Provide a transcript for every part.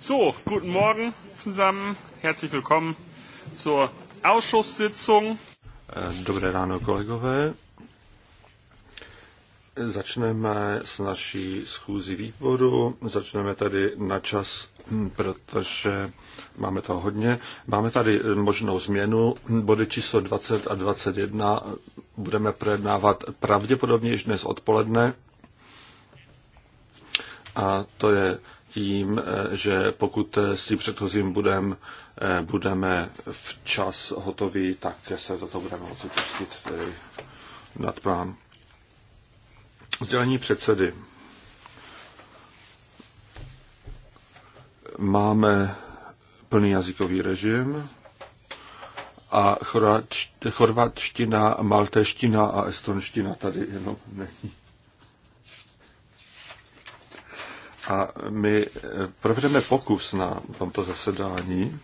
So, guten Morgen zusammen. Herzlich willkommen zur Ausschusssitzung. Eh, dobré ráno, kolegové. Začneme s naší schůzí výboru. Začneme tady na čas, hm, protože máme toho hodně. Máme tady možnou změnu. Body číslo 20 a 21 budeme projednávat pravděpodobně již dnes odpoledne. A to je tím, eh, že pokud eh, s tím předchozím budem, eh, budeme včas hotoví, tak se toto budeme moci pustit tedy nad plán. Sdělení předsedy. Máme plný jazykový režim a chorvatština, maltéština a estonština tady jenom není. A my eh, provedeme pokus na tomto zasedání.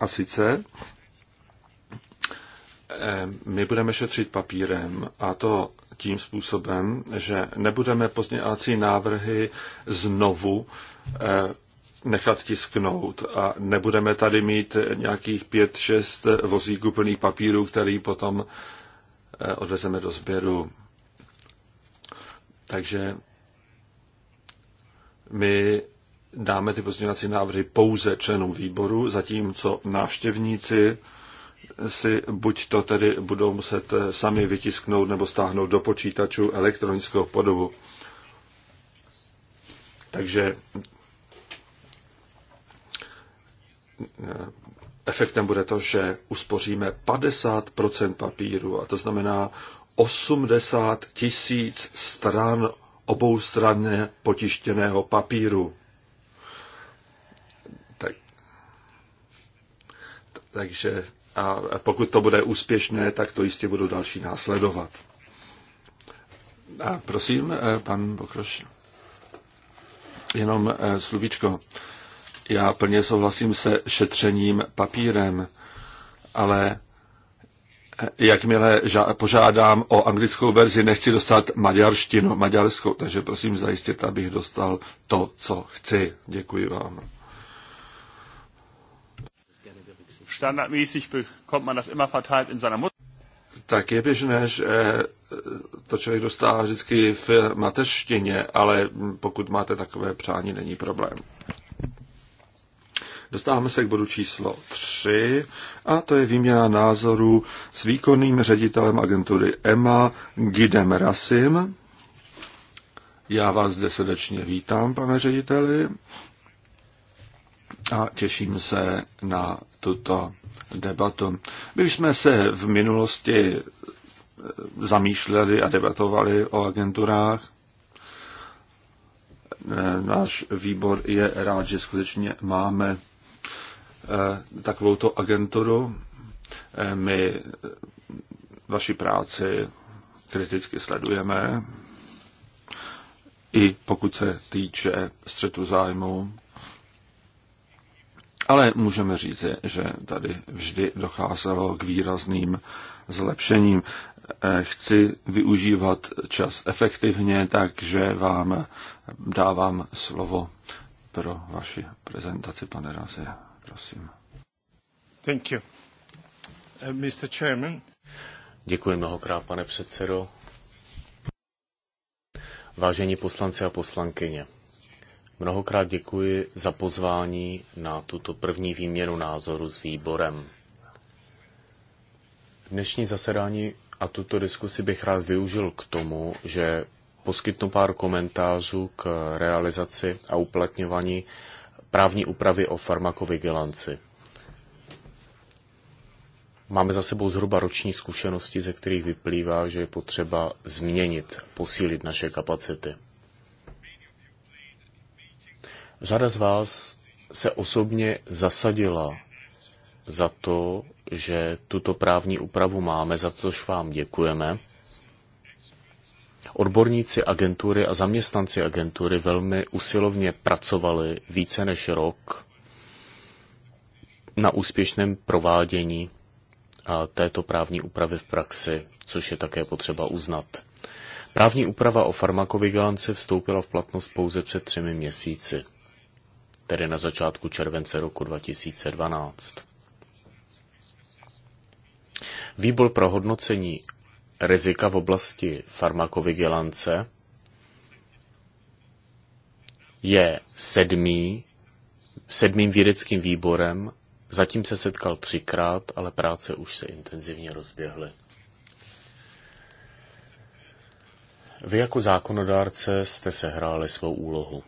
A sice eh, my budeme šetřit papírem a to tím způsobem, že nebudeme pozdělácí návrhy znovu eh, nechat tisknout a nebudeme tady mít nějakých pět, šest vozíků plných papíru, který potom odvezeme do sběru. Takže my dáme ty pozměňovací návrhy pouze členům výboru, zatímco návštěvníci si buď to tedy budou muset eh, sami vytisknout nebo stáhnout do počítaču elektronickou podobu. Takže eh, efektem bude to, že uspoříme 50 papíru, a to znamená 80 tisíc stran oboustranně potištěného papíru. Tak. Takže a pokud to bude úspěšné, tak to jistě budou další následovat. A prosím, eh, pan Bokroš. Jenom eh, sluvíčko. Já plně souhlasím se šetřením papírem, ale jakmile požádám o anglickou verzi, nechci dostat maďarštinu, maďarskou, takže prosím zajistit, abych dostal to, co chci. Děkuji vám. Standardmäßig bekommt man das immer verteilt in seiner Mutter. Tak je běžné, že eh, to člověk dostává vždycky v mateřštině, ale pokud máte takové přání, není problém. Dostáváme se k bodu číslo 3 a to je výměna názorů s výkonným ředitelem agentury EMA Gidem Rasim. Já vás zde srdečně vítám, pane řediteli, a těším se na tuto debatu. My už jsme se v minulosti eh, zamýšleli a debatovali o agenturách. Eh, náš výbor je rád, že skutečně máme Eh, takovouto agenturu. Eh, my vaši práci kriticky sledujeme, i pokud se týče střetu zájmu. Ale můžeme říct, že tady vždy docházelo k výrazným zlepšením. Eh, chci využívat čas efektivně, takže vám dávám slovo pro vaši prezentaci, pane Razie prosím. Thank you. Uh, Mr. Chairman. Děkuji mnohokrát, pane předsedo. Vážení poslanci a poslankyně, mnohokrát děkuji za pozvání na tuto první výměnu názoru s výborem. Dnešní zasedání a tuto diskusi bych rád využil k tomu, že poskytnu pár komentářů k realizaci a uplatňování právní úpravy o farmakovigilanci. Máme za sebou zhruba roční zkušenosti, ze kterých vyplývá, že je potřeba změnit, posílit naše kapacity. Řada z vás se osobně zasadila za to, že tuto právní úpravu máme, za což vám děkujeme. Odborníci agentury a zaměstnanci agentury velmi usilovně pracovali více než rok na úspěšném provádění této právní úpravy v praxi, což je také potřeba uznat. Právní úprava o farmakovigilanci vstoupila v platnost pouze před třemi měsíci, tedy na začátku července roku 2012. Výbor pro hodnocení rizika v oblasti farmakovigilance je sedmý, sedmým vědeckým výborem. Zatím se setkal třikrát, ale práce už se intenzivně rozběhly. Vy jako zákonodárce jste sehráli svou úlohu.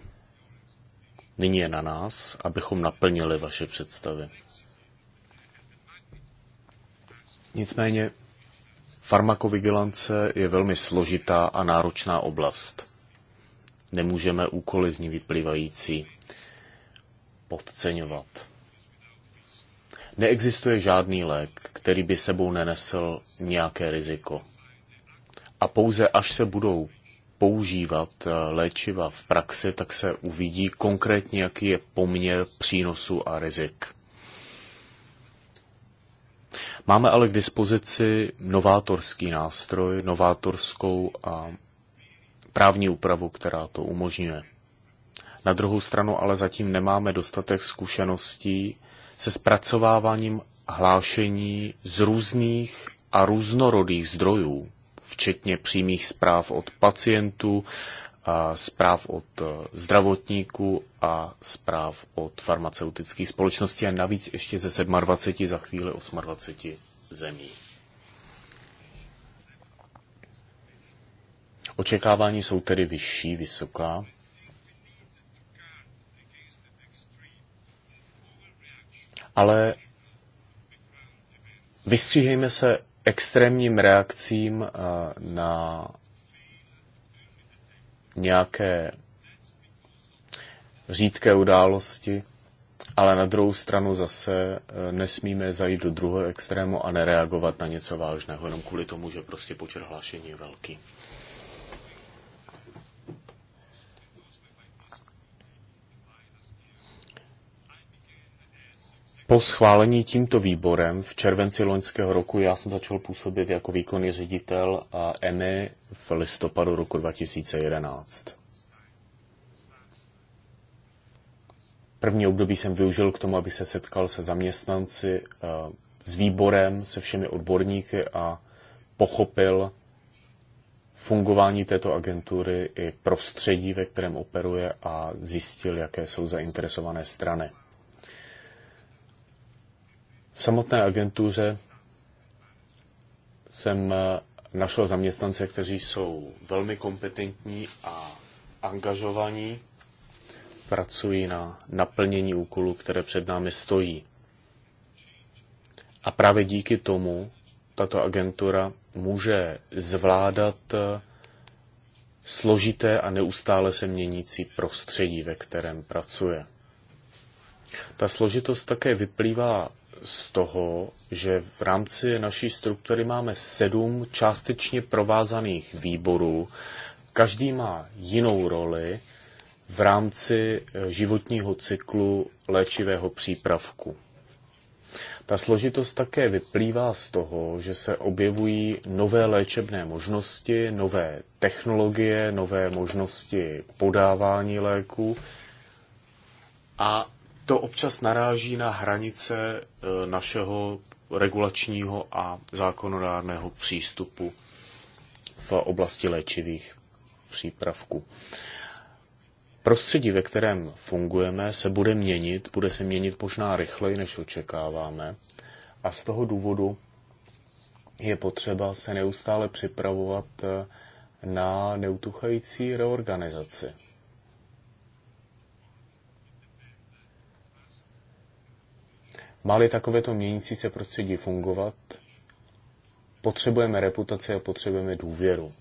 Nyní je na nás, abychom naplnili vaše představy. Nicméně Farmakovigilance je velmi složitá a náročná oblast. Nemůžeme úkoly z ní vyplývající podceňovat. Neexistuje žádný lék, který by sebou nenesl nějaké riziko. A pouze až se budou používat eh, léčiva v praxi, tak se uvidí konkrétně, jaký je poměr přínosu a rizik. Máme ale k dispozici novátorský nástroj, novátorskou a právní úpravu, která to umožňuje. Na druhou stranu ale zatím nemáme dostatek zkušeností se zpracováváním hlášení z různých a různorodých zdrojů, včetně přímých zpráv od pacientů, zpráv od eh, zdravotníků a zpráv od farmaceutických společností a navíc ještě ze 27 za chvíli 28 zemí. Očekávání jsou tedy vyšší, vysoká. Ale vystříhejme se extrémním reakcím eh, na nějaké řídké události, ale na druhou stranu zase eh, nesmíme zajít do druhého extrému a nereagovat na něco vážného, jenom kvůli tomu, že prostě počet hlášení je velký. Po schválení tímto výborem v červenci loňského roku já jsem začal působit jako výkonný ředitel EMI v listopadu roku 2011. První období jsem využil k tomu, aby se setkal se zaměstnanci, eh, s výborem, se všemi odborníky a pochopil fungování této agentury i prostředí, ve kterém operuje a zjistil, jaké jsou zainteresované strany. V samotné agentuře jsem eh, našel zaměstnance, kteří jsou velmi kompetentní a angažovaní, pracují na naplnění úkolů, které před námi stojí. A právě díky tomu tato agentura může zvládat eh, složité a neustále se měnící prostředí, ve kterém pracuje. Ta složitost také vyplývá z toho, že v rámci naší struktury máme sedm částečně provázaných výborů. Každý má jinou roli v rámci eh, životního cyklu léčivého přípravku. Ta složitost také vyplývá z toho, že se objevují nové léčebné možnosti, nové technologie, nové možnosti podávání léku a to občas naráží na hranice eh, našeho regulačního a zákonodárného přístupu v oblasti léčivých přípravků. Prostředí, ve kterém fungujeme, se bude měnit, bude se měnit možná rychleji, než očekáváme. A z toho důvodu je potřeba se neustále připravovat eh, na neutuchající reorganizaci. Máli takovéto měnící se prostředí fungovat, potřebujeme reputaci a potřebujeme důvěru.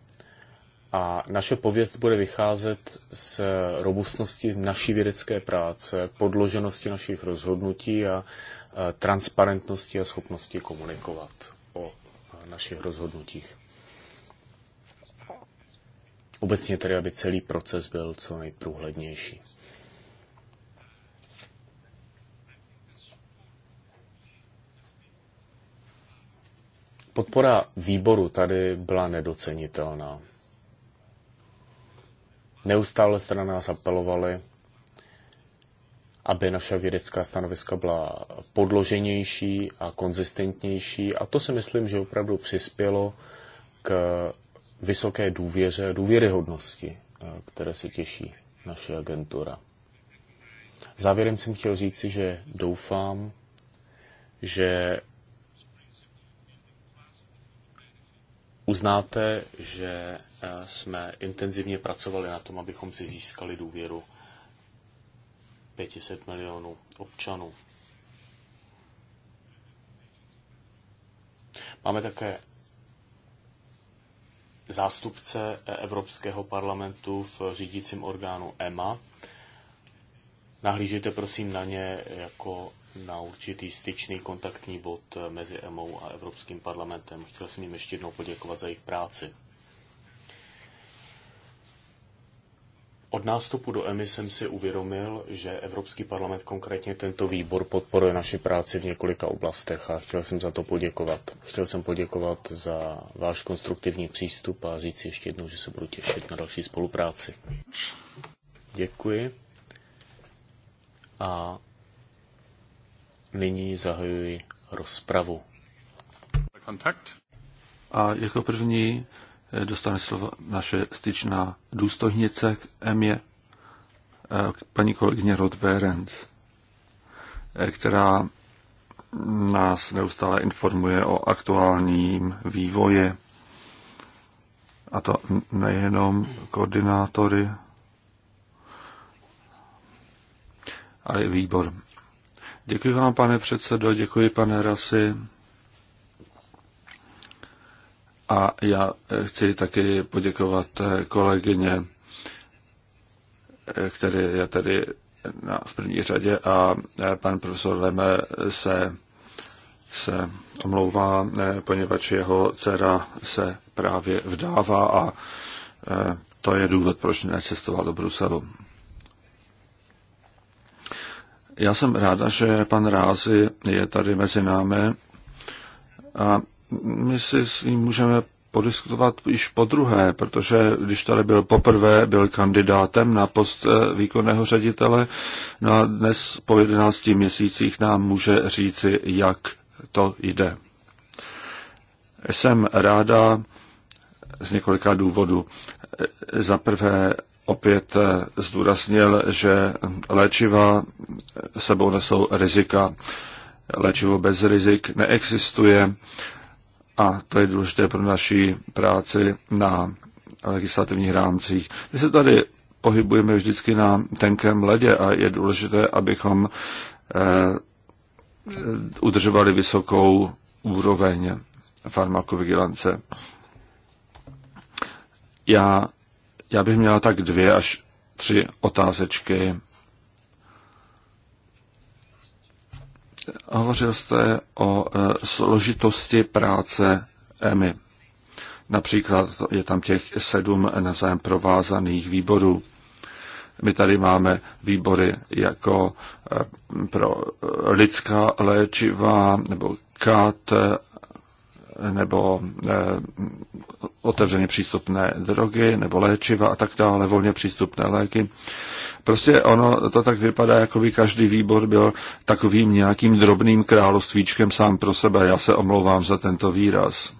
A naše pověst bude vycházet z robustnosti naší vědecké práce, podloženosti našich rozhodnutí a transparentnosti a schopnosti komunikovat o našich rozhodnutích. Obecně tedy, aby celý proces byl co nejprůhlednější. Podpora výboru tady byla nedocenitelná. Neustále jste na nás apelovali, aby naše vědecká stanoviska byla podloženější a konzistentnější a to si myslím, že opravdu přispělo k vysoké důvěře, důvěryhodnosti, eh, které se těší naše agentura. Závěrem jsem chtěl říci, že doufám, že Uznáte, že eh, jsme intenzivně pracovali na tom, abychom si získali důvěru 500 milionů občanů. Máme také zástupce eh, Evropského parlamentu v řídícím orgánu EMA. Nahlížíte prosím na ně jako na určitý styčný kontaktní bod mezi EMO a Evropským parlamentem. Chtěl jsem jim ještě jednou poděkovat za jejich práci. Od nástupu do EMI jsem si uvědomil, že Evropský parlament, konkrétně tento výbor, podporuje naši práci v několika oblastech a chtěl jsem za to poděkovat. Chtěl jsem poděkovat za váš konstruktivní přístup a říct ještě jednou, že se budu těšit na další spolupráci. Děkuji. A Nyní zahajuji rozpravu. Kontakt. A jako první eh, dostane slovo naše styčná důstojnice k EMě, eh, paní kolegyně Rod Berend, eh, která nás neustále informuje o aktuálním vývoji. A to nejenom koordinátory, ale i výbor. Děkuji vám, pane předsedo, děkuji, pane Rasi. A já eh, chci taky poděkovat eh, kolegyně, eh, který je tady na, v první řadě a pan profesor Leme se, se omlouvá, poněvadž jeho dcera se právě vdává a to je důvod, proč necestoval do Bruselu. Já jsem ráda, že pan Rázy je tady mezi námi a my si s ním můžeme podiskutovat již po druhé, protože když tady byl poprvé, byl kandidátem na post eh, výkonného ředitele, no a dnes po 11 měsících nám může říci, jak to jde. Jsem ráda z několika důvodů. Za prvé opět eh, zdůraznil, že léčiva sebou nesou rizika. Léčivo bez rizik neexistuje a to je důležité pro naší práci na legislativních rámcích. My se tady pohybujeme vždycky na tenkém ledě a je důležité, abychom eh, udržovali vysokou úroveň farmakovigilance. Já já bych měla tak dvě až tři otázečky. Hovořil jste o e, složitosti práce EMI. Například je tam těch sedm navzájem provázaných výborů. My tady máme výbory jako e, pro e, lidská léčiva nebo KAT nebo eh, otevřeně přístupné drogy, nebo léčiva a tak dále, volně přístupné léky. Prostě ono to tak vypadá, jako by každý výbor byl takovým nějakým drobným královstvíčkem sám pro sebe. Já se omlouvám za tento výraz.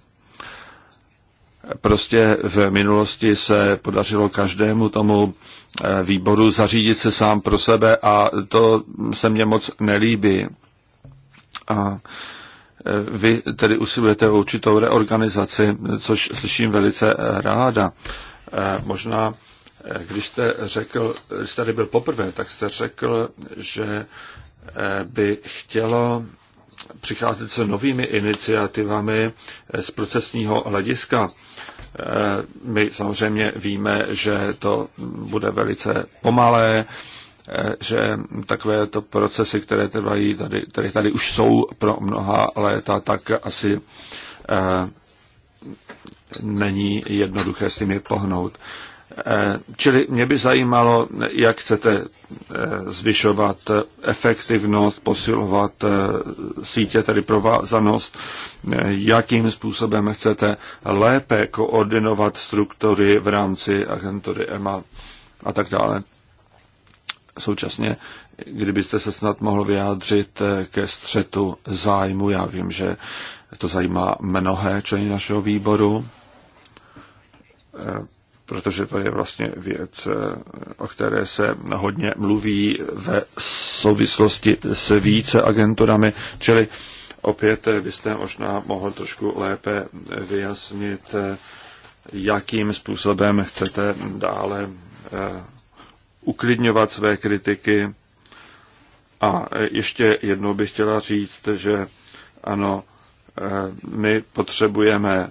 Prostě v minulosti se podařilo každému tomu eh, výboru zařídit se sám pro sebe a to se mně moc nelíbí. A vy tedy usilujete o určitou reorganizaci, což slyším velice eh, ráda. Eh, možná, eh, když jste řekl, když tady byl poprvé, tak jste řekl, že by chtělo přicházet se novými iniciativami z procesního hlediska. My samozřejmě víme, že to bude velice pomalé, že takové to procesy, které trvají tady, které tady už jsou pro mnoha léta, tak asi eh, není jednoduché s nimi pohnout. Eh, čili mě by zajímalo, jak chcete eh, zvyšovat efektivnost, posilovat sítě, tedy provázanost, jakým způsobem chcete lépe koordinovat struktury v rámci agentury EMA a tak dále současně, kdybyste se snad mohl vyjádřit eh, ke střetu zájmu, já vím, že to zajímá mnohé členy našeho výboru, eh, protože to je vlastně věc, eh, o které se hodně mluví ve souvislosti s více agenturami, čili opět byste možná mohl trošku lépe vyjasnit, jakým způsobem chcete dále uklidňovat své kritiky. A e, ještě jednou bych chtěla říct, že ano, e, my potřebujeme e,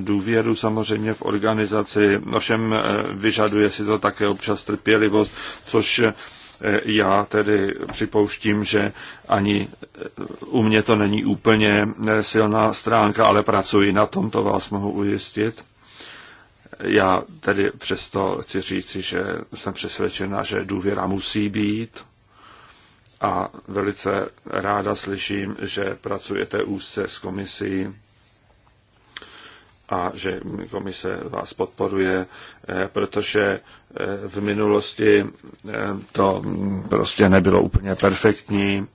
důvěru samozřejmě v organizaci, ovšem vyžaduje si to také občas trpělivost, což já tedy připouštím, že ani u mě to není úplně silná stránka, ale pracuji na tom, to vás mohu ujistit. Já tedy přesto chci říci, že jsem přesvědčena, že důvěra musí být a velice ráda slyším, že pracujete úzce s komisí a že komise vás podporuje, eh, protože eh, v minulosti eh, to prostě nebylo úplně perfektní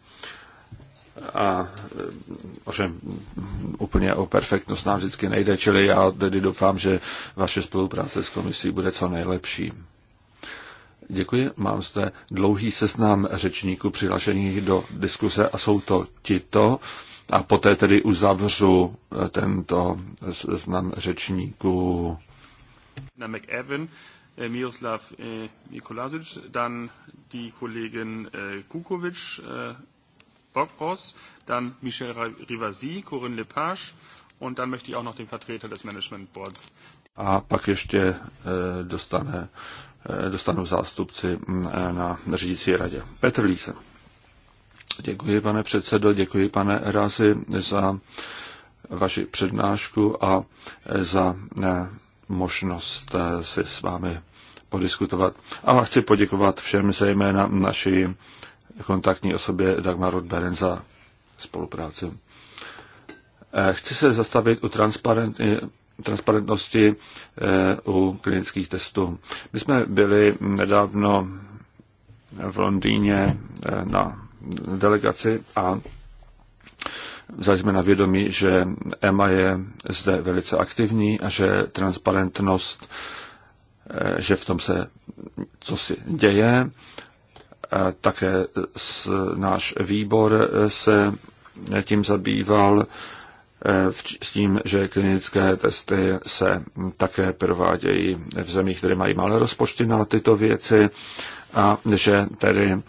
a ovšem úplně o perfektnost nám vždycky nejde, čili já tedy doufám, že vaše spolupráce s komisí bude co nejlepší. Děkuji. Mám zde dlouhý seznam řečníků přihlašených do diskuse a jsou to tito. A poté tedy uzavřu eh, tento seznam řečníků. Na McEwen, eh, Miroslav Mikulasic, eh, dan die Kollegin Kukovic, dann Michel Rivasi, Corinne Lepage und dann möchte ich auch noch den Vertreter des Management Boards. A pak ještě eh, dostane, eh, dostanou zástupci mm, eh, na řídící radě. Petr Líse. Děkuji, pane předsedo, děkuji, pane Razi, za vaši přednášku a za možnost si s vámi podiskutovat. A chci poděkovat všem, zejména naší kontaktní osobě Dagmar Rodberen za spolupráci. Eh, chci se zastavit u eh, transparentnosti eh, u klinických testů. My jsme byli nedávno v Londýně na delegaci a vzali jsme na vědomí, že EMA je zde velice aktivní a že transparentnost, že v tom se co si děje také s, náš výbor se tím zabýval e, s tím, že klinické testy se také provádějí v zemích, které mají malé rozpočty na tyto věci a že tedy e,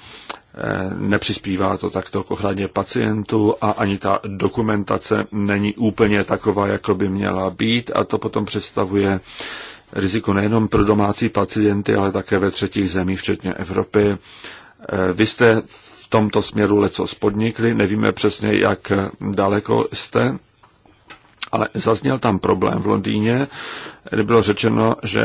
nepřispívá to takto k ochraně pacientů a ani ta dokumentace není úplně taková, jako by měla být a to potom představuje riziko nejenom pro domácí pacienty, ale také ve třetích zemích, včetně Evropy Eh, vy jste v tomto směru leco spodnikli, nevíme přesně, jak daleko jste, ale zazněl tam problém v Londýně, kde bylo řečeno, že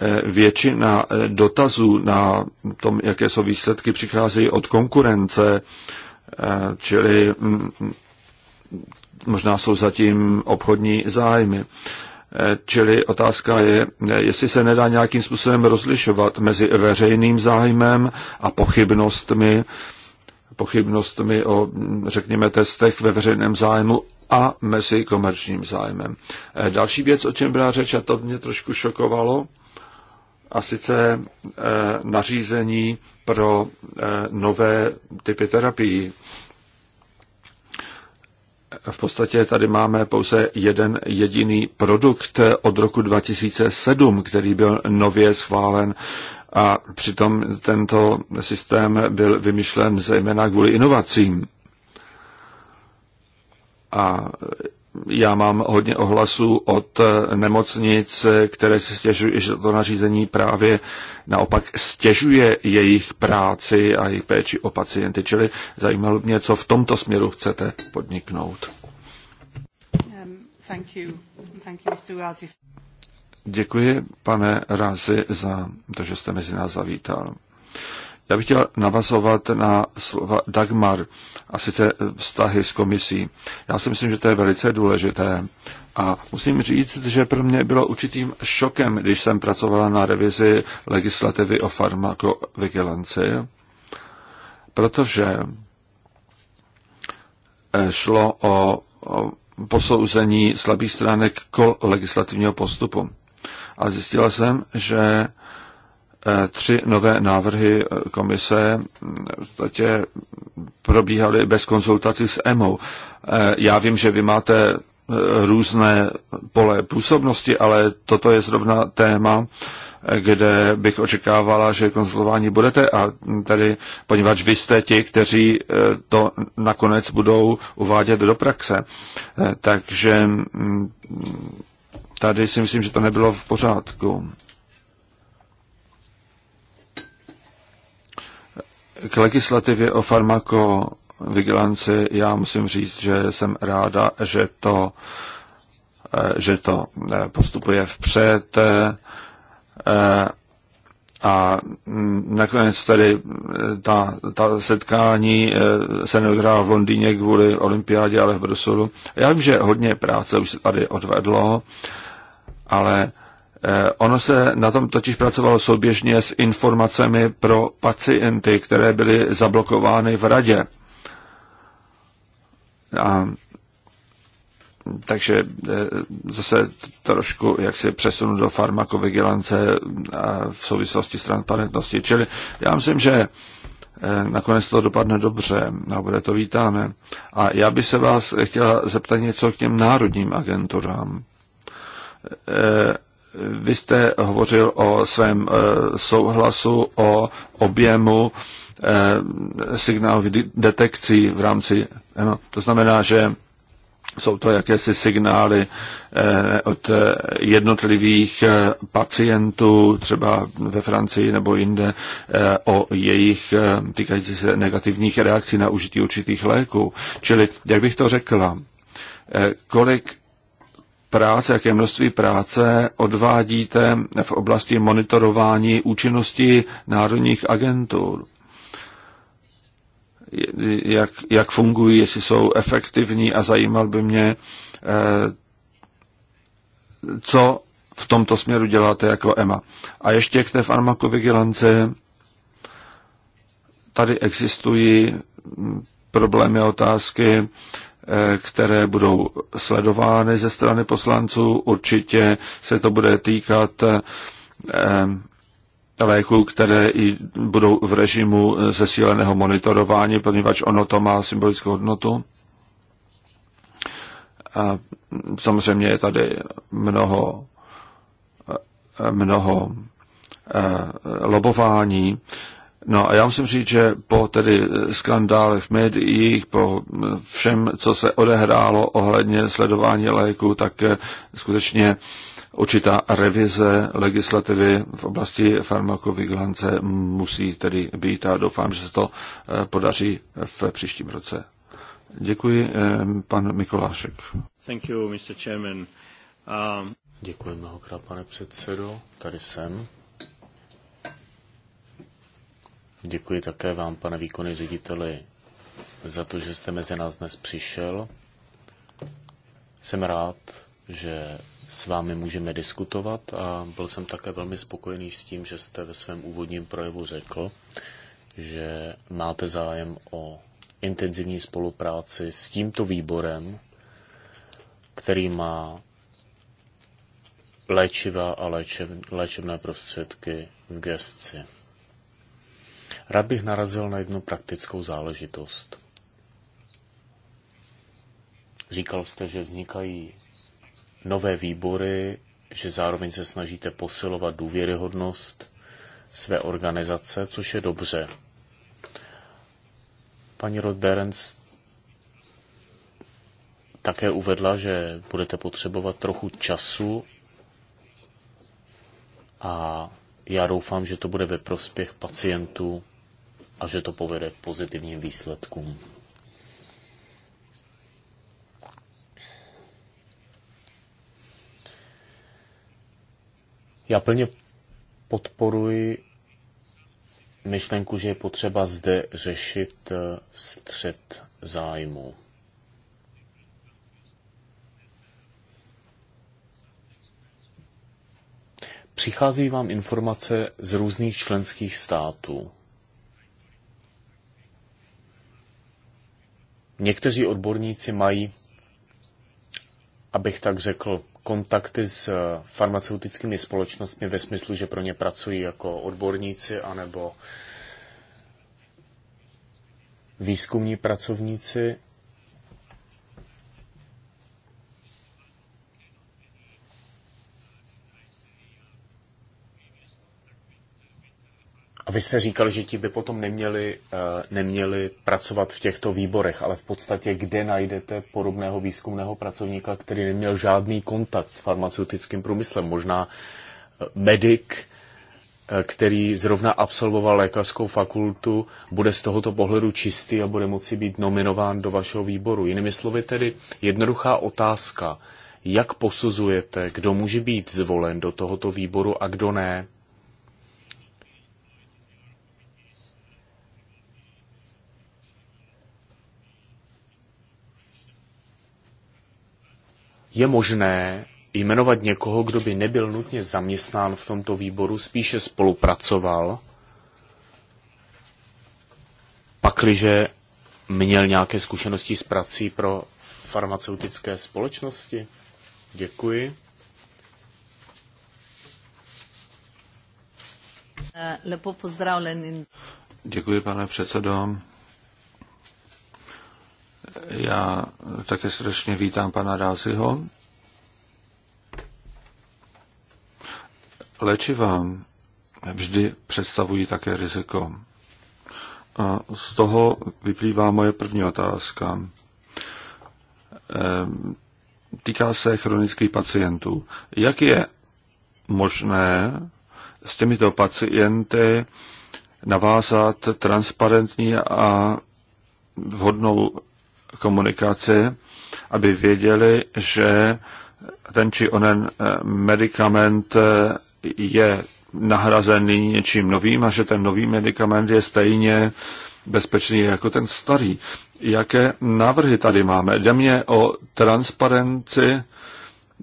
eh, většina eh, dotazů na tom, jaké jsou výsledky, přicházejí od konkurence, čili mm, mm, možná jsou zatím obchodní zájmy. Čili otázka je, jestli se nedá nějakým způsobem rozlišovat mezi veřejným zájmem a pochybnostmi, pochybnostmi o, řekněme, testech ve veřejném zájmu a mezi komerčním zájmem. Další věc, o čem byla řeč, a to mě trošku šokovalo, a sice eh, nařízení pro eh, nové typy terapií v podstatě tady máme pouze jeden jediný produkt od roku 2007, který byl nově schválen a přitom tento systém byl vymyšlen zejména kvůli inovacím. A já mám hodně ohlasů od eh, nemocnic, které si stěžují, že to nařízení právě naopak stěžuje jejich práci a jejich péči o pacienty. Čili zajímalo mě, co v tomto směru chcete podniknout. Um, Děkuji, pane Razi, za to, že jste mezi nás zavítal. Já bych chtěl navazovat na slova Dagmar a sice vztahy s komisí. Já si myslím, že to je velice důležité. A musím říct, že pro mě bylo určitým šokem, když jsem pracovala na revizi legislativy o farmakovigilanci, protože eh, šlo o, posouzení slabých stránek kol legislativního postupu. A zjistila jsem, že Eh, tři nové návrhy eh, komise eh, v podstatě probíhaly bez konzultací s EMO. Já vím, že vy máte různé pole působnosti, ale toto je zrovna téma, kde bych očekávala, že konzultování budete a hm, tedy, poněvadž vy jste ti, kteří to nakonec budou uvádět do praxe. Takže hm, tady si myslím, že to nebylo v pořádku. K legislativě o farmakovigilanci já musím říct, že jsem ráda, že to, eh, že to eh, postupuje vpřed eh, a nakonec tady ta, ta setkání se neodhrála v Londýně kvůli olympiádě, ale v Bruselu. Já vím, že hodně práce už se tady odvedlo, ale Eh, ono se na tom totiž pracovalo souběžně s informacemi pro pacienty, které byly zablokovány v radě. A, takže eh, zase trošku, jak si přesunu do farmakovigilance eh, v souvislosti s transparentností. Čili já myslím, že nakonec to dopadne dobře a bude to vítáne. A já bych se vás chtěla zeptat něco k těm národním agenturám vy jste hovořil o svém eh, souhlasu, o objemu eh, signálových detekcí v rámci, ano, to znamená, že jsou to jakési signály eh, od jednotlivých pacientů, třeba ve Francii nebo jinde, o jejich týkající se negativních reakcí na užití určitých léků. Čili, jak bych to řekla, kolik práce, jaké množství práce odvádíte v oblasti monitorování účinnosti národních agentur. Jak, jak fungují, jestli jsou efektivní a zajímal by mě, eh, co v tomto směru děláte jako EMA. A ještě k té farmakovigilanci. Tady existují mm, problémy a otázky, Eh, které budou sledovány ze strany poslanců. Určitě se to bude týkat eh, eh, léků, které i budou v režimu zesíleného monitorování, poněvadž ono to má symbolickou hodnotu. A samozřejmě je tady mnoho, mnoho lobování No a já musím říct, že po tedy eh, skandále v médiích, po eh, všem, co se odehrálo ohledně sledování léku, tak eh, skutečně určitá revize legislativy v oblasti farmakovigilance musí tedy být a doufám, že se to podaří v příštím roce. Děkuji, pan Mikolášek. Thank you, Mr. Chairman. Um... Děkuji mnohokrát, pane předsedo. Tady jsem. Děkuji také vám, pane výkony řediteli, za to, že jste mezi nás dnes přišel. Jsem rád, že s vámi můžeme diskutovat a byl jsem také velmi spokojený s tím, že jste ve svém úvodním projevu řekl, že máte zájem o intenzivní spolupráci s tímto výborem, který má léčiva a léčev, léčebné prostředky v gestci. Rád bych narazil na jednu praktickou záležitost. Říkal jste, že vznikají nové výbory, že zároveň se snažíte posilovat důvěryhodnost své organizace, což je dobře. Paní Rodberens také uvedla, že budete potřebovat trochu času a já doufám, že to bude ve prospěch pacientů a že to povede k pozitivním výsledkům. Já plně podporuji myšlenku, že je potřeba zde řešit eh, střed zájmu. Přichází vám informace z různých členských států. Někteří odborníci mají, abych tak řekl, kontakty s eh, farmaceutickými společnostmi ve smyslu, že pro ně pracují jako odborníci anebo výzkumní pracovníci A vy jste říkal, že ti by potom neměli, eh, neměli pracovat v těchto výborech, ale v podstatě kde najdete podobného výzkumného pracovníka, který neměl žádný kontakt s farmaceutickým průmyslem? Možná eh, medic, eh, který zrovna absolvoval lékařskou fakultu, bude z tohoto pohledu čistý a bude moci být nominován do vašeho výboru. Jinými slovy tedy jednoduchá otázka. Jak posuzujete, kdo může být zvolen do tohoto výboru a kdo ne? je možné jmenovat někoho, kdo by nebyl nutně zaměstnán v tomto výboru, spíše spolupracoval, pakliže měl nějaké zkušenosti s prací pro farmaceutické společnosti? Děkuji. Eh, lepo pozdravljen. Děkuji, pane předsedo. Já také srdečně vítám pana Ráziho. Léčiva vždy představují také riziko. A z toho vyplývá moje první otázka. Ehm, týká se chronických pacientů. Jak je možné s těmito pacienty navázat transparentní a vhodnou komunikaci, aby věděli, že ten či onen eh, medicament eh, je nahrazený něčím novým a že ten nový medicament je stejně bezpečný jako ten starý. Jaké návrhy tady máme? Jde mě o transparenci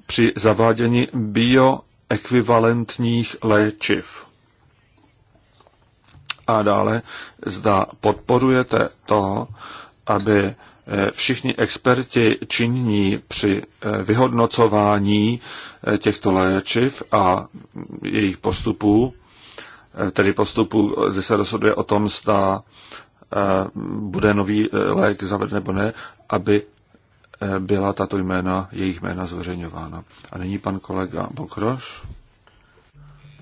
při zavádění bioekvivalentních léčiv. A dále, zda podporujete to, aby všichni experti činní při eh, vyhodnocování eh, těchto léčiv a jejich postupů, eh, tedy postupů, kdy se rozhoduje o tom, zda bude nový lék zaveden nebo ne, aby byla tato jména, jejich jména zveřejňována. A nyní pan kolega Bokroš.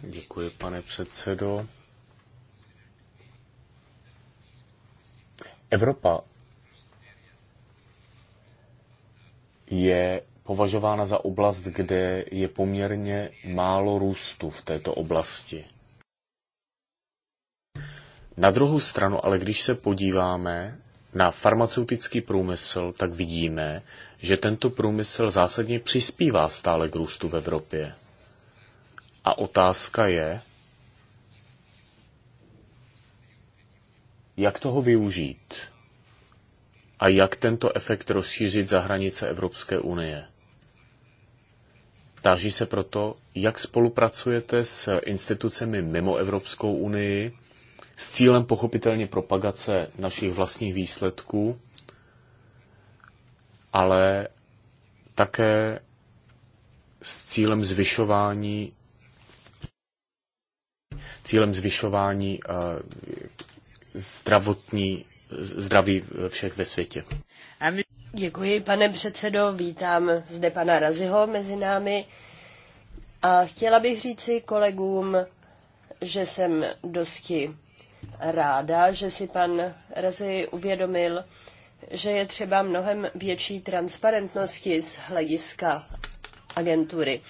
Děkuji, pane předsedo. Evropa je považována za oblast, kde je poměrně málo růstu v této oblasti. Na druhou stranu, ale když se podíváme na farmaceutický průmysl, tak vidíme, že tento průmysl zásadně přispívá stále k růstu v Evropě. A otázka je, jak toho využít a jak tento efekt rozšířit za hranice Evropské unie. Táží se proto, jak spolupracujete s institucemi mimo Evropskou unii s cílem pochopitelně propagace našich vlastních výsledků, ale také s cílem zvyšování cílem zvyšování eh, zdravotní zdraví všech ve světě. Děkuji, pane předsedo. Vítám zde pana Raziho mezi námi. A chtěla bych říci kolegům, že jsem dosti ráda, že si pan Razi uvědomil, že je třeba mnohem větší transparentnosti z hlediska agentury.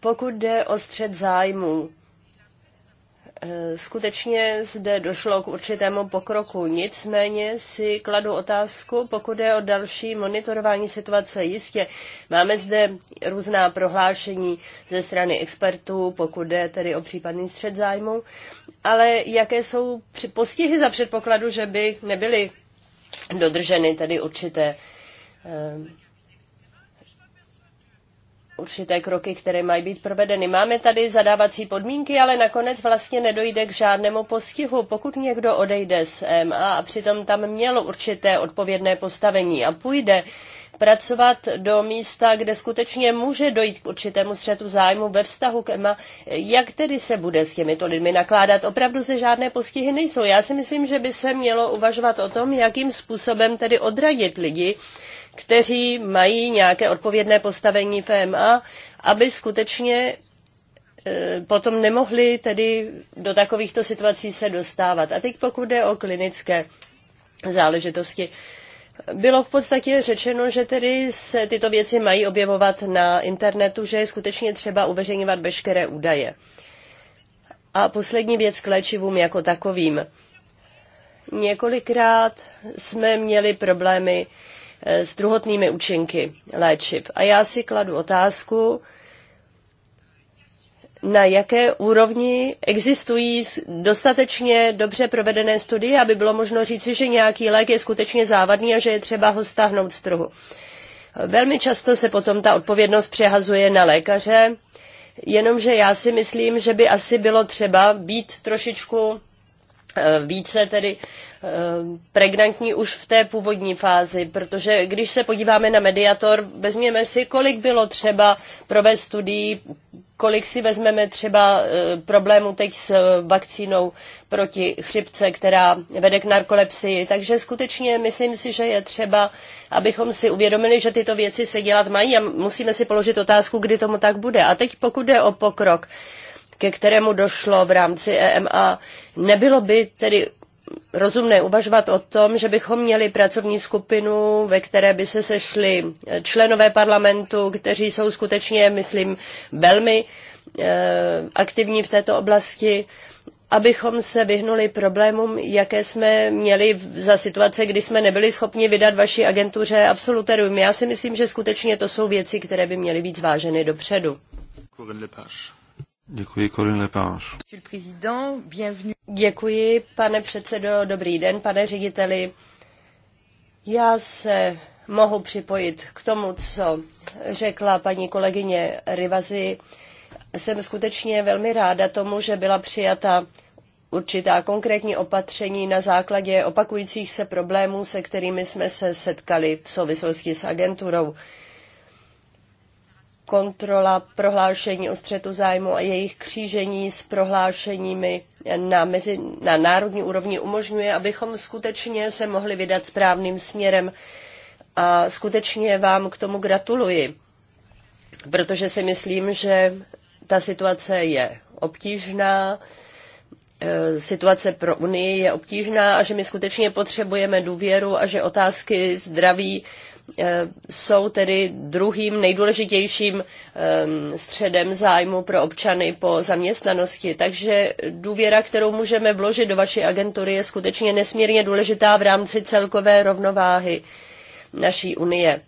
Pokud jde o střed zájmů, Eh, skutečně zde došlo k určitému pokroku, nicméně si kladu otázku, pokud je o další monitorování situace. Jistě máme zde různá prohlášení ze strany expertů, pokud jde tedy o případný střed zájmu, ale jaké jsou postihy za předpokladu, že by nebyly dodrženy tedy určité eh, určité kroky, které mají být provedeny. Máme tady zadávací podmínky, ale nakonec vlastně nedojde k žádnému postihu. Pokud někdo odejde z EMA a přitom tam měl určité odpovědné postavení a půjde pracovat do místa, kde skutečně může dojít k určitému střetu zájmu ve vztahu k EMA, jak tedy se bude s těmito lidmi nakládat. Opravdu se žádné postihy nejsou. Já si myslím, že by se mělo uvažovat o tom, jakým způsobem tedy odradit lidi, kteří mají nějaké odpovědné postavení FMA, aby skutečně e, potom nemohli tedy do takovýchto situací se dostávat. A teď pokud jde o klinické záležitosti, bylo v podstatě řečeno, že tedy se tyto věci mají objevovat na internetu, že je skutečně třeba uveřejňovat veškeré údaje. A poslední věc k léčivům jako takovým. Několikrát jsme měli problémy Eh, s druhotnými účinky léčiv. A já si kladu otázku, na jaké úrovni existují dostatečně dobře provedené studie, aby bylo možno říci, že nějaký lék je skutečně závadný a že je třeba ho stáhnout z trhu. Velmi často se potom ta odpovědnost přehazuje na lékaře, jenomže já si myslím, že by asi bylo třeba být trošičku eh, více tedy Eh, pregnantní už v té původní fázi, protože když se podíváme na mediator, vezměme si, kolik bylo třeba provést studií, kolik si vezmeme třeba eh, problému teď s vakcínou proti chřipce, která vede k narkolepsii. Takže skutečně myslím si, že je třeba, abychom si uvědomili, že tyto věci se dělat mají a musíme si položit otázku, kdy tomu tak bude. A teď pokud jde o pokrok, ke kterému došlo v rámci EMA, nebylo by tedy rozumné uvažovat o tom, že bychom měli pracovní skupinu, ve které by se sešli členové parlamentu, kteří jsou skutečně, myslím, velmi eh, aktivní v této oblasti, abychom se vyhnuli problémům, jaké jsme měli za situace, kdy jsme nebyli schopni vydat vaší agentuře absoluterium. Já si myslím, že skutečně to jsou věci, které by měly být zváženy dopředu. Corinne Lepage. Děkuji, Corinne Lepáš. Děkuji, pane předsedo. Dobrý den, pane řediteli. Já se mohu připojit k tomu, co řekla paní kolegyně Rivazi. Jsem skutečně velmi ráda tomu, že byla přijata určitá konkrétní opatření na základě opakujících se problémů, se kterými jsme se setkali v souvislosti s agenturou kontrola prohlášení o střetu zájmu a jejich křížení s prohlášeními na, mezi, na národní úrovni umožňuje, abychom skutečně se mohli vydat správným směrem. A skutečně vám k tomu gratuluji, protože si myslím, že ta situace je obtížná, e, situace pro Unii je obtížná a že my skutečně potřebujeme důvěru a že otázky zdraví Eh, jsou tedy druhým nejdůležitějším ehm, středem zájmu pro občany po zaměstnanosti. Takže důvěra, kterou můžeme vložit do vaší agentury, je skutečně nesmírně důležitá v rámci celkové rovnováhy naší unie.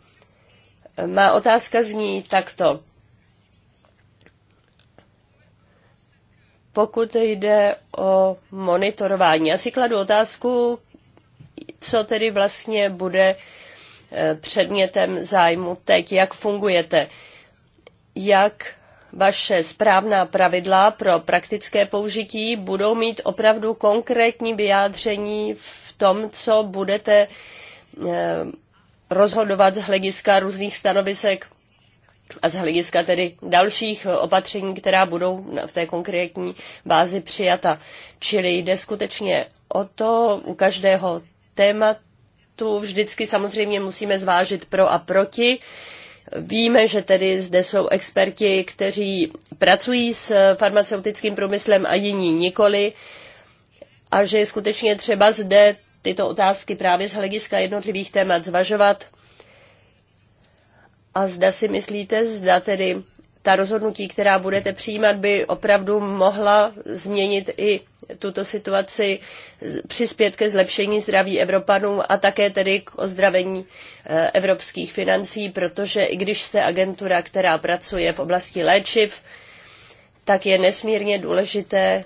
Eh, má otázka zní takto. Pokud jde o monitorování, já si kladu otázku, co tedy vlastně bude uh, předmětem zájmu teď, jak fungujete, jak vaše správná pravidla pro praktické použití budou mít opravdu konkrétní vyjádření v tom, co budete eh, rozhodovat z hlediska různých stanovisek a z hlediska tedy dalších opatření, která budou v té konkrétní bázi přijata. Čili jde skutečně o to u každého tématu, tu vždycky samozřejmě musíme zvážit pro a proti. Víme, že tedy zde jsou experti, kteří pracují s farmaceutickým průmyslem a jiní nikoli a že je skutečně třeba zde tyto otázky právě z hlediska jednotlivých témat zvažovat. A zda si myslíte, zda tedy ta rozhodnutí, která budete přijímat, by opravdu mohla změnit i tuto situaci, přispět ke zlepšení zdraví Evropanů a také tedy k ozdravení e, evropských financí, protože i když jste agentura, která pracuje v oblasti léčiv, tak je nesmírně důležité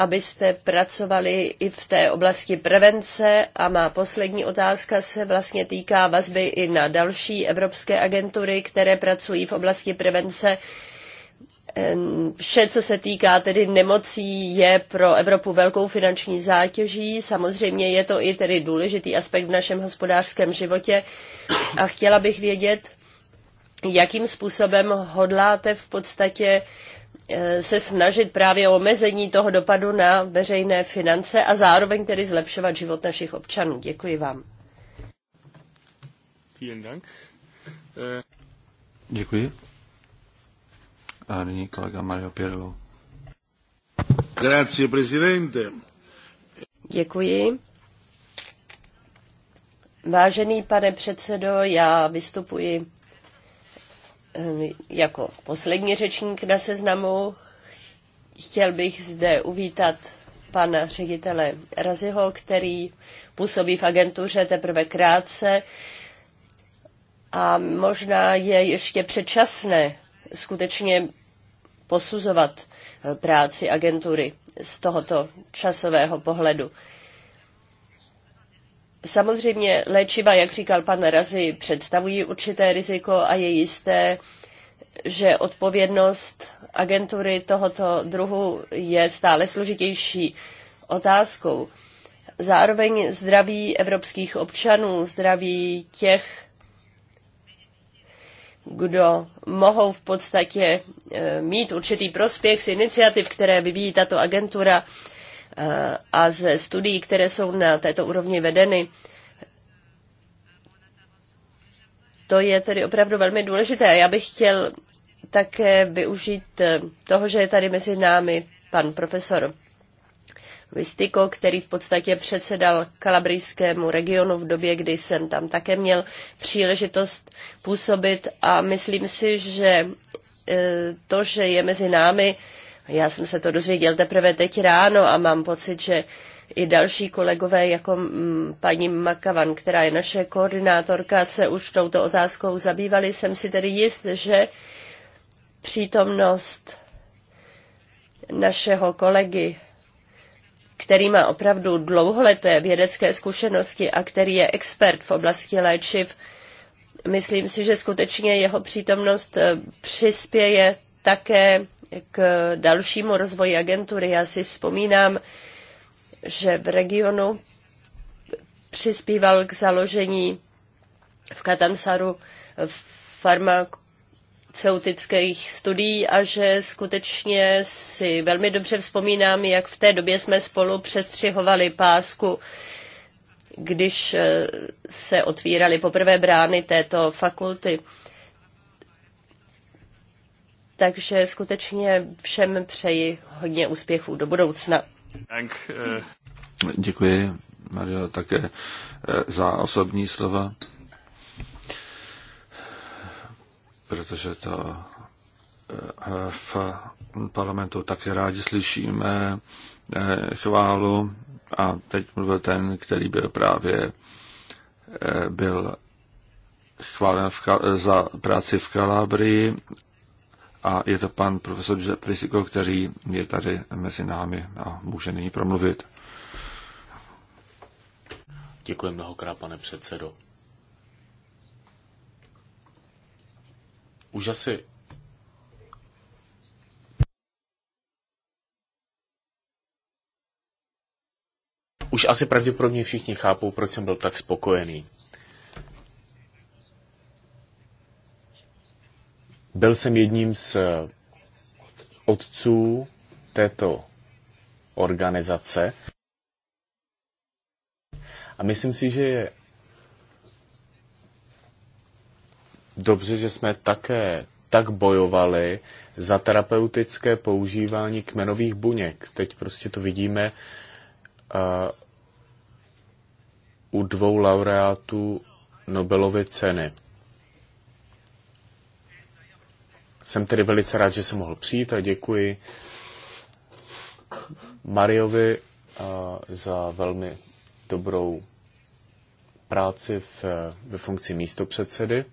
abyste pracovali i v té oblasti prevence. A má poslední otázka se vlastně týká vazby i na další evropské agentury, které pracují v oblasti prevence. Ehm, vše, co se týká tedy nemocí, je pro Evropu velkou finanční zátěží. Samozřejmě je to i tedy důležitý aspekt v našem hospodářském životě. A chtěla bych vědět, jakým způsobem hodláte v podstatě Eh, se snažit právě o omezení toho dopadu na veřejné finance a zároveň tedy zlepšovat život našich občanů. Děkuji vám. Vielen Dank. Eh. Děkuji. A nyní kolega Mario Pirlo. Grazie, presidente. Děkuji. Vážený pane předsedo, já vystupuji Ehm, jako poslední řečník na seznamu chtěl bych zde uvítat pana ředitele Raziho, který působí v agentuře teprve krátce a možná je ještě předčasné skutečně posuzovat eh, práci agentury z tohoto časového pohledu. Samozřejmě léčiva, jak říkal pan Razy, představují určité riziko a je jisté, že odpovědnost agentury tohoto druhu je stále složitější otázkou. Zároveň zdraví evropských občanů, zdraví těch, kdo mohou v podstatě eh, mít určitý prospěch z iniciativ, které vyvíjí tato agentura, Eh, a ze studií, které jsou na této úrovni vedeny, to je tedy opravdu velmi důležité. Já bych chtěl také využít eh, toho, že je tady mezi námi pan profesor Vistiko, který v podstatě předsedal kalabrijskému regionu v době, kdy jsem tam také měl příležitost působit a myslím si, že eh, to, že je mezi námi já jsem se to dozvěděl teprve teď ráno a mám pocit, že i další kolegové, jako mm, paní Makavan, která je naše koordinátorka, se už touto otázkou zabývali. Jsem si tedy jist, že přítomnost našeho kolegy, který má opravdu dlouholeté vědecké zkušenosti a který je expert v oblasti léčiv, myslím si, že skutečně jeho přítomnost eh, přispěje také k dalšímu rozvoji agentury. Já si vzpomínám, že v regionu přispíval k založení v Katansaru farmaceutických studií a že skutečně si velmi dobře vzpomínám, jak v té době jsme spolu přestřihovali pásku, když eh, se otvíraly poprvé brány této fakulty takže skutečně všem přeji hodně úspěchů do budoucna. Eh. Děkuji, Mario, také eh, za osobní slova, protože to eh, v parlamentu také rádi slyšíme chválu a teď mluvil ten, který byl právě byl chválen v, za práci v Kalabrii a je to pan profesor Josef Risiko, který je tady mezi námi a může nyní promluvit. Děkuji mnohokrát, pane předsedo. Už asi Už asi pravděpodobně všichni chápou, proč jsem byl tak spokojený. Byl jsem jedním z eh, otců této organizace a myslím si, že je dobře, že jsme také tak bojovali za terapeutické používání kmenových buněk. Teď prostě to vidíme uh, u dvou laureátů Nobelovy ceny. Jsem tedy velice rád, že jsem mohl přijít a děkuji Mariovi za velmi dobrou práci v, ve funkci místopředsedy.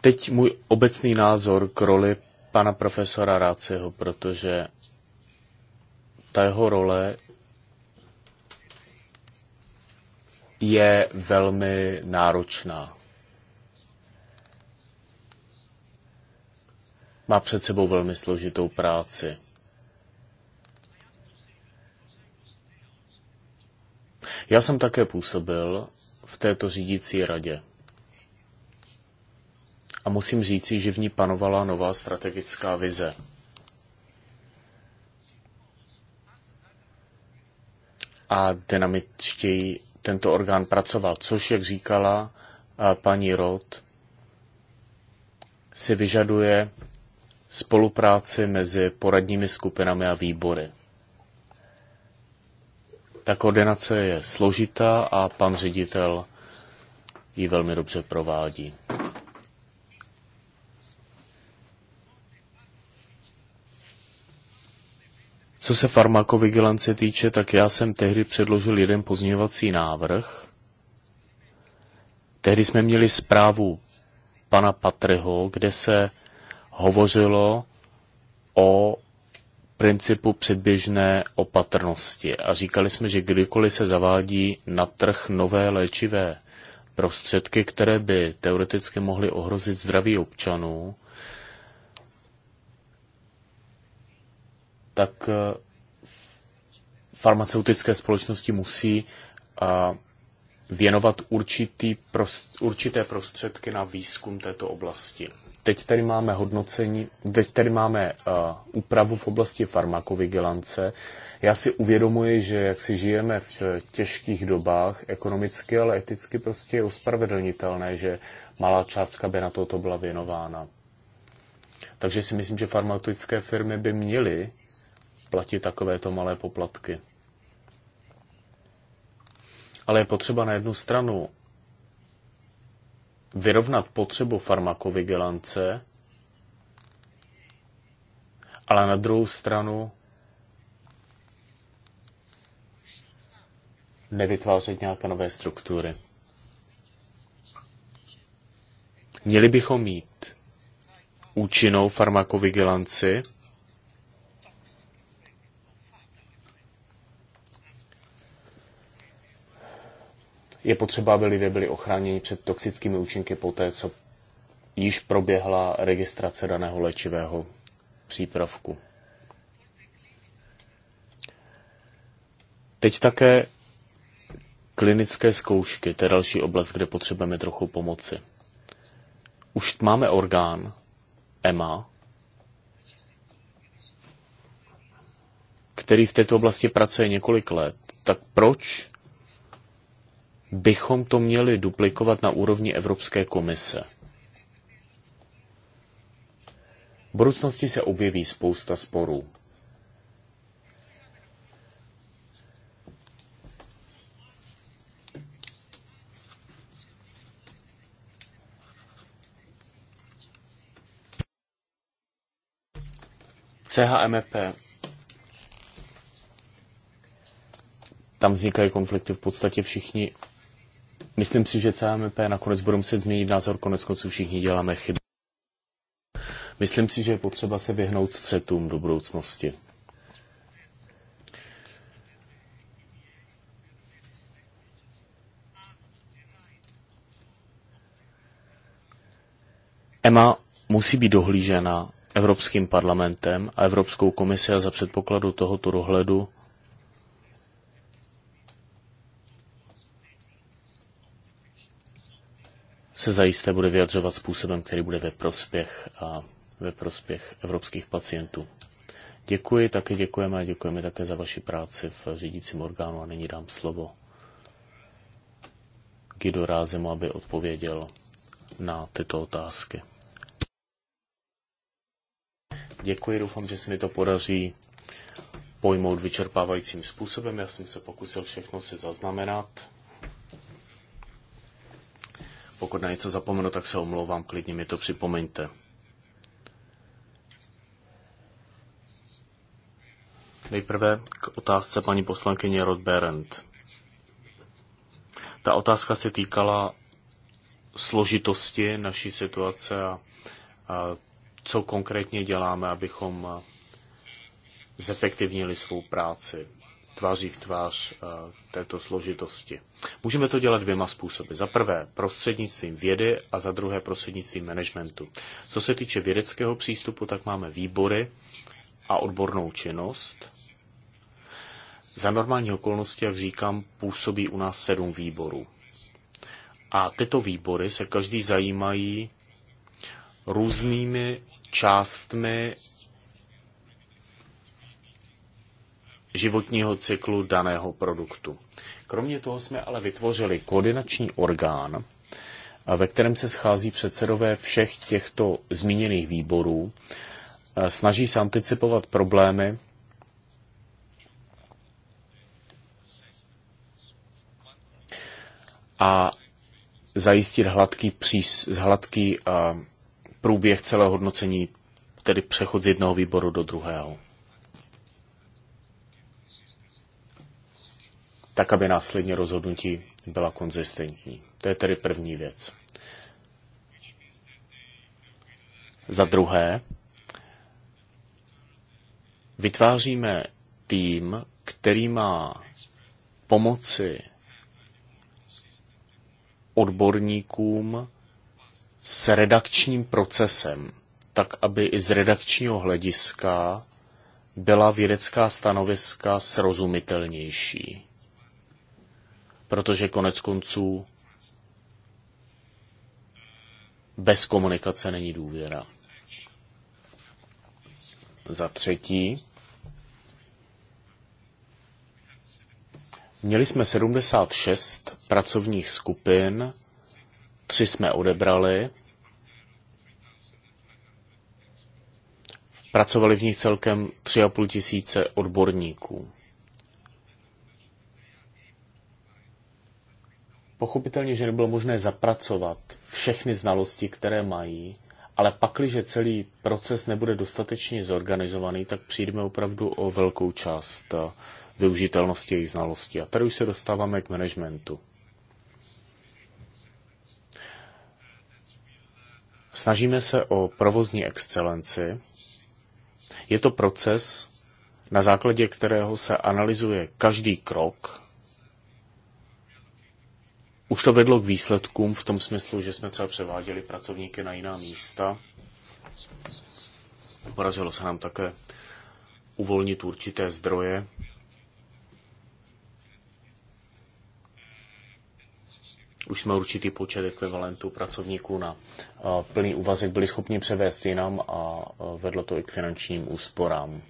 Teď můj obecný názor k roli pana profesora Ráceho, protože ta jeho role je velmi náročná. má před sebou velmi složitou práci. Já jsem také působil v této řídící radě. A musím říci, že v ní panovala nová strategická vize. A dynamičtěji tento orgán pracoval, což, jak říkala paní Roth, si vyžaduje spolupráci mezi poradními skupinami a výbory. Ta koordinace je složitá a pan ředitel ji velmi dobře provádí. Co se farmakovigilance týče, tak já jsem tehdy předložil jeden pozměňovací návrh. Tehdy jsme měli zprávu pana Patryho, kde se hovořilo o principu předběžné opatrnosti a říkali jsme, že kdykoliv se zavádí na trh nové léčivé prostředky, které by teoreticky mohly ohrozit zdraví občanů, tak eh, farmaceutické společnosti musí eh, věnovat určitý, určité prostředky na výzkum této oblasti. Teď tady máme hodnocení, teď tady máme uh, úpravu v oblasti farmakovigilance. Já si uvědomuji, že jak si žijeme v eh, těžkých dobách, ekonomicky, ale eticky prostě je uspravedlnitelné, že malá částka by na toto byla věnována. Takže si myslím, že farmaceutické firmy by měly platit takovéto malé poplatky. Ale je potřeba na jednu stranu vyrovnat potřebu farmakovigilance, ale na druhou stranu nevytvářet nějaké nové struktury. Měli bychom mít účinnou farmakovigilanci, Je potřeba, aby lidé byli ochráněni před toxickými účinky poté, co již proběhla registrace daného léčivého přípravku. Teď také klinické zkoušky, to je další oblast, kde potřebujeme trochu pomoci. Už máme orgán EMA, který v této oblasti pracuje několik let. Tak proč bychom to měli duplikovat na úrovni Evropské komise. V budoucnosti se objeví spousta sporů. CHMP. Tam vznikají konflikty v podstatě všichni Myslím si, že CMP nakonec budou muset změnit názor, konec konců všichni děláme chyby. Myslím si, že je potřeba se vyhnout střetům do budoucnosti. EMA musí být dohlížena Evropským parlamentem a Evropskou komisi a za předpokladu tohoto dohledu se zajisté bude vyjadřovat způsobem, který bude ve prospěch a ve prospěch evropských pacientů. Děkuji, taky děkujeme a děkujeme také za vaši práci v řídícím orgánu a nyní dám slovo Guido Rázemu, aby odpověděl na tyto otázky. Děkuji, doufám, že se mi to podaří pojmout vyčerpávajícím způsobem. Já jsem se pokusil všechno si zaznamenat. Pokud na něco zapomenu, tak se omlouvám, klidně mi to připomeňte. Nejprve k otázce paní poslankyně Rodberend. Ta otázka se týkala složitosti naší situace a, a co konkrétně děláme, abychom zefektivnili svou práci tváří v tvář eh, této složitosti. Můžeme to dělat dvěma způsoby. Za prvé prostřednictvím vědy a za druhé prostřednictvím managementu. Co se týče vědeckého přístupu, tak máme výbory a odbornou činnost. Za normální okolnosti, jak říkám, působí u nás sedm výborů. A tyto výbory se každý zajímají různými částmi životního cyklu daného produktu. Kromě toho jsme ale vytvořili koordinační orgán, ve kterém se schází předsedové všech těchto zmíněných výborů, eh, snaží se anticipovat problémy, a zajistit hladký, přís, hladký eh, průběh celého hodnocení, tedy přechod z jednoho výboru do druhého. tak aby následně rozhodnutí byla konzistentní. To je tedy první věc. Za druhé, vytváříme tým, který má pomoci odborníkům s redakčním procesem, tak aby i z redakčního hlediska byla vědecká stanoviska srozumitelnější protože konec konců bez komunikace není důvěra. Za třetí, měli jsme 76 pracovních skupin, tři jsme odebrali, pracovali v nich celkem 3,5 tisíce odborníků. Pochopitelně, že nebylo možné zapracovat všechny znalosti, které mají, ale pakliže celý proces nebude dostatečně zorganizovaný, tak přijdeme opravdu o velkou část eh, využitelnosti jejich znalostí. A tady už se dostáváme k managementu. Snažíme se o provozní excelenci. Je to proces, na základě kterého se analyzuje každý krok už to vedlo k výsledkům v tom smyslu, že jsme třeba převáděli pracovníky na jiná místa. Podařilo se nám také uvolnit určité zdroje. Už jsme určitý počet ekvivalentů pracovníků na eh, plný úvazek byli schopni převést jinam a eh, vedlo to i k finančním úsporám.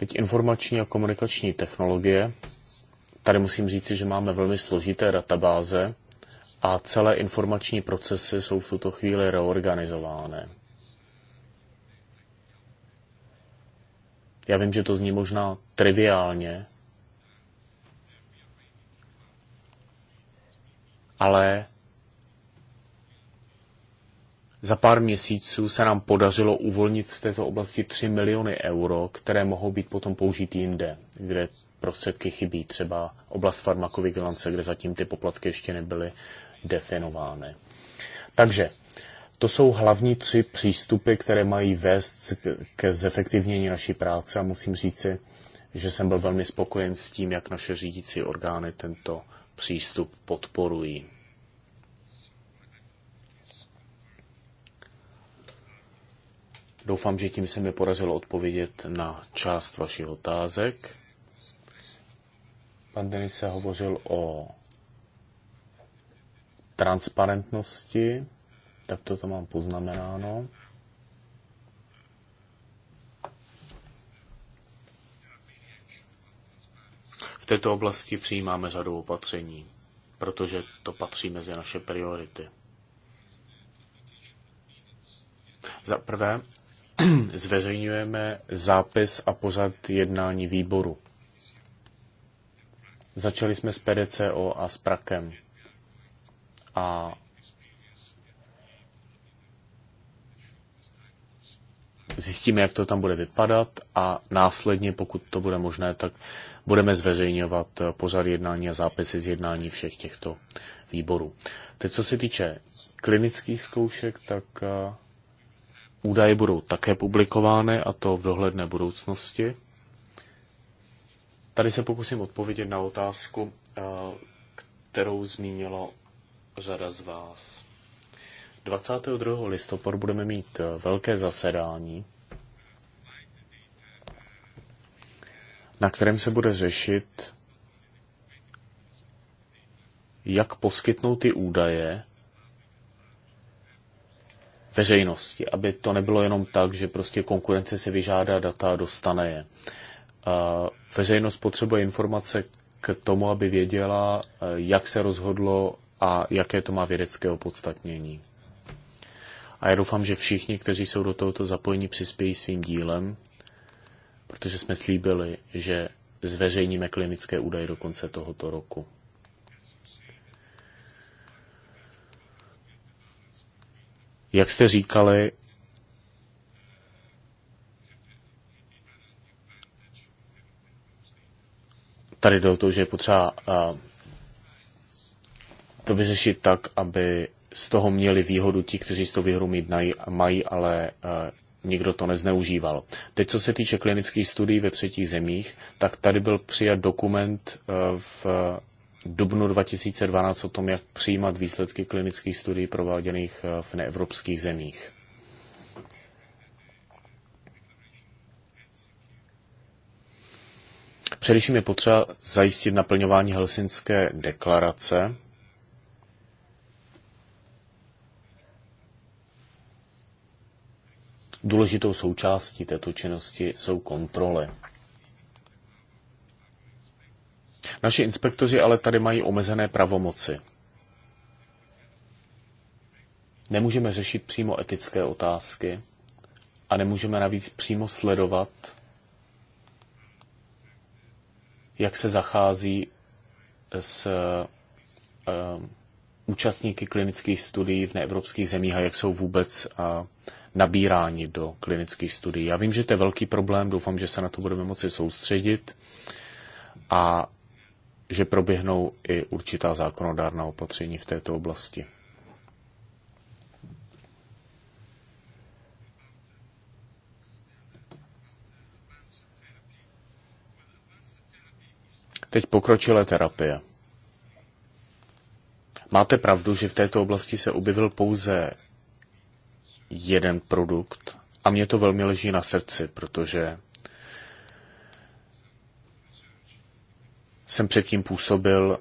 Teď informační a komunikační technologie. Tady musím říci, že máme velmi složité databáze a celé informační procesy jsou v tuto chvíli reorganizované. Já vím, že to zní možná triviálně, ale za pár měsíců se nám podařilo uvolnit v této oblasti 3 miliony euro, které mohou být potom použít jinde, kde prostředky chybí, třeba oblast farmakovigilance, kde zatím ty poplatky ještě nebyly definovány. Takže to jsou hlavní tři přístupy, které mají vést ke zefektivnění naší práce a musím říci, že jsem byl velmi spokojen s tím, jak naše řídící orgány tento přístup podporují. Doufám, že tím se mi podařilo odpovědět na část vašich otázek. Pan Denis se hovořil o transparentnosti, tak toto mám poznamenáno. V této oblasti přijímáme řadu opatření, protože to patří mezi naše priority. Za prvé, zveřejňujeme zápis a pořad jednání výboru. Začali jsme s PDCO a s Prakem. A zjistíme, jak to tam bude vypadat a následně, pokud to bude možné, tak budeme zveřejňovat pořad jednání a zápisy z jednání všech těchto výborů. Teď, co se týče klinických zkoušek, tak eh, údaje budou také publikovány a to v dohledné budoucnosti. Tady se pokusím odpovědět na otázku, eh, kterou zmínilo řada z vás. 22. listopadu budeme mít eh, velké zasedání, na kterém se bude řešit, jak poskytnout ty údaje veřejnosti, aby to nebylo jenom tak, že prostě konkurence si vyžádá data a dostane je. Veřejnost potřebuje informace k tomu, aby věděla, eh, jak se rozhodlo a jaké to má vědecké opodstatnění. A já doufám, že všichni, kteří jsou do tohoto zapojení, přispějí svým dílem, protože jsme slíbili, že zveřejníme klinické údaje do konce tohoto roku. Jak jste říkali, tady jde o to, že je potřeba to vyřešit tak, aby z toho měli výhodu ti, kteří z toho výhodu mít mají, ale nikdo to nezneužíval. Teď, co se týče klinických studií ve třetích zemích, tak tady byl přijat dokument v dubnu 2012 o tom, jak přijímat výsledky klinických studií prováděných eh, v neevropských zemích. Především je potřeba zajistit naplňování Helsinské deklarace. Důležitou součástí této činnosti jsou kontroly. Naši inspektoři ale tady mají omezené pravomoci. Nemůžeme řešit přímo etické otázky a nemůžeme navíc přímo sledovat, jak se zachází s um, účastníky klinických studií v neevropských zemích a jak jsou vůbec a, eh, nabíráni do klinických studií. Já vím, že to je velký problém, doufám, že se na to budeme moci soustředit a že proběhnou i určitá zákonodárná opatření v této oblasti. Teď pokročilé terapie. Máte pravdu, že v této oblasti se objevil pouze jeden produkt a mě to velmi leží na srdci, protože jsem předtím působil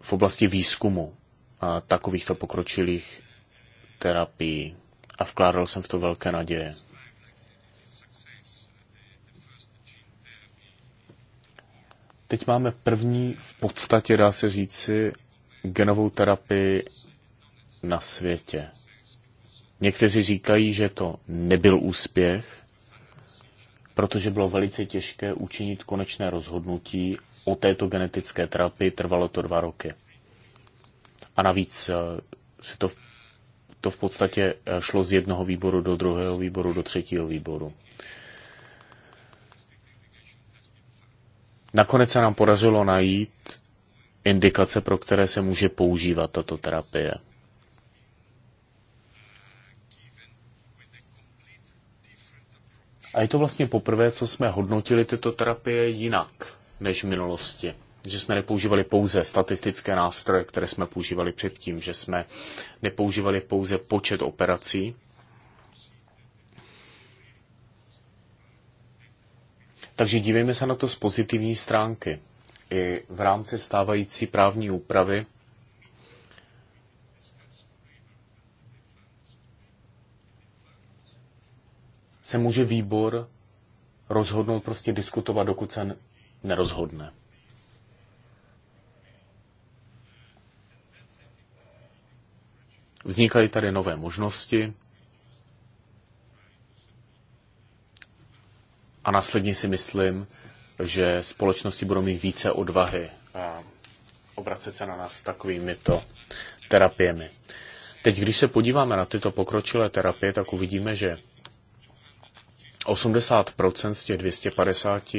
v oblasti výzkumu a takovýchto pokročilých terapií a vkládal jsem v to velké naděje. Teď máme první, v podstatě dá se říci, genovou terapii na světě. Někteří říkají, že to nebyl úspěch, protože bylo velice těžké učinit konečné rozhodnutí o této genetické terapii, trvalo to dva roky. A navíc eh, si to, to v podstatě eh, šlo z jednoho výboru do druhého výboru, do třetího výboru. Nakonec se nám podařilo najít indikace, pro které se může používat tato terapie. A je to vlastně poprvé, co jsme hodnotili tyto terapie jinak než v minulosti. Že jsme nepoužívali pouze statistické nástroje, které jsme používali předtím, že jsme nepoužívali pouze počet operací. Takže dívejme se na to z pozitivní stránky. I v rámci stávající právní úpravy se může výbor rozhodnout prostě diskutovat, dokud se nerozhodne. Vznikají tady nové možnosti a následně si myslím, že společnosti budou mít více odvahy a obracet se na nás takovými to terapiemi. Teď, když se podíváme na tyto pokročilé terapie, tak uvidíme, že 80% z těch 250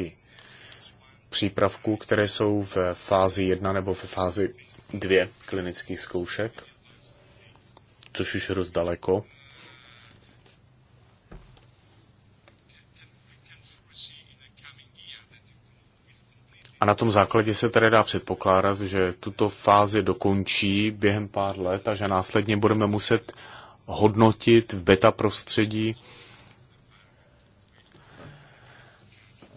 přípravků, které jsou v fázi 1 nebo v fázi 2 klinických zkoušek, což už je dost daleko. A na tom základě se tedy dá předpokládat, že tuto fázi dokončí během pár let a že následně budeme muset hodnotit v beta prostředí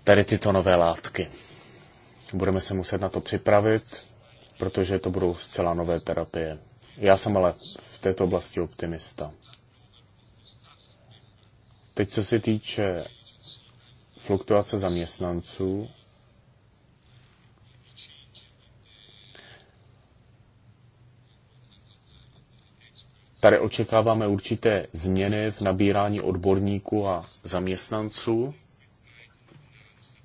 tady tyto nové látky. Budeme se muset na to připravit, protože to budou zcela nové terapie. Já jsem ale v této oblasti optimista. Teď, co se týče fluktuace zaměstnanců, Tady očekáváme určité změny v nabírání odborníků a zaměstnanců.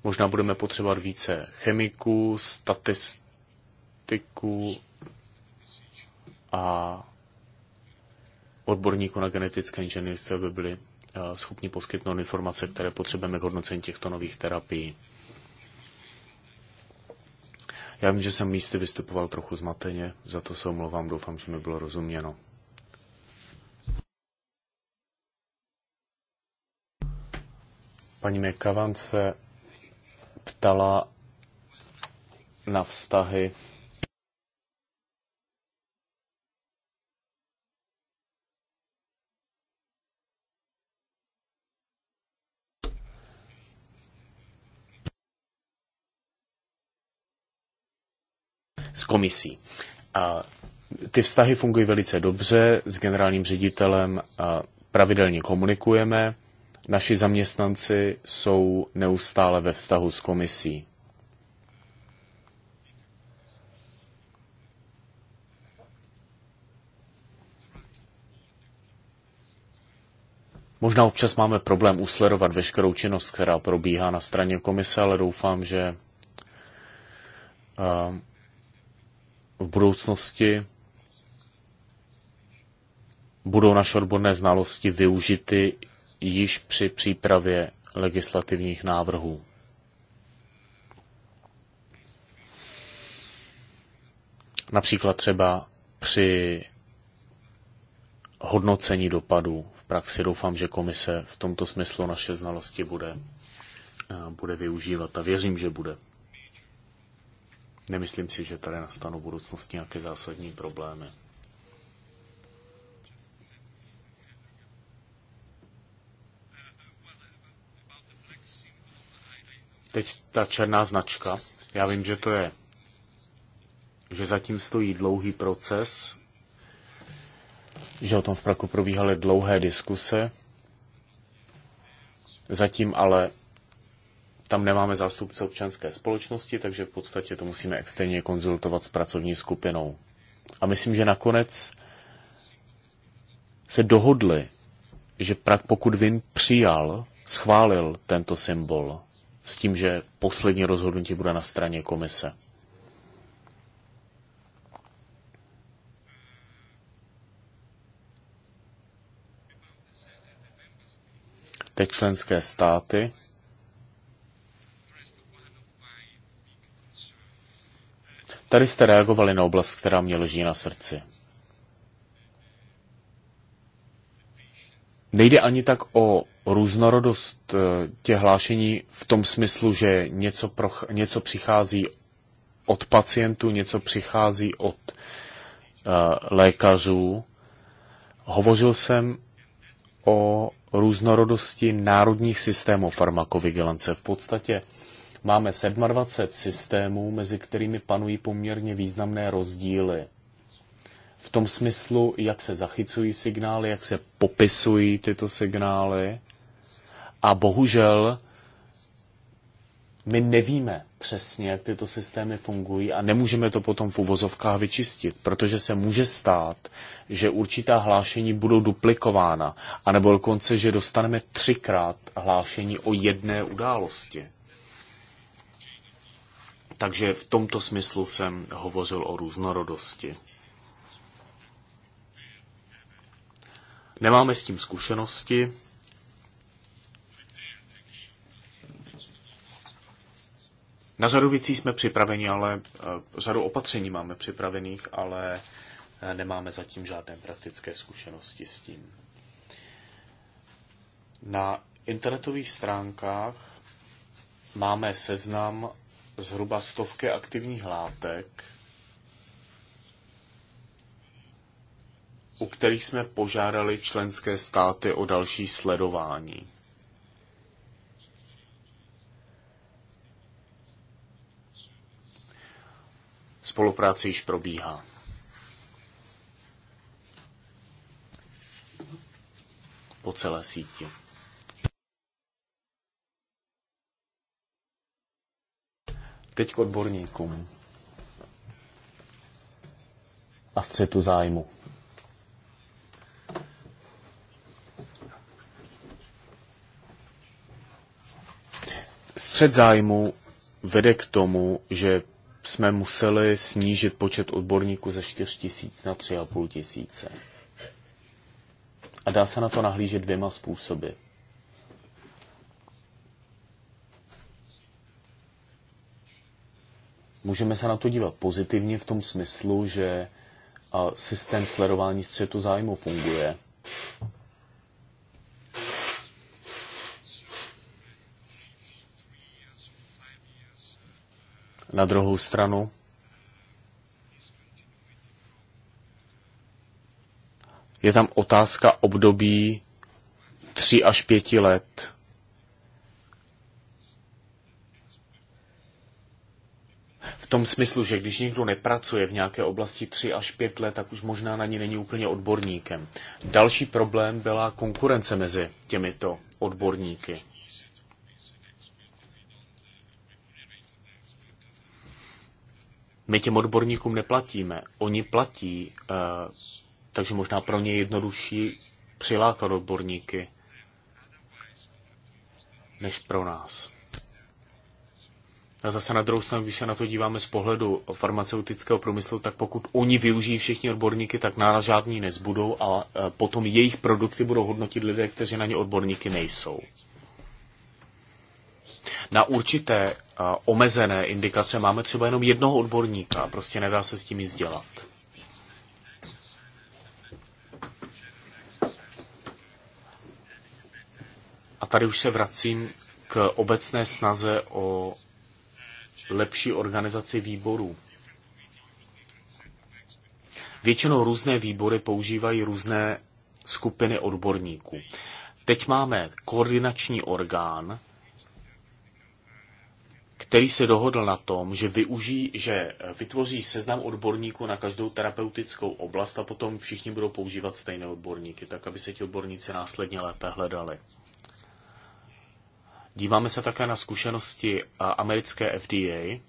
Možná budeme potřebovat více chemiků, statistiků a odborníků na genetické inženýrství, aby byli eh, schopni poskytnout informace, které potřebujeme k hodnocení těchto nových terapií. Já vím, že jsem místy vystupoval trochu zmateně, za to se omlouvám, doufám, že mi bylo rozuměno. Paní Mekavance, ptala na vztahy s komisí. A ty vztahy fungují velice dobře, s generálním ředitelem pravidelně komunikujeme Naši zaměstnanci jsou neustále ve vztahu s komisí. Možná občas máme problém usledovat veškerou činnost, která probíhá na straně komise, ale doufám, že eh, v budoucnosti budou naše odborné znalosti využity již při přípravě legislativních návrhů. Například třeba při hodnocení dopadů v praxi. Doufám, že komise v tomto smyslu naše znalosti bude, eh, bude využívat a věřím, že bude. Nemyslím si, že tady nastanou v budoucnosti nějaké zásadní problémy. Teď ta černá značka. Já vím, že to je, že zatím stojí dlouhý proces, že o tom v Praku probíhaly dlouhé diskuse. Zatím ale tam nemáme zástupce občanské společnosti, takže v podstatě to musíme externě konzultovat s pracovní skupinou. A myslím, že nakonec se dohodli, že Prak, pokud vím, přijal, schválil tento symbol s tím, že poslední rozhodnutí bude na straně komise. Te členské státy Tady jste reagovali na oblast, která mě leží na srdci. Nejde ani tak o různorodost eh, těch hlášení v tom smyslu, že něco, pro, něco přichází od pacientů, něco přichází od eh, lékařů. Hovořil jsem o různorodosti národních systémů farmakovigilance. V podstatě máme 27 systémů, mezi kterými panují poměrně významné rozdíly v tom smyslu, jak se zachycují signály, jak se popisují tyto signály. A bohužel my nevíme přesně, jak tyto systémy fungují a nemůžeme to potom v uvozovkách vyčistit, protože se může stát, že určitá hlášení budou duplikována, anebo dokonce, že dostaneme třikrát hlášení o jedné události. Takže v tomto smyslu jsem hovořil o různorodosti. Nemáme s tím zkušenosti. Na řadu věcí jsme připraveni, ale eh, řadu opatření máme připravených, ale eh, nemáme zatím žádné praktické zkušenosti s tím. Na internetových stránkách máme seznam zhruba stovky aktivních látek, u kterých jsme požádali členské státy o další sledování. Spolupráce již probíhá. Po celé síti. Teď k odborníkům a střetu zájmu. Střed zájmu vede k tomu, že jsme museli snížit počet odborníků ze 4 tisíc na 3,5 tisíce. A dá se na to nahlížet dvěma způsoby. Můžeme se na to dívat pozitivně v tom smyslu, že systém sledování střetu zájmu funguje Na druhou stranu, je tam otázka období tři až pěti let. V tom smyslu, že když někdo nepracuje v nějaké oblasti tři až pět let, tak už možná na ní není úplně odborníkem. Další problém byla konkurence mezi těmito odborníky. My těm odborníkům neplatíme, oni platí, eh, takže možná pro ně jednodušší přilákat odborníky než pro nás. A zase na druhou stranu, když se na to díváme z pohledu farmaceutického průmyslu, tak pokud oni využijí všichni odborníky, tak nás žádní nezbudou a eh, potom jejich produkty budou hodnotit lidé, kteří na ně odborníky nejsou. Na určité omezené indikace máme třeba jenom jednoho odborníka prostě nedá se s tím nic dělat. A tady už se vracím k obecné snaze o lepší organizaci výborů. Většinou různé výbory používají různé skupiny odborníků. Teď máme koordinační orgán, který se dohodl na tom, že využijí, že vytvoří seznam odborníků na každou terapeutickou oblast a potom všichni budou používat stejné odborníky, tak aby se ti odborníci následně lépe hledali. Díváme se také na zkušenosti americké FDA.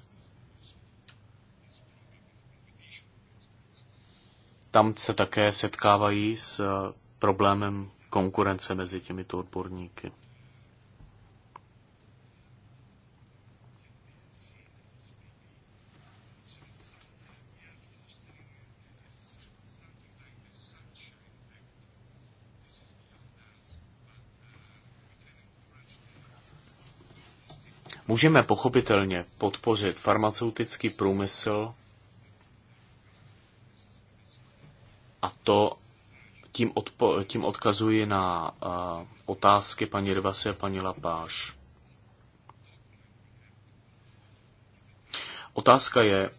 Tam se také setkávají s problémem konkurence mezi těmito odborníky. Můžeme pochopitelně podpořit farmaceutický průmysl a to tím, odpo- tím odkazuji na uh, otázky paní Rvase a paní Lapáš. Otázka je,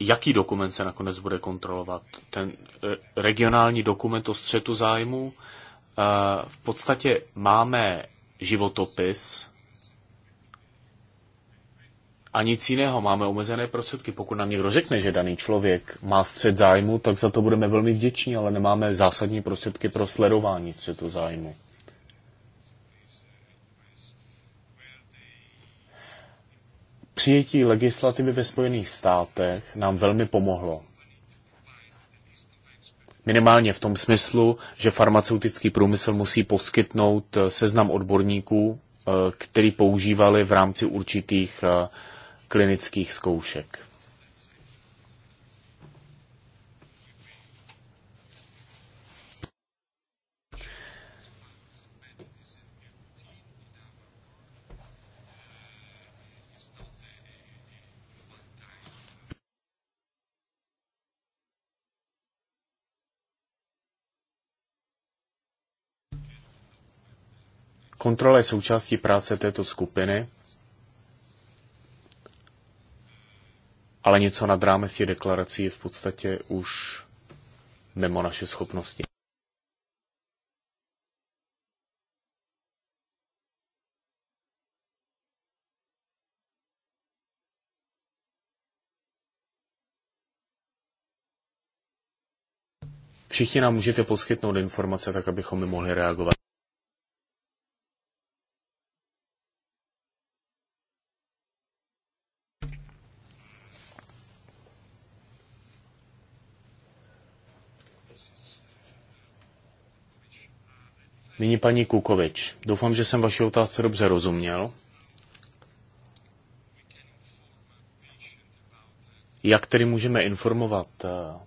jaký dokument se nakonec bude kontrolovat. Ten eh, regionální dokument o střetu zájmu. Eh, v podstatě máme životopis a nic jiného. Máme omezené prostředky. Pokud nám někdo řekne, že daný člověk má střed zájmu, tak za to budeme velmi vděční, ale nemáme zásadní prostředky pro sledování střetu zájmu. Přijetí legislativy ve Spojených státech nám velmi pomohlo. Minimálně v tom smyslu, že farmaceutický průmysl musí poskytnout eh, seznam odborníků, eh, který používali v rámci určitých eh, klinických zkoušek. Kontrola je součástí práce této skupiny ale něco nad rámec těch deklarací je v podstatě už mimo naše schopnosti. Všichni nám můžete poskytnout informace, tak abychom mi mohli reagovat. Nyní paní Kukovič. Doufám, že jsem vaši otázce dobře rozuměl. Jak tedy můžeme informovat eh,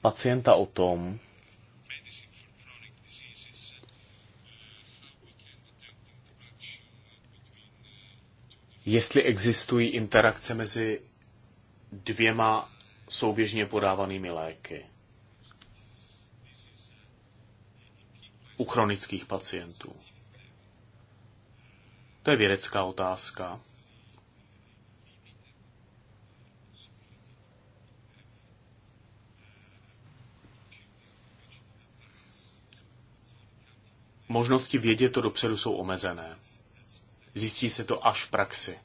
pacienta o tom, jestli existují interakce mezi dvěma souběžně podávanými léky u chronických pacientů. To je vědecká otázka. Možnosti vědět to dopředu jsou omezené. Zjistí se to až v praxi.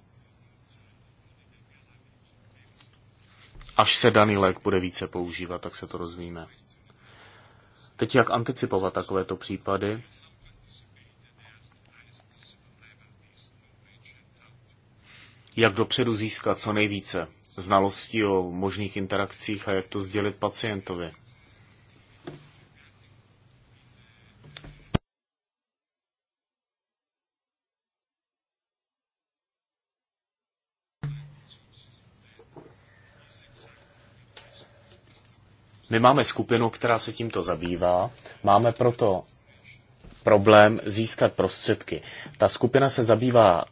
až se daný lék bude více používat, tak se to rozvíme. Teď jak anticipovat takovéto případy? Jak dopředu získat co nejvíce znalostí o možných interakcích a jak to sdělit pacientovi? My máme skupinu, která se tímto zabývá, máme proto problém získat prostředky. Ta skupina se zabývá uh,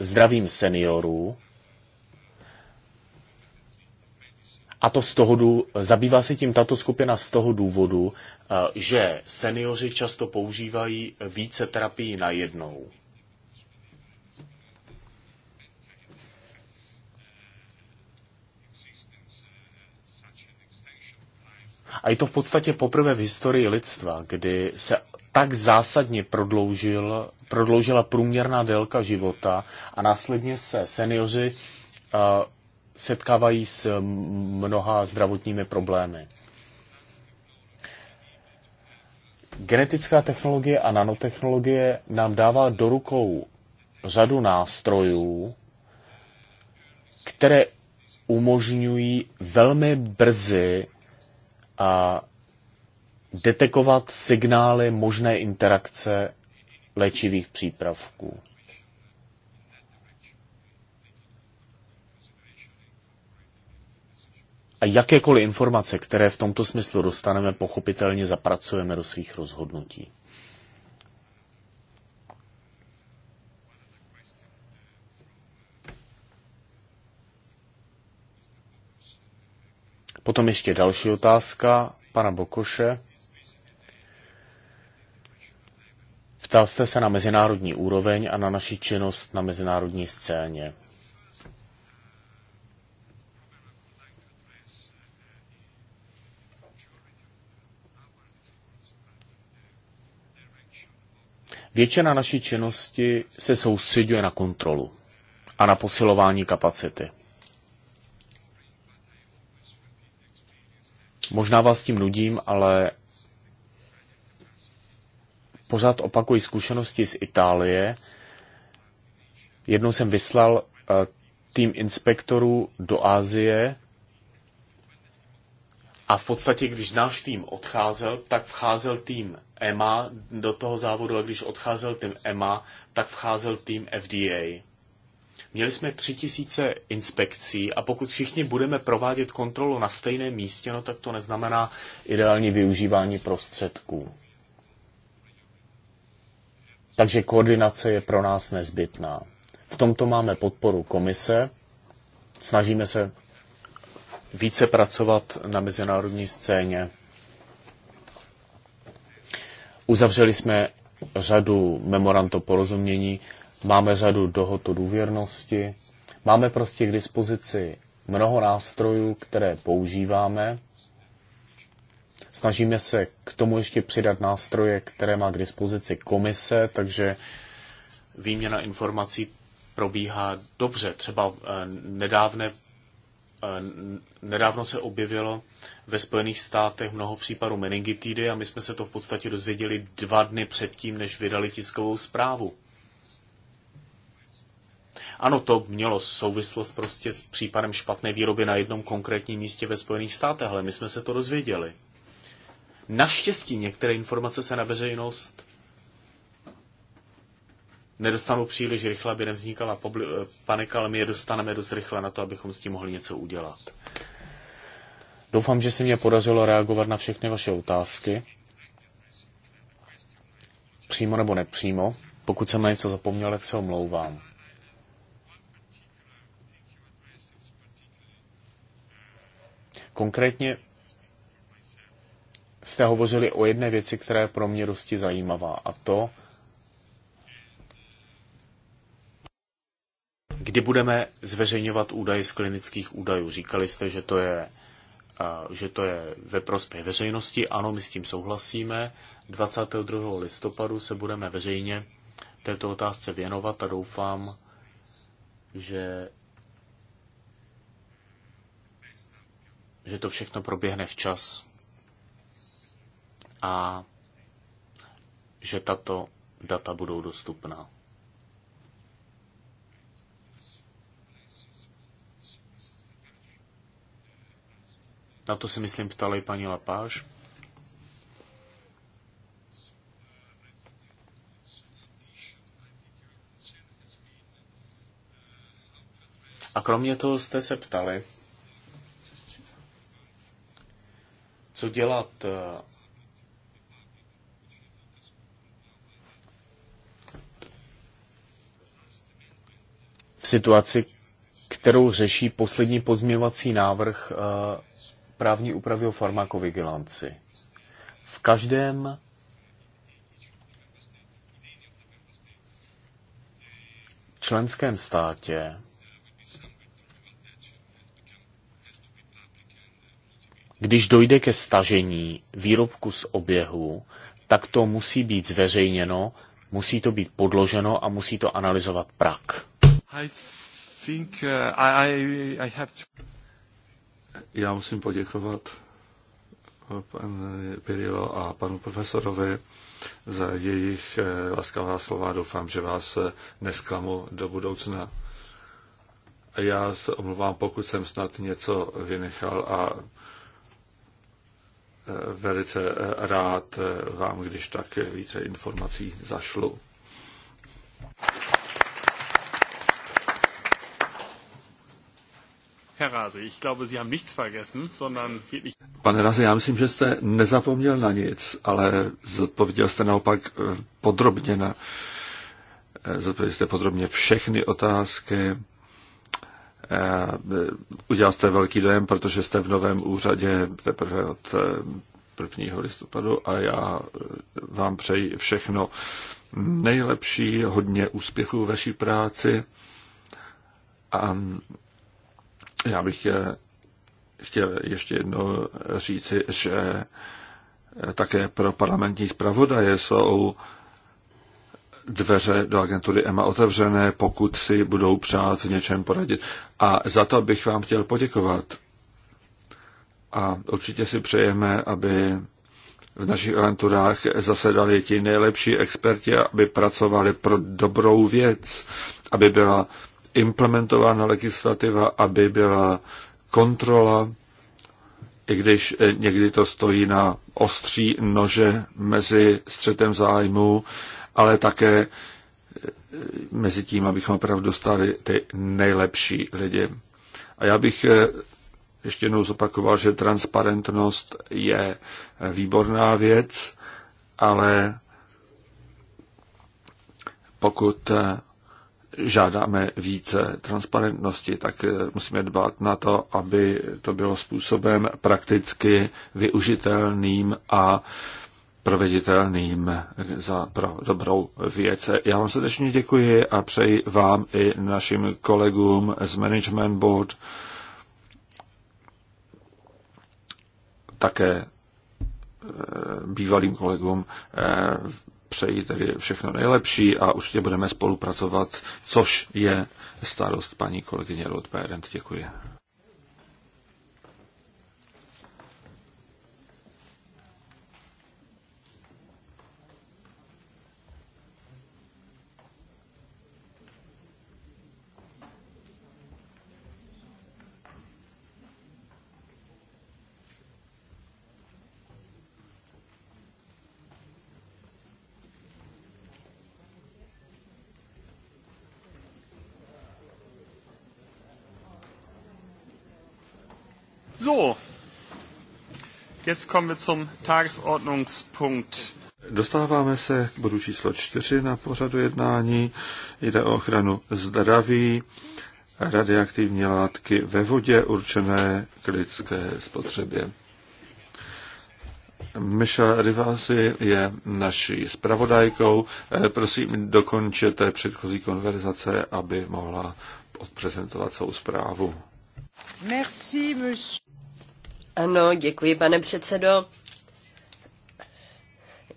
zdravím seniorů a to z toho dů, zabývá se tím tato skupina z toho důvodu, uh, že seniori často používají více terapií najednou. jednou. A je to v podstatě poprvé v historii lidstva, kdy se tak zásadně prodloužil, prodloužila průměrná délka života a následně se seniori uh, setkávají s mnoha zdravotními problémy. Genetická technologie a nanotechnologie nám dává do rukou řadu nástrojů, které umožňují velmi brzy a detekovat signály možné interakce léčivých přípravků. A jakékoliv informace, které v tomto smyslu dostaneme, pochopitelně zapracujeme do svých rozhodnutí. Potom ještě další otázka pana Bokoše. Ptal jste se na mezinárodní úroveň a na naši činnost na mezinárodní scéně. Většina naší činnosti se soustředuje na kontrolu a na posilování kapacity. Možná vás tím nudím, ale pořád opakuji zkušenosti z Itálie. Jednou jsem vyslal eh, tým inspektorů do Ázie a v podstatě, když náš tým odcházel, tak vcházel tým EMA do toho závodu a když odcházel tým EMA, tak vcházel tým FDA. Měli jsme tři tisíce inspekcí a pokud všichni budeme provádět kontrolu na stejném místě, no tak to neznamená ideální využívání prostředků. Takže koordinace je pro nás nezbytná. V tomto máme podporu komise. Snažíme se více pracovat na mezinárodní scéně. Uzavřeli jsme řadu memoranto porozumění máme řadu dohod o důvěrnosti, máme prostě k dispozici mnoho nástrojů, které používáme. Snažíme se k tomu ještě přidat nástroje, které má k dispozici komise, takže výměna informací probíhá dobře. Třeba eh, nedávne, eh, nedávno se objevilo ve Spojených státech mnoho případů meningitidy a my jsme se to v podstatě dozvěděli dva dny předtím, než vydali tiskovou zprávu. Ano, to mělo souvislost prostě s případem špatné výroby na jednom konkrétním místě ve Spojených státech, ale my jsme se to dozvěděli. Naštěstí některé informace se na veřejnost nedostanou příliš rychle, aby nevznikala panika, ale my je dostaneme dost rychle na to, abychom s tím mohli něco udělat. Doufám, že se mě podařilo reagovat na všechny vaše otázky. Přímo nebo nepřímo. Pokud jsem na něco zapomněl, tak se omlouvám. Konkrétně jste hovořili o jedné věci, která je pro mě dosti zajímavá, a to, kdy budeme zveřejňovat údaje z klinických údajů. Říkali jste, že to je, že to je ve prospěch veřejnosti. Ano, my s tím souhlasíme. 22. listopadu se budeme veřejně této otázce věnovat a doufám, že že to všechno proběhne včas a že tato data budou dostupná. Na to si myslím ptala i paní Lapáš. A kromě toho jste se ptali, co dělat v situaci, kterou řeší poslední pozměvací návrh eh, právní úpravy o farmakovigilanci. V každém členském státě Když dojde ke stažení výrobku z oběhu, tak to musí být zveřejněno, musí to být podloženo a musí to analyzovat prak. I think, uh, I, I have to... Já musím poděkovat uh, panu Pirilo a panu profesorovi za jejich uh, laskavá slova. Doufám, že vás uh, nesklamu do budoucna. Já se omluvám, pokud jsem snad něco vynechal a velice rád vám, když tak více informací zašlu. Pane Raze, já myslím, že jste nezapomněl na nic, ale zodpověděl jste naopak eh, podrobně na... Eh, zodpověděl jste podrobně všechny otázky Eh, udělal jste velký dojem, protože jste v novém úřadě teprve od 1. Eh, listopadu a já eh, vám přeji všechno nejlepší, hodně úspěchů v vaší práci. A já bych chtěl ještě jedno říci, že také pro parlamentní zpravodaje jsou dveře do agentury EMA otevřené, pokud si budou přát v něčem poradit. A za to bych vám chtěl poděkovat. A určitě si přejeme, aby v našich agenturách zasedali ti nejlepší experti, aby pracovali pro dobrou věc, aby byla implementována legislativa, aby byla kontrola, i když někdy to stojí na ostří nože mezi střetem zájmů ale také eh, mezi tím, abychom opravdu dostali ty nejlepší lidi. A já bych eh, ještě jednou zopakoval, že transparentnost je eh, výborná věc, ale pokud žádáme více transparentnosti, tak musíme dbát na to, aby to bylo způsobem prakticky využitelným a proveditelným za, pro dobrou věc. Já vám srdečně děkuji a přeji vám i našim kolegům z Management Board také eh, bývalým kolegům eh, přeji tedy všechno nejlepší a určitě budeme spolupracovat, což je starost paní kolegyně Rodberent. Děkuji. So, jetzt kommen wir zum Tagesordnungspunkt. Dostáváme se k bodu číslo 4 na pořadu jednání. Jde o ochranu zdraví radioaktivní látky ve vodě určené k lidské spotřebě. Miša Rivasi je naší zpravodajkou. Eh, prosím, dokončete předchozí konverzace, aby mohla odprezentovat svou zprávu. Merci, ano, děkuji, pane předsedo.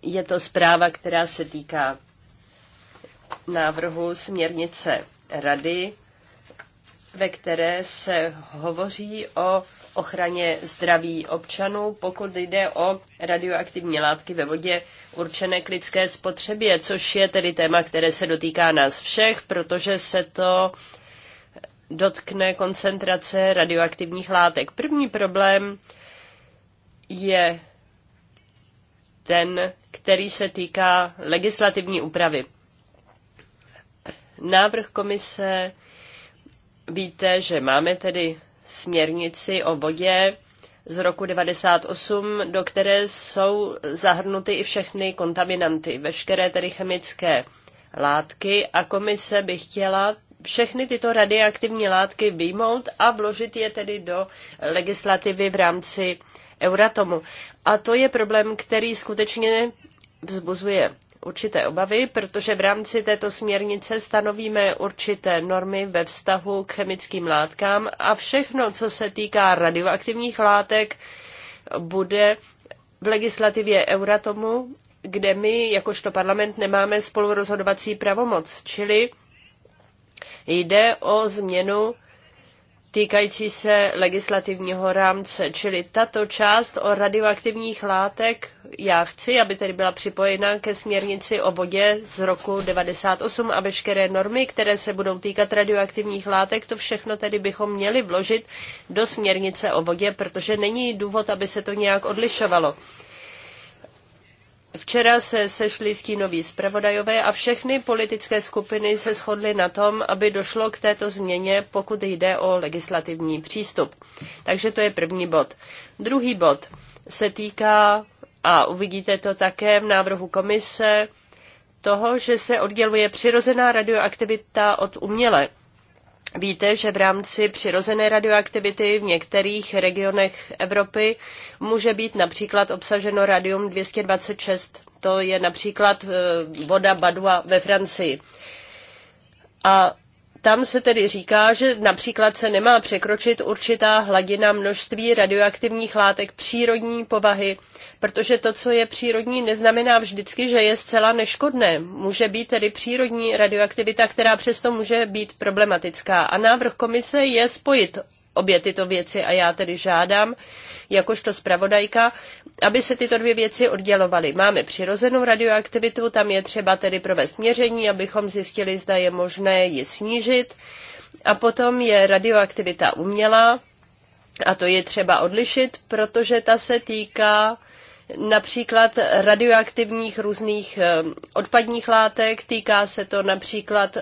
Je to zpráva, která se týká návrhu směrnice Rady, ve které se hovoří o ochraně zdraví občanů, pokud jde o radioaktivní látky ve vodě určené k lidské spotřebě, což je tedy téma, které se dotýká nás všech, protože se to dotkne koncentrace radioaktivních látek. První problém je ten, který se týká legislativní úpravy. Návrh komise, víte, že máme tedy směrnici o vodě z roku 98, do které jsou zahrnuty i všechny kontaminanty, veškeré tedy chemické látky a komise by chtěla všechny tyto radioaktivní látky vyjmout a vložit je tedy do legislativy v rámci Euratomu. A to je problém, který skutečně vzbuzuje určité obavy, protože v rámci této směrnice stanovíme určité normy ve vztahu k chemickým látkám a všechno, co se týká radioaktivních látek, bude v legislativě Euratomu, kde my, jakožto parlament, nemáme spolurozhodovací pravomoc. Čili Jde o změnu týkající se legislativního rámce, čili tato část o radioaktivních látek, já chci, aby tedy byla připojena ke směrnici o vodě z roku 98 a veškeré normy, které se budou týkat radioaktivních látek, to všechno tedy bychom měli vložit do směrnice o vodě, protože není důvod, aby se to nějak odlišovalo. Včera se sešli stínoví zpravodajové a všechny politické skupiny se shodly na tom, aby došlo k této změně, pokud jde o legislativní přístup. Takže to je první bod. Druhý bod se týká, a uvidíte to také v návrhu komise, toho, že se odděluje přirozená radioaktivita od umělé Víte, že v rámci přirozené radioaktivity v některých regionech Evropy může být například obsaženo radium 226. To je například eh, voda Badua ve Francii. A tam se tedy říká, že například se nemá překročit určitá hladina množství radioaktivních látek přírodní povahy, protože to, co je přírodní, neznamená vždycky, že je zcela neškodné. Může být tedy přírodní radioaktivita, která přesto může být problematická. A návrh komise je spojit obě tyto věci a já tedy žádám, jakožto zpravodajka, aby se tyto dvě věci oddělovaly. Máme přirozenou radioaktivitu, tam je třeba tedy provést měření, abychom zjistili, zda je možné ji snížit. A potom je radioaktivita umělá, a to je třeba odlišit, protože ta se týká například radioaktivních různých eh, odpadních látek, týká se to například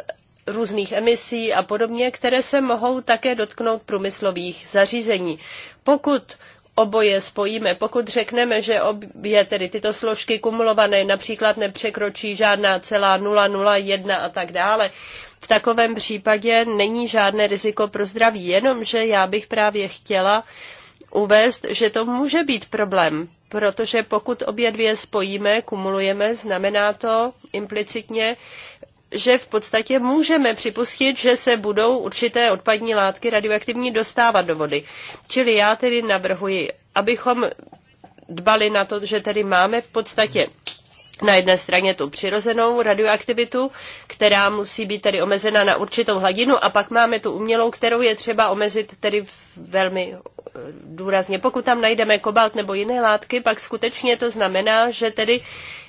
různých emisí a podobně, které se mohou také dotknout průmyslových zařízení. Pokud oboje spojíme. Pokud řekneme, že obě tedy tyto složky kumulované například nepřekročí žádná celá 001 a tak dále, v takovém případě není žádné riziko pro zdraví, jenomže já bych právě chtěla uvést, že to může být problém, protože pokud obě dvě spojíme, kumulujeme, znamená to implicitně, že v podstatě můžeme připustit, že se budou určité odpadní látky radioaktivní dostávat do vody. Čili já tedy navrhuji, abychom dbali na to, že tedy máme v podstatě na jedné straně tu přirozenou radioaktivitu, která musí být tedy omezena na určitou hladinu a pak máme tu umělou, kterou je třeba omezit tedy velmi důrazně. Pokud tam najdeme kobalt nebo jiné látky, pak skutečně to znamená, že tedy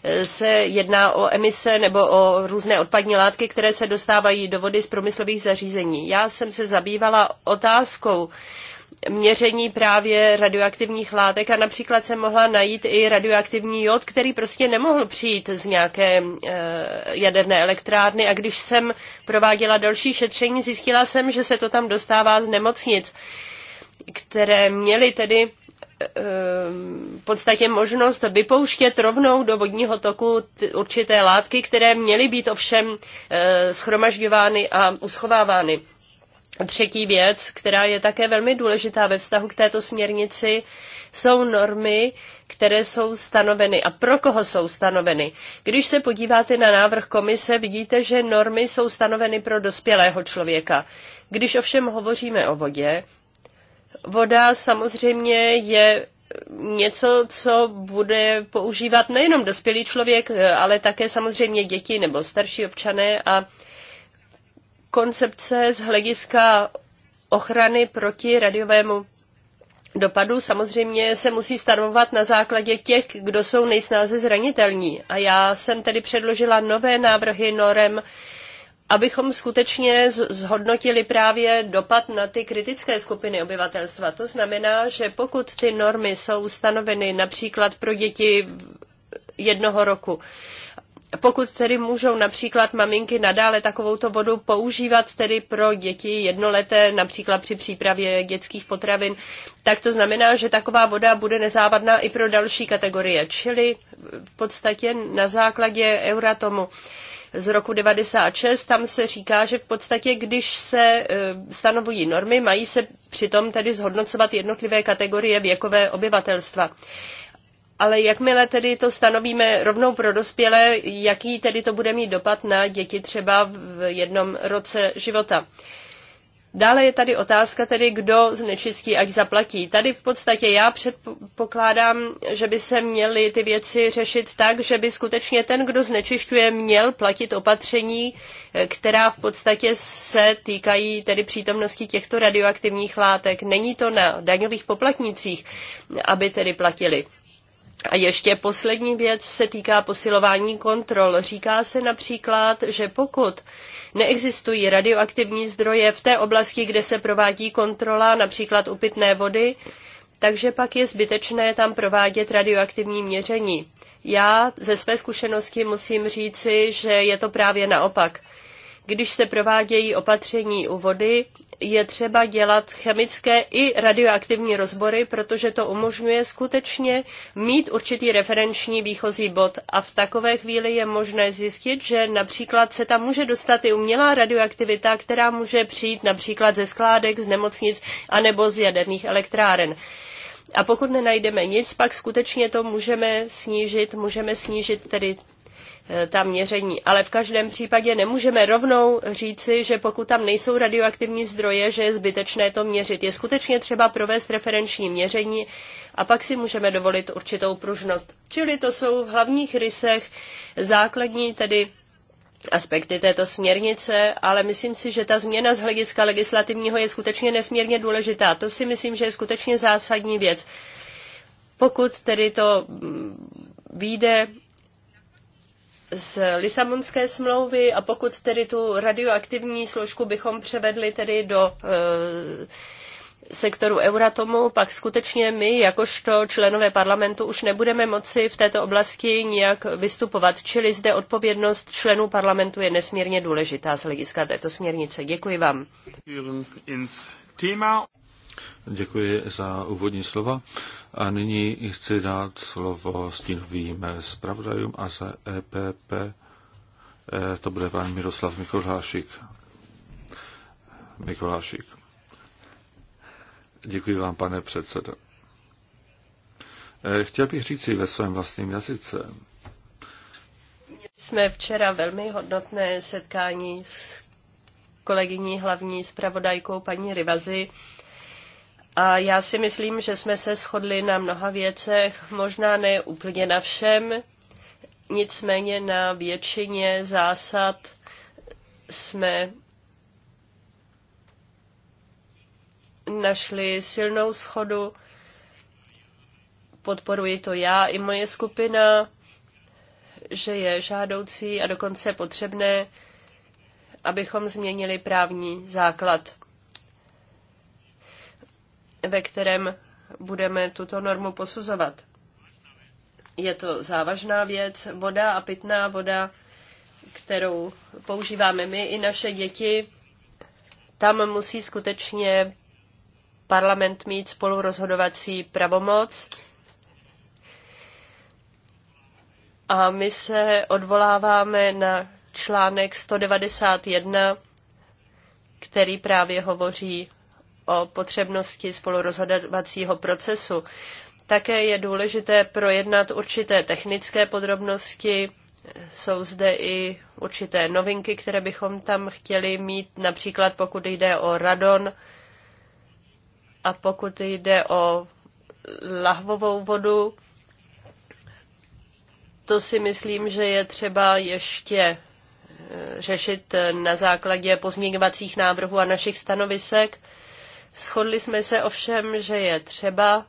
e, se jedná o emise nebo o různé odpadní látky, které se dostávají do vody z průmyslových zařízení. Já jsem se zabývala otázkou, měření právě radioaktivních látek a například jsem mohla najít i radioaktivní jod, který prostě nemohl přijít z nějaké e, jaderné elektrárny a když jsem prováděla další šetření, zjistila jsem, že se to tam dostává z nemocnic které měly tedy eh, v podstatě možnost vypouštět rovnou do vodního toku určité látky, které měly být ovšem eh, schromažďovány a uschovávány. Třetí věc, která je také velmi důležitá ve vztahu k této směrnici, jsou normy, které jsou stanoveny a pro koho jsou stanoveny. Když se podíváte na návrh komise, vidíte, že normy jsou stanoveny pro dospělého člověka. Když ovšem hovoříme o vodě, Voda samozřejmě je něco, co bude používat nejenom dospělý člověk, ale také samozřejmě děti nebo starší občané a koncepce z hlediska ochrany proti radiovému dopadu samozřejmě se musí stanovovat na základě těch, kdo jsou nejsnáze zranitelní. A já jsem tedy předložila nové návrhy norem, abychom skutečně zhodnotili právě dopad na ty kritické skupiny obyvatelstva. To znamená, že pokud ty normy jsou stanoveny například pro děti jednoho roku, pokud tedy můžou například maminky nadále takovouto vodu používat tedy pro děti jednoleté, například při přípravě dětských potravin, tak to znamená, že taková voda bude nezávadná i pro další kategorie, čili v podstatě na základě euratomu. tomu z roku 96, tam se říká, že v podstatě, když se e, stanovují normy, mají se přitom tedy zhodnocovat jednotlivé kategorie věkové obyvatelstva. Ale jakmile tedy to stanovíme rovnou pro dospělé, jaký tedy to bude mít dopad na děti třeba v jednom roce života? Dále je tady otázka tedy, kdo znečistí, ať zaplatí. Tady v podstatě já předpokládám, že by se měly ty věci řešit tak, že by skutečně ten, kdo znečišťuje, měl platit opatření, která v podstatě se týkají tedy přítomnosti těchto radioaktivních látek. Není to na daňových poplatnících, aby tedy platili. A ještě poslední věc se týká posilování kontrol. Říká se například, že pokud neexistují radioaktivní zdroje v té oblasti, kde se provádí kontrola, například u pitné vody, takže pak je zbytečné tam provádět radioaktivní měření. Já ze své zkušenosti musím říci, že je to právě naopak. Když se provádějí opatření u vody, je třeba dělat chemické i radioaktivní rozbory, protože to umožňuje skutečně mít určitý referenční výchozí bod. A v takové chvíli je možné zjistit, že například se tam může dostat i umělá radioaktivita, která může přijít například ze skládek, z nemocnic anebo z jaderných elektráren. A pokud nenajdeme nic, pak skutečně to můžeme snížit, můžeme snížit tedy Eh, ta měření. Ale v každém případě nemůžeme rovnou říci, že pokud tam nejsou radioaktivní zdroje, že je zbytečné to měřit. Je skutečně třeba provést referenční měření a pak si můžeme dovolit určitou pružnost. Čili to jsou v hlavních rysech základní tedy aspekty této směrnice, ale myslím si, že ta změna z hlediska legislativního je skutečně nesmírně důležitá. To si myslím, že je skutečně zásadní věc. Pokud tedy to mm, vyjde z Lisabonské smlouvy a pokud tedy tu radioaktivní složku bychom převedli tedy do eh, sektoru Euratomu, pak skutečně my, jakožto členové parlamentu, už nebudeme moci v této oblasti nijak vystupovat. Čili zde odpovědnost členů parlamentu je nesmírně důležitá z hlediska této směrnice. Děkuji vám. Děkuji za úvodní slova. A nyní chci dát slovo stínovým zpravodajům a za EPP eh, to bude pan Miroslav Mikolášik. Mikolášik. Děkuji vám, pane předsedo. Eh, chtěl bych říci ve svém vlastním jazyce. Jsme včera velmi hodnotné setkání s kolegyní hlavní zpravodajkou paní Rivazy a já si myslím, že jsme se shodli na mnoha věcech, možná ne úplně na všem, nicméně na většině zásad jsme našli silnou schodu. Podporuji to já i moje skupina, že je žádoucí a dokonce potřebné, abychom změnili právní základ ve kterém budeme tuto normu posuzovat. Je to závažná věc. Voda a pitná voda, kterou používáme my i naše děti, tam musí skutečně parlament mít spolurozhodovací pravomoc. A my se odvoláváme na článek 191, který právě hovoří o potřebnosti spolurozhodovacího procesu. Také je důležité projednat určité technické podrobnosti. Jsou zde i určité novinky, které bychom tam chtěli mít, například pokud jde o radon a pokud jde o lahvovou vodu. To si myslím, že je třeba ještě eh, řešit na základě pozměňovacích návrhů a našich stanovisek. Shodli jsme se ovšem, že je třeba,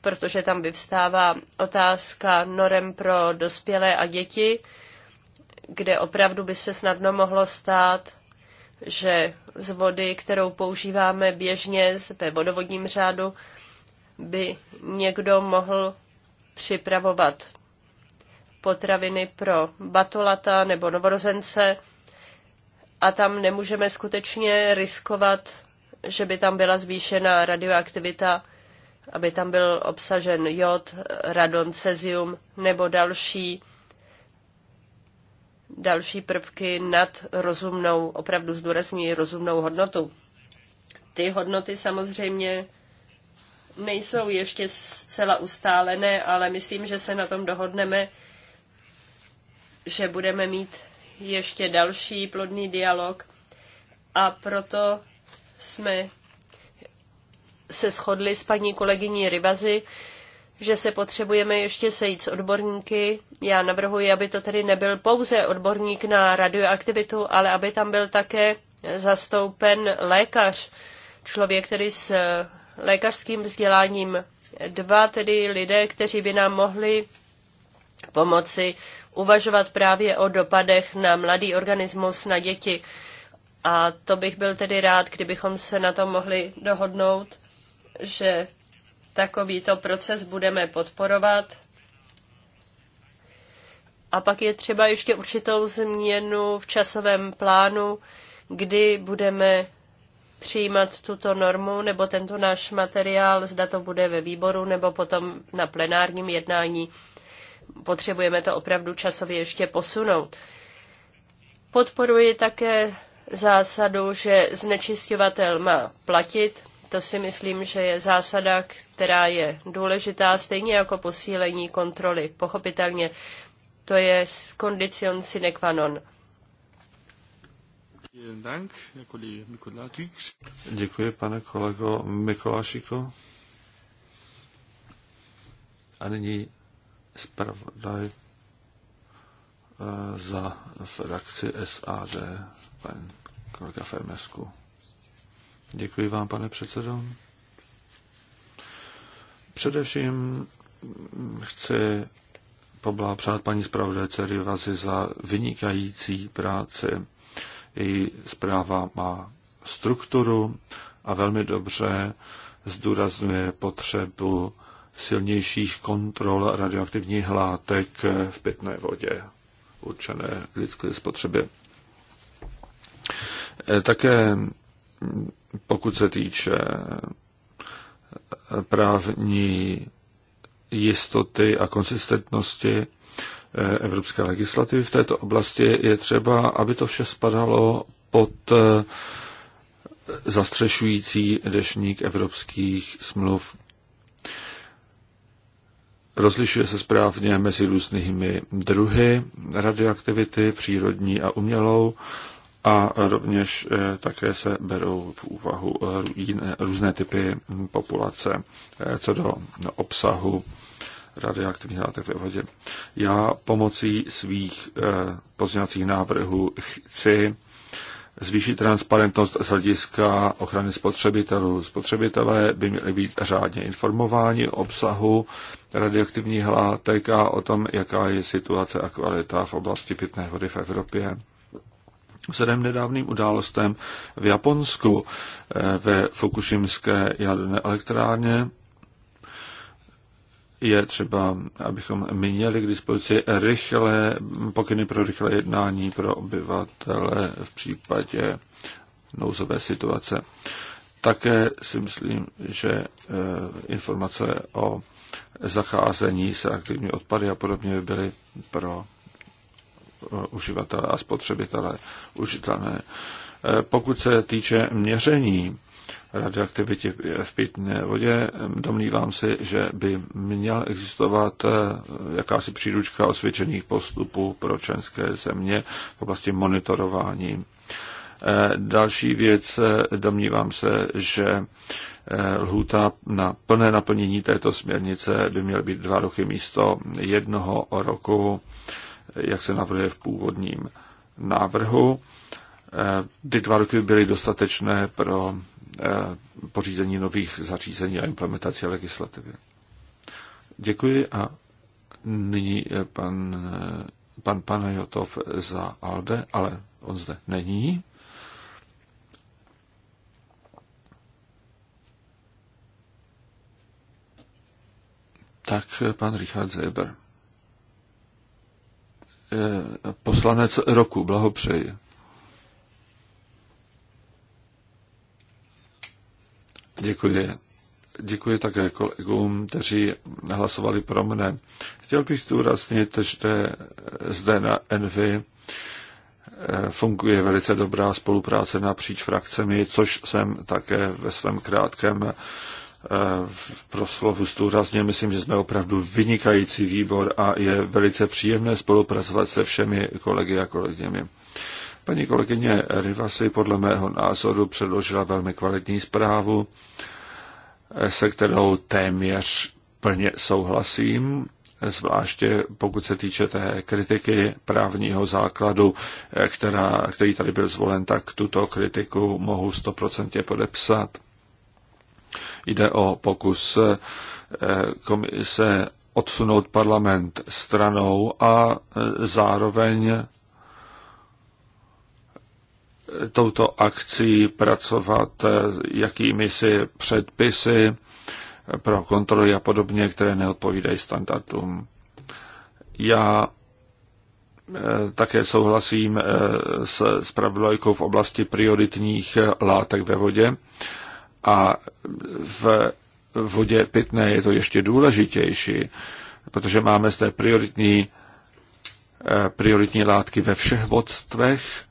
protože tam vyvstává otázka norem pro dospělé a děti, kde opravdu by se snadno mohlo stát, že z vody, kterou používáme běžně ve vodovodním řádu, by někdo mohl připravovat potraviny pro batolata nebo novorozence a tam nemůžeme skutečně riskovat že by tam byla zvýšená radioaktivita, aby tam byl obsažen jod, radon, cezium nebo další další prvky nad rozumnou, opravdu zdůrazňuji rozumnou hodnotu. Ty hodnoty samozřejmě nejsou ještě zcela ustálené, ale myslím, že se na tom dohodneme, že budeme mít ještě další plodný dialog a proto jsme se shodli s paní kolegyní Rybazy, že se potřebujeme ještě sejít s odborníky. Já navrhuji, aby to tedy nebyl pouze odborník na radioaktivitu, ale aby tam byl také zastoupen lékař, člověk tedy s lékařským vzděláním. Dva tedy lidé, kteří by nám mohli pomoci uvažovat právě o dopadech na mladý organismus, na děti. A to bych byl tedy rád, kdybychom se na tom mohli dohodnout, že takovýto proces budeme podporovat. A pak je třeba ještě určitou změnu v časovém plánu, kdy budeme přijímat tuto normu nebo tento náš materiál, zda to bude ve výboru nebo potom na plenárním jednání. Potřebujeme to opravdu časově ještě posunout. Podporuji také zásadu, že znečišťovatel má platit. To si myslím, že je zásada, která je důležitá, stejně jako posílení kontroly. Pochopitelně to je kondicion sine qua non. Děkuji, pane kolego Mikolášiko. A nyní zpravodaj Eh, za redakci SAD, pan kolega Fermesku. Děkuji vám, pane předsedo. Především chci poblahopřát paní zpravodajce Rivazi za vynikající práci. Její zpráva má strukturu a velmi dobře zdůrazňuje potřebu silnějších kontrol radioaktivních látek v pitné vodě určené lidské spotřebě. E, také pokud se týče právní jistoty a konsistentnosti e, evropské legislativy v této oblasti, je třeba, aby to vše spadalo pod e, zastřešující dešník evropských smluv. Rozlišuje se správně mezi různými druhy radioaktivity, přírodní a umělou, a rovněž eh, také se berou v úvahu eh, jiné, různé typy populace eh, co do obsahu radioaktivních látek ve vodě. Já pomocí svých pozměňovacích návrhů chci zvýší transparentnost z hlediska ochrany spotřebitelů. Spotřebitelé by měli být řádně informováni o obsahu radioaktivních látek a o tom, jaká je situace a kvalita v oblasti pitné vody v Evropě. Vzhledem nedávným událostem v Japonsku eh, ve Fukushimské jaderné elektrárně je třeba, abychom měli k dispozici rychlé pokyny pro rychlé jednání pro obyvatele v případě nouzové situace. Také si myslím, že e, informace o zacházení s aktivní odpady a podobně by byly pro e, uživatele a spotřebitele užitelné. E, pokud se týče měření, radioaktivitě v pitné vodě. Domnívám se, že by měla existovat eh, jakási příručka osvědčených postupů pro členské země v oblasti monitorování. Eh, další věc, eh, domnívám se, že lhůta na plné naplnění této směrnice by měl být dva roky místo jednoho roku, jak se navrhuje v původním návrhu. Ty dva roky byly dostatečné pro Eh, pořízení nových zařízení a implementaci legislativy. Děkuji a nyní pan, eh, pan Panajotov za ALDE, ale on zde není. Tak eh, pan Richard Zeber. Poslanec roku, blahopřeji. Děkuji. Děkuji také kolegům, kteří hlasovali pro mne. Chtěl bych zdůraznit, že zde na Envy eh, funguje velice dobrá spolupráce napříč frakcemi, což jsem také ve svém krátkém eh, v proslovu zdůraznil. Myslím, že jsme opravdu vynikající výbor a je velice příjemné spolupracovat se všemi kolegy a kolegyněmi. Paní kolegyně Rivasi podle mého názoru předložila velmi kvalitní zprávu, se kterou téměř plně souhlasím, zvláště pokud se týče té kritiky právního základu, která, který tady byl zvolen, tak tuto kritiku mohu stoprocentně podepsat. Jde o pokus eh, komise odsunout parlament stranou a eh, zároveň touto akcí pracovat eh, jakými si předpisy pro kontroly a podobně, které neodpovídají standardům. Já eh, také souhlasím eh, s spravodajkou v oblasti prioritních látek ve vodě a v vodě pitné je to ještě důležitější, protože máme zde prioritní, prioritní látky ve všech vodstvech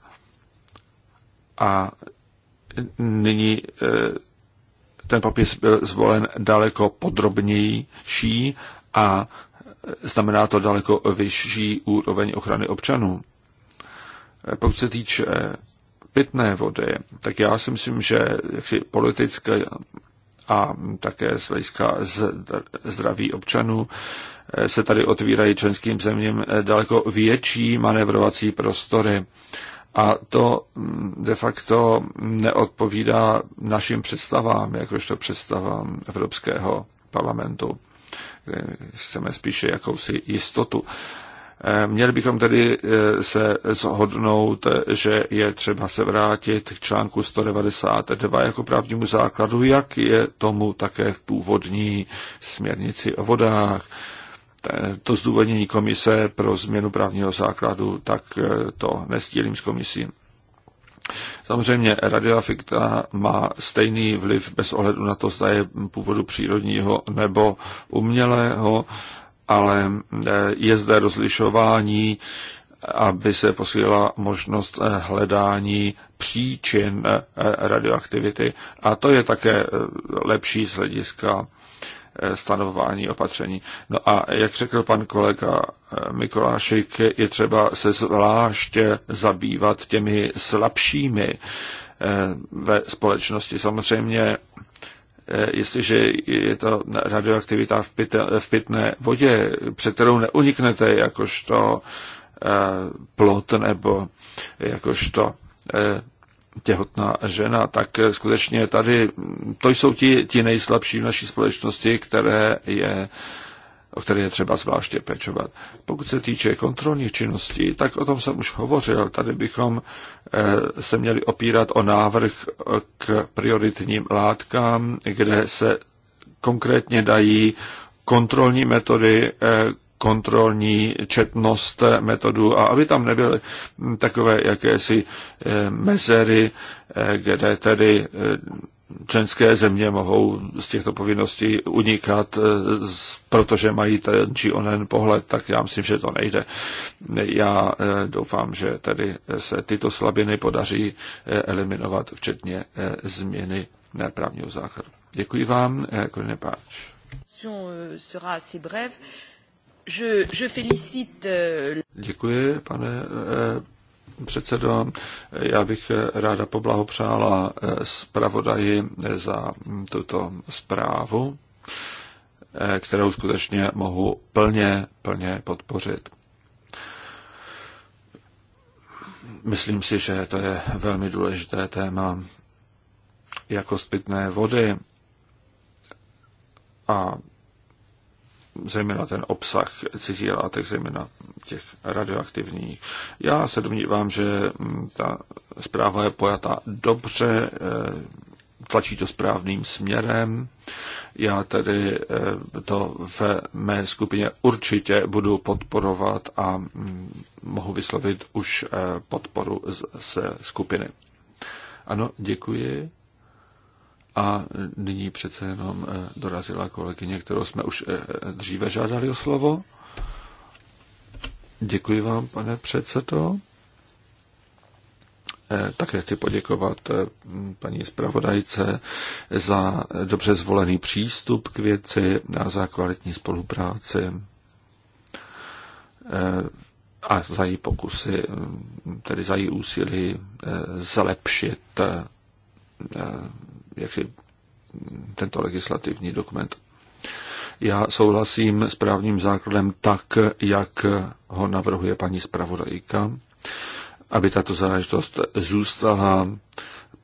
a nyní eh, ten popis byl zvolen daleko podrobnější a eh, znamená to daleko vyšší úroveň ochrany občanů. Eh, pokud se týče pitné vody, tak já si myslím, že jaksi politické a také z hlediska zdraví občanů se tady otvírají členským zemím daleko větší manevrovací prostory. A to mm, de facto neodpovídá našim představám, jakožto představám Evropského parlamentu. Eh, chceme spíše jakousi jistotu. Eh, měli bychom tedy eh, se shodnout, že je třeba se vrátit k článku 192 jako právnímu základu, jak je tomu také v původní směrnici o vodách. Eh, to zdůvodnění komise pro změnu právního základu, tak eh, to nestílím s komisí. Samozřejmě radioafikta má stejný vliv bez ohledu na to, zda je původu přírodního nebo umělého, ale eh, je zde rozlišování, aby se posílila možnost hledání příčin radioaktivity. A to je také lepší z hlediska Eh, stanovování opatření. No a jak řekl pan kolega eh, Mikolášik, je třeba se zvláště zabývat těmi slabšími eh, ve společnosti. Samozřejmě jestliže je to radioaktivita v, v pitné vodě, před kterou neuniknete jakožto plot nebo jakožto těhotná žena, tak skutečně tady, to jsou ti, ti nejslabší v naší společnosti, které je, o které je třeba zvláště pečovat. Pokud se týče kontrolních činností, tak o tom jsem už hovořil. Tady bychom eh, se měli opírat o návrh k prioritním látkám, kde se konkrétně dají kontrolní metody, eh, kontrolní četnost metodu a aby tam nebyly takové jakési eh, mezery, eh, kde tedy eh, členské země mohou z těchto povinností unikat, protože mají ten či onen pohled, tak já myslím, že to nejde. Já doufám, že tedy se tyto slabiny podaří eliminovat, včetně změny právního základu. Děkuji vám, Korine Páč. sera assez brève. Euh, Děkuji, pane eh, předsedo. Já bych eh, ráda poblahopřála eh, zpravodaji za mm, tuto zprávu, kterou skutečně mohu plně, plně podpořit. Myslím si, že to je velmi důležité téma. Jakost pitné vody a zejména ten obsah cizí látek, zejména těch radioaktivních. Já se domnívám, že mm, ta zpráva je pojata dobře, eh, tlačí to správným směrem. Já tedy eh, to v mé skupině určitě budu podporovat a mm, mohu vyslovit už eh, podporu ze skupiny. Ano, děkuji. A nyní přece jenom eh, dorazila kolegyně, kterou jsme už eh, dříve žádali o slovo. Děkuji vám, pane předsedo. Eh, také chci poděkovat paní zpravodajce za dobře zvolený přístup k věci a za kvalitní spolupráci a za její pokusy, tedy za její úsilí zlepšit jaksi tento legislativní dokument. Já souhlasím s právním základem tak, jak ho navrhuje paní zpravodajka, aby tato záležitost zůstala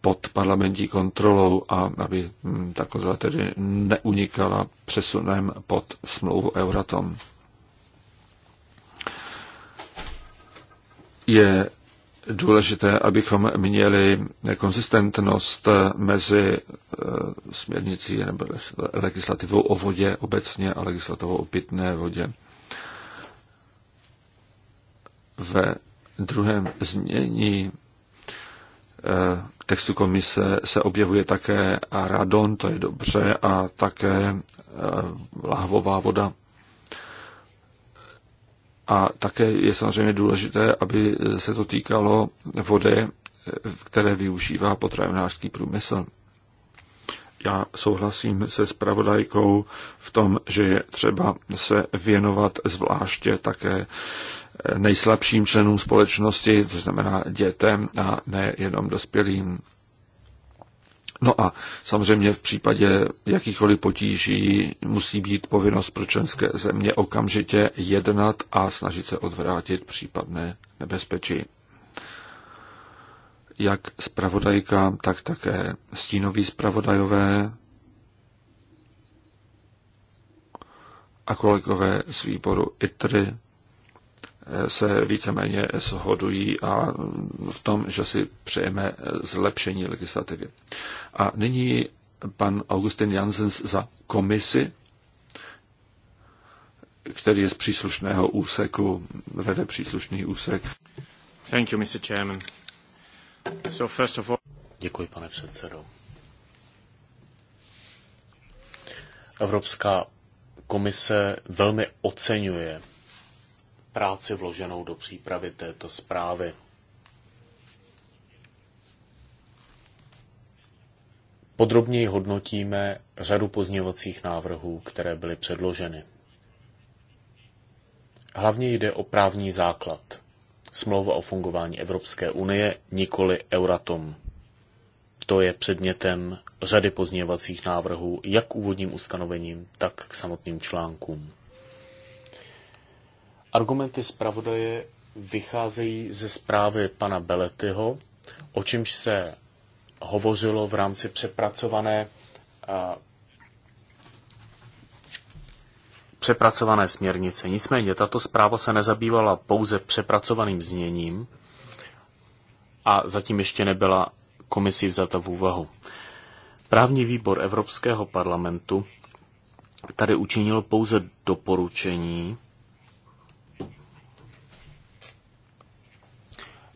pod parlamentní kontrolou a aby taková tedy neunikala přesunem pod smlouvu Euratom. Je důležité, abychom měli konzistentnost mezi eh, směrnicí nebo legislativou o vodě obecně a legislativou o pitné vodě. Ve druhém změní eh, textu komise se objevuje také radon, to je dobře, a také eh, lahvová voda. A také je samozřejmě důležité, aby se to týkalo vody, které využívá potravinářský průmysl. Já souhlasím se spravodajkou v tom, že je třeba se věnovat zvláště také nejslabším členům společnosti, to znamená dětem a nejenom dospělým. No a samozřejmě v případě jakýchkoliv potíží musí být povinnost pro členské země okamžitě jednat a snažit se odvrátit případné nebezpečí. Jak zpravodajka, tak také stínoví zpravodajové a kolegové z výboru ITRY se víceméně shodují a v tom, že si přejeme zlepšení legislativy. A nyní pan Augustin Jansens za komisi, který je z příslušného úseku, vede příslušný úsek. Thank you, Mr. Chairman. So first of all... Děkuji, pane předsedo. Evropská komise velmi oceňuje práci vloženou do přípravy této zprávy. Podrobněji hodnotíme řadu pozměňovacích návrhů, které byly předloženy. Hlavně jde o právní základ. Smlouva o fungování Evropské unie, nikoli Euratom. To je předmětem řady pozměňovacích návrhů, jak k úvodním ustanovením, tak k samotným článkům. Argumenty zpravodaje vycházejí ze zprávy pana Beletyho, o čemž se hovořilo v rámci přepracované přepracované směrnice. Nicméně tato zpráva se nezabývala pouze přepracovaným zněním a zatím ještě nebyla komisí vzata v úvahu. Právní výbor Evropského parlamentu tady učinil pouze doporučení,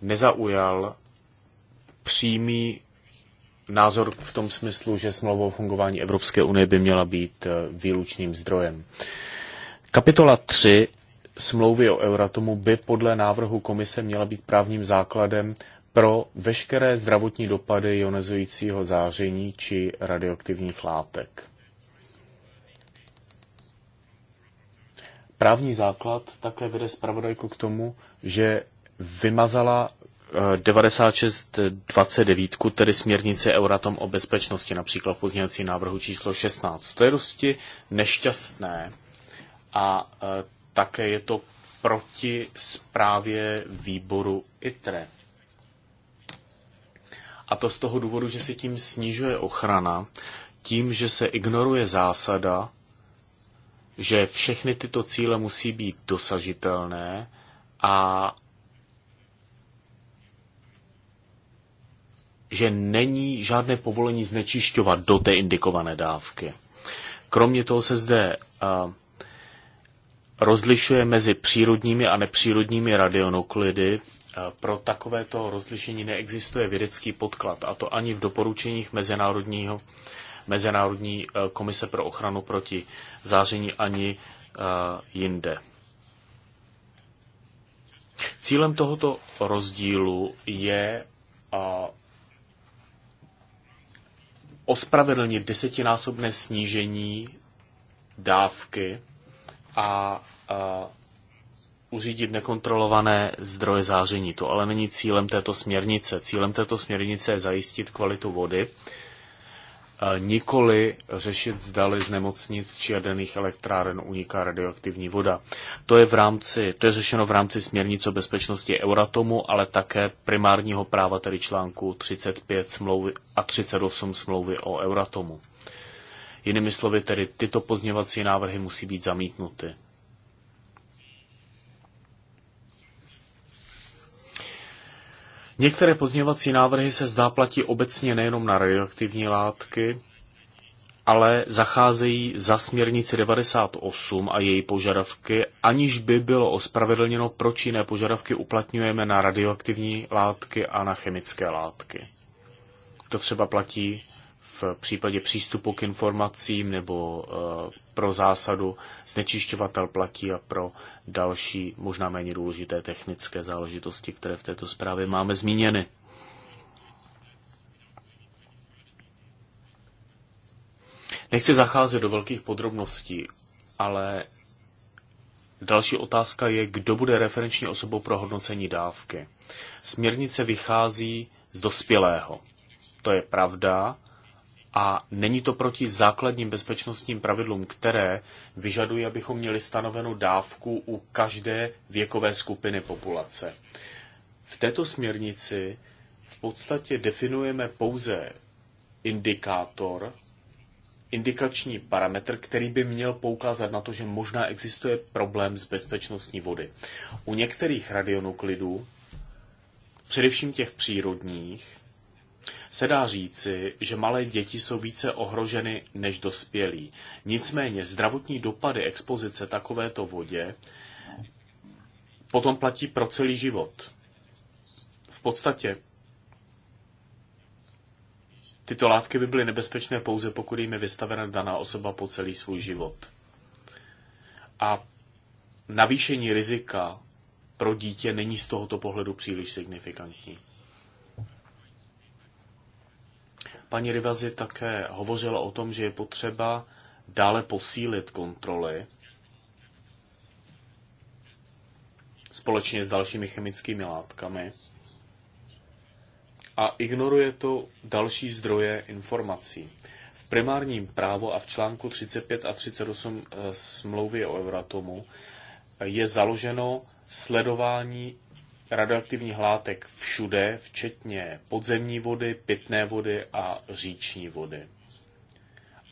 nezaujal přímý názor v tom smyslu, že smlouva o fungování Evropské unie by měla být eh, výlučným zdrojem. Kapitola 3 smlouvy o Euratomu by podle návrhu komise měla být právním základem pro veškeré zdravotní dopady ionizujícího záření či radioaktivních látek. Právní základ také vede zpravodajku k tomu, že vymazala 9629, eh, tedy směrnici Euratom o bezpečnosti, například v pozdějící návrhu číslo 16. To je dosti nešťastné a eh, také je to proti zprávě výboru ITRE. A to z toho důvodu, že se tím snižuje ochrana, tím, že se ignoruje zásada, že všechny tyto cíle musí být dosažitelné a že není žádné povolení znečišťovat do té indikované dávky. Kromě toho se zde rozlišuje mezi přírodními a nepřírodními radionuklidy. Pro takovéto rozlišení neexistuje vědecký podklad, a to ani v doporučeních Mezinárodního, Mezinárodní e, komise pro ochranu proti záření, ani e, jinde. Cílem tohoto rozdílu je ospravedlnit desetinásobné snížení dávky a, a uřídit nekontrolované zdroje záření. To ale není cílem této směrnice. Cílem této směrnice je zajistit kvalitu vody nikoli řešit zdali z nemocnic či jaderných elektráren uniká radioaktivní voda. To je, v rámci, to je řešeno v rámci směrnice o bezpečnosti Euratomu, ale také primárního práva, tedy článku 35 smlouvy a 38 smlouvy o Euratomu. Jinými slovy, tedy tyto pozněvací návrhy musí být zamítnuty. Některé pozměňovací návrhy se zdá platí obecně nejenom na radioaktivní látky, ale zacházejí za směrnici 98 a její požadavky, aniž by bylo ospravedlněno, proč jiné požadavky uplatňujeme na radioaktivní látky a na chemické látky. To třeba platí v případě přístupu k informacím nebo eh, pro zásadu znečišťovatel platí a pro další, možná méně důležité technické záležitosti, které v této zprávě máme zmíněny. Nechci zacházet do velkých podrobností, ale Další otázka je, kdo bude referenční osobou pro hodnocení dávky. Směrnice vychází z dospělého. To je pravda, a není to proti základním bezpečnostním pravidlům, které vyžadují, abychom měli stanovenou dávku u každé věkové skupiny populace. V této směrnici v podstatě definujeme pouze indikátor, indikační parametr, který by měl poukázat na to, že možná existuje problém s bezpečnostní vody. U některých radionuklidů, především těch přírodních, se dá říci, že malé děti jsou více ohroženy než dospělí. Nicméně zdravotní dopady expozice takovéto vodě potom platí pro celý život. V podstatě tyto látky by byly nebezpečné pouze, pokud jim je vystavena daná osoba po celý svůj život. A navýšení rizika pro dítě není z tohoto pohledu příliš signifikantní. Paní Rivazi také hovořila o tom, že je potřeba dále posílit kontroly společně s dalšími chemickými látkami a ignoruje to další zdroje informací. V primárním právu a v článku 35 a 38 eh, smlouvy o Euratomu je založeno sledování radioaktivních látek všude, včetně podzemní vody, pitné vody a říční vody.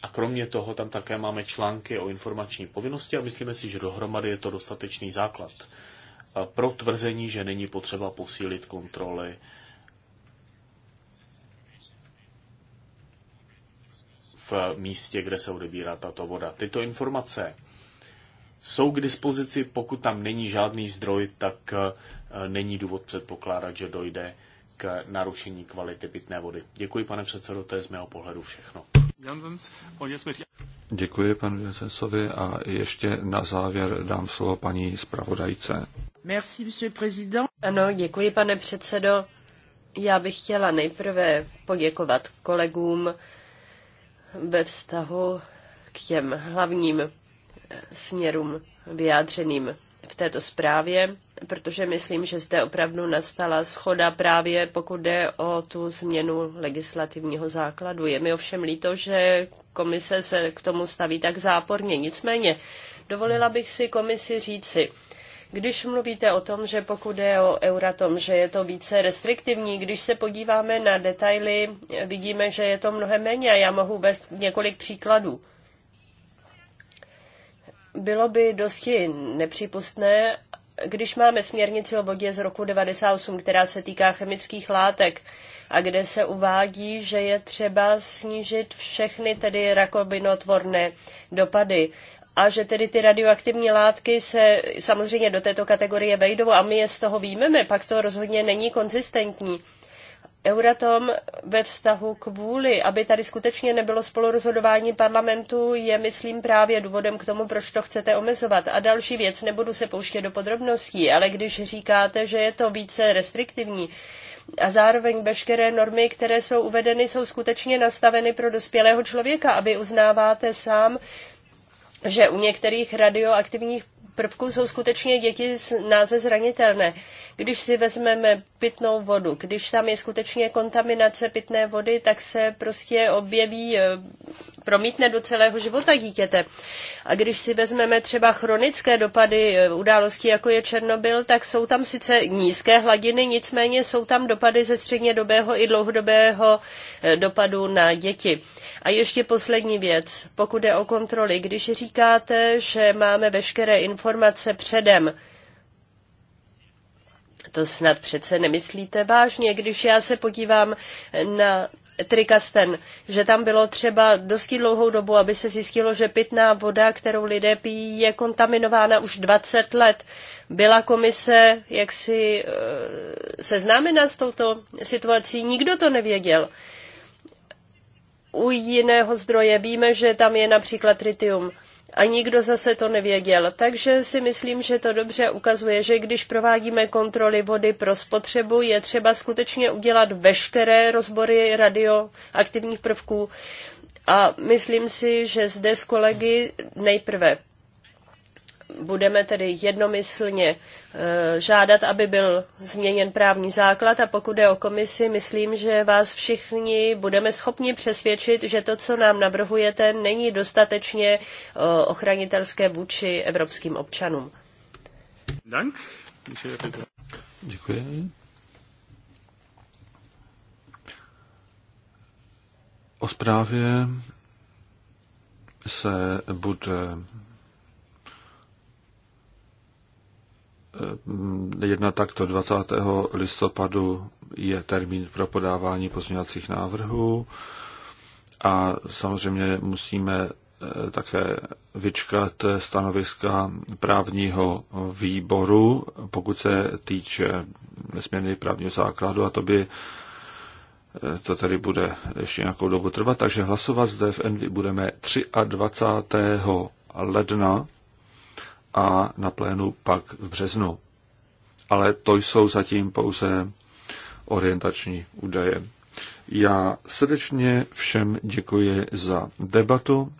A kromě toho tam také máme články o informační povinnosti a myslíme si, že dohromady je to dostatečný základ eh, pro tvrzení, že není potřeba posílit kontroly v místě, kde se odebírá tato voda. Tyto informace jsou k dispozici. Pokud tam není žádný zdroj, tak eh, není důvod předpokládat, že dojde k narušení kvality pitné vody. Děkuji, pane předsedo, to je z mého pohledu všechno. Děkuji panu Jensensovi a ještě na závěr dám slovo paní zpravodajce. Merci, monsieur président. Ano, děkuji, pane předsedo. Já bych chtěla nejprve poděkovat kolegům ve vztahu k těm hlavním směrům vyjádřeným v této zprávě, protože myslím, že zde opravdu nastala schoda právě pokud jde o tu změnu legislativního základu. Je mi ovšem líto, že komise se k tomu staví tak záporně. Nicméně dovolila bych si komisi říci, když mluvíte o tom, že pokud je o Euratom, že je to více restriktivní, když se podíváme na detaily, vidíme, že je to mnohem méně a já mohu vést několik příkladů. Bylo by dosti nepřípustné, když máme směrnici o vodě z roku 1998, která se týká chemických látek a kde se uvádí, že je třeba snížit všechny tedy rakovinotvorné dopady a že tedy ty radioaktivní látky se samozřejmě do této kategorie vejdou a my je z toho výjmeme, pak to rozhodně není konzistentní. Euratom ve vztahu k vůli, aby tady skutečně nebylo spolurozhodování parlamentu, je, myslím, právě důvodem k tomu, proč to chcete omezovat. A další věc, nebudu se pouštět do podrobností, ale když říkáte, že je to více restriktivní, a zároveň veškeré normy, které jsou uvedeny, jsou skutečně nastaveny pro dospělého člověka, aby uznáváte sám, že u některých radioaktivních prvků jsou skutečně děti náze zranitelné. Když si vezmeme pitnou vodu, když tam je skutečně kontaminace pitné vody, tak se prostě objeví, e, promítne do celého života dítěte. A když si vezmeme třeba chronické dopady e, událostí, jako je Černobyl, tak jsou tam sice nízké hladiny, nicméně jsou tam dopady ze střednědobého i dlouhodobého e, dopadu na děti. A ještě poslední věc, pokud je o kontroly. Když říkáte, že máme veškeré informace, informace předem. To snad přece nemyslíte vážně, když já se podívám na Trikasten, že tam bylo třeba dosti dlouhou dobu, aby se zjistilo, že pitná voda, kterou lidé pijí, je kontaminována už 20 let. Byla komise jaksi eh, seznámena s touto situací? Nikdo to nevěděl. U jiného zdroje víme, že tam je například tritium a nikdo zase to nevěděl. Takže si myslím, že to dobře ukazuje, že když provádíme kontroly vody pro spotřebu, je třeba skutečně udělat veškeré rozbory radioaktivních prvků. A myslím si, že zde s kolegy nejprve budeme tedy jednomyslně eh, žádat, aby byl změněn právní základ a pokud je o komisi, myslím, že vás všichni budeme schopni přesvědčit, že to, co nám navrhujete, není dostatečně eh, ochranitelské vůči evropským občanům. Dank. Děkuji. O zprávě se bude jedna takto 20. listopadu je termín pro podávání pozměňovacích návrhů a samozřejmě musíme eh, také vyčkat stanoviska právního výboru, pokud se týče směrny právního základu a to by eh, to tady bude ještě nějakou dobu trvat, takže hlasovat zde v Envy budeme 23. ledna a na plénu pak v březnu. Ale to jsou zatím pouze orientační údaje. Já srdečně všem děkuji za debatu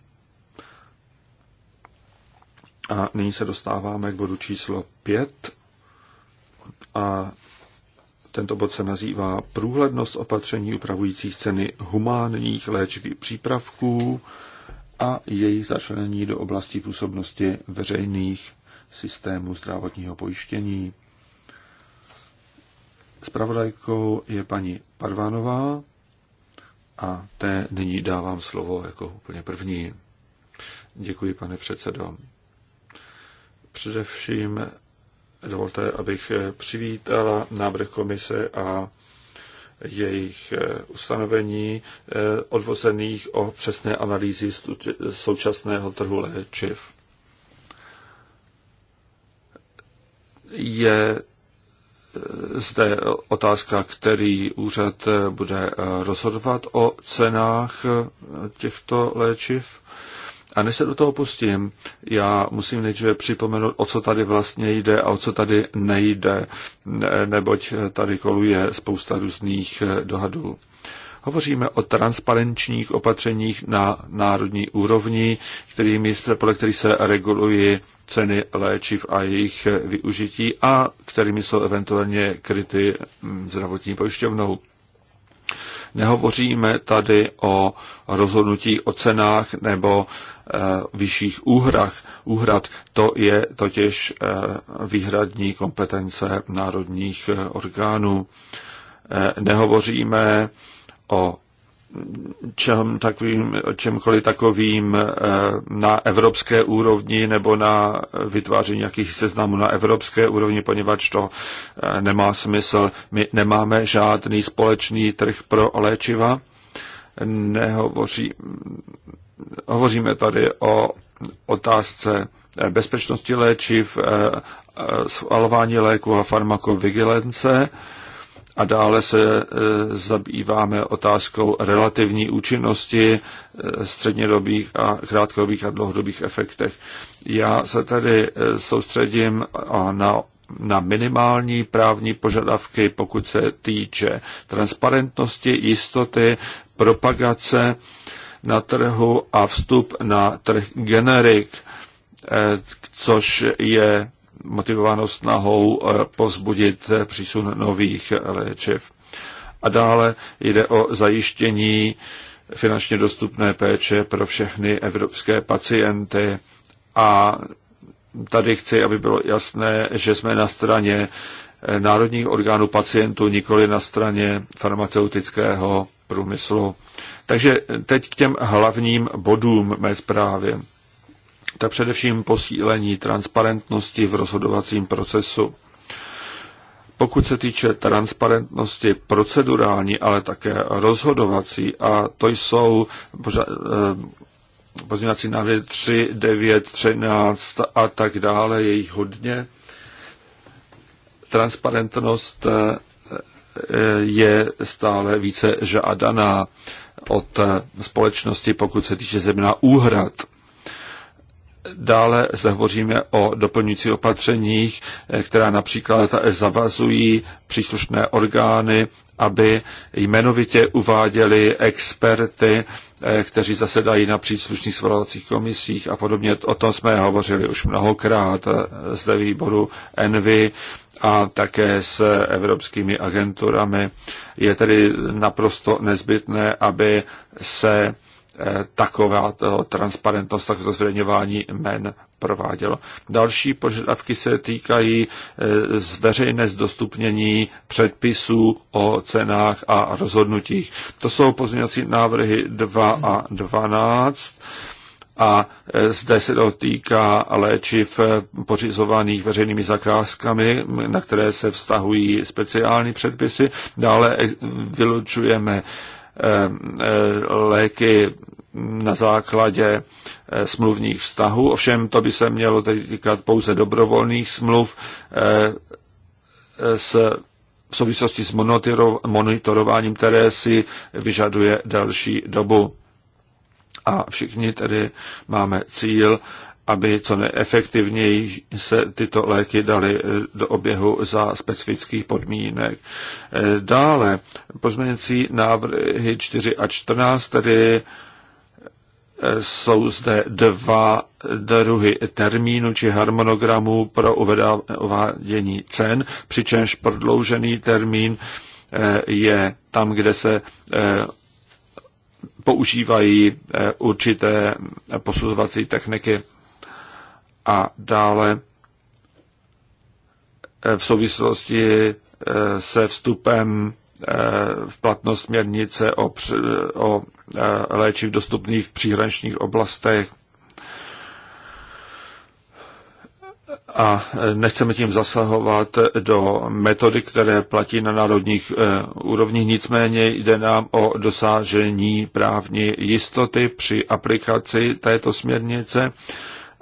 a nyní se dostáváme k bodu číslo 5 a tento bod se nazývá Průhlednost opatření upravujících ceny humánních léčivých přípravků a jejich začlenění do oblasti působnosti veřejných systémů zdravotního pojištění. Spravodajkou je paní Parvánová a té nyní dávám slovo jako úplně první. Děkuji, pane předsedo. Především dovolte, abych přivítala návrh komise a jejich eh, ustanovení eh, odvozených o přesné analýzy eh, současného trhu léčiv. Je zde otázka, který úřad bude rozhodovat o cenách těchto léčiv a než se do toho pustím, já musím nejdříve připomenout, o co tady vlastně jde a o co tady nejde, neboť tady koluje spousta různých eh, dohadů. Hovoříme o transparenčních opatřeních na národní úrovni, kterými, podle kterých se regulují ceny léčiv a jejich eh, využití a kterými jsou eventuálně kryty hm, zdravotní pojišťovnou. Nehovoříme tady o rozhodnutí o cenách nebo Eh, vyšších úhrach. Úhrad to je totiž eh, výhradní kompetence národních eh, orgánů. Nehovoříme o čem takovým, čemkoliv takovým na evropské úrovni nebo na vytváření nějakých seznamů na evropské úrovni, poněvadž to nemá smysl. My nemáme žádný společný trh pro léčiva, nehovoří, hovoříme tady o otázce eh, bezpečnosti léčiv, eh, eh, schvalování léku a farmakovigilence a dále se zabýváme otázkou relativní účinnosti střednědobých a krátkodobých a dlouhodobých efektech. Já se tedy soustředím na na minimální právní požadavky, pokud se týče transparentnosti, jistoty, propagace na trhu a vstup na trh generik, eh, což je motivováno snahou eh, pozbudit eh, přísun nových léčiv. A dále jde o zajištění finančně dostupné péče pro všechny evropské pacienty a tady chci, aby bylo jasné, že jsme na straně národních orgánů pacientů, nikoli na straně farmaceutického průmyslu. Takže teď k těm hlavním bodům mé zprávy. To je především posílení transparentnosti v rozhodovacím procesu. Pokud se týče transparentnosti procedurální, ale také rozhodovací, a to jsou eh, pozměňovací návrhy 3, 9, 13 a tak dále, je jich hodně. Transparentnost eh, eh, je stále více žádaná od eh, společnosti, pokud se týče zemna úhrad. Dále zde hovoříme o doplňujících opatřeních, eh, která například zavazují příslušné orgány, aby jmenovitě uváděli experty, eh, kteří zasedají na příslušných svolovacích komisích a podobně. O tom jsme hovořili už mnohokrát zde výboru Envy a také s evropskými agenturami. Je tedy naprosto nezbytné, aby se eh, taková transparentnost, tak zveřejňování men provádělo. Další požadavky se týkají eh, zveřejné zdostupnění předpisů o cenách a rozhodnutích. To jsou pozměňovací návrhy 2 a 12 a e, zde se dotýká léčiv e, pořizovaných veřejnými zakázkami, na které se vztahují speciální předpisy. Dále e, vylučujeme léky na základě smluvních vztahů. Ovšem to by se mělo tedy týkat pouze dobrovolných smluv s v souvislosti s monitorováním, které si vyžaduje další dobu. A všichni tedy máme cíl, aby co neefektivněji se tyto léky daly eh, do oběhu za specifických podmínek. Eh, dále pozměňující návrhy 4 a 14, tedy eh, jsou zde dva druhy termínu či harmonogramu pro uvádění cen, přičemž prodloužený termín je tam, kde se používají eh, určité posuzovací techniky a dále eh, v souvislosti eh, se vstupem v platnost směrnice o, o léčiv dostupných v příhraničních oblastech a e, nechceme tím zasahovat do metody, které platí na národních e, úrovních, nicméně jde nám o dosážení právní jistoty při aplikaci této směrnice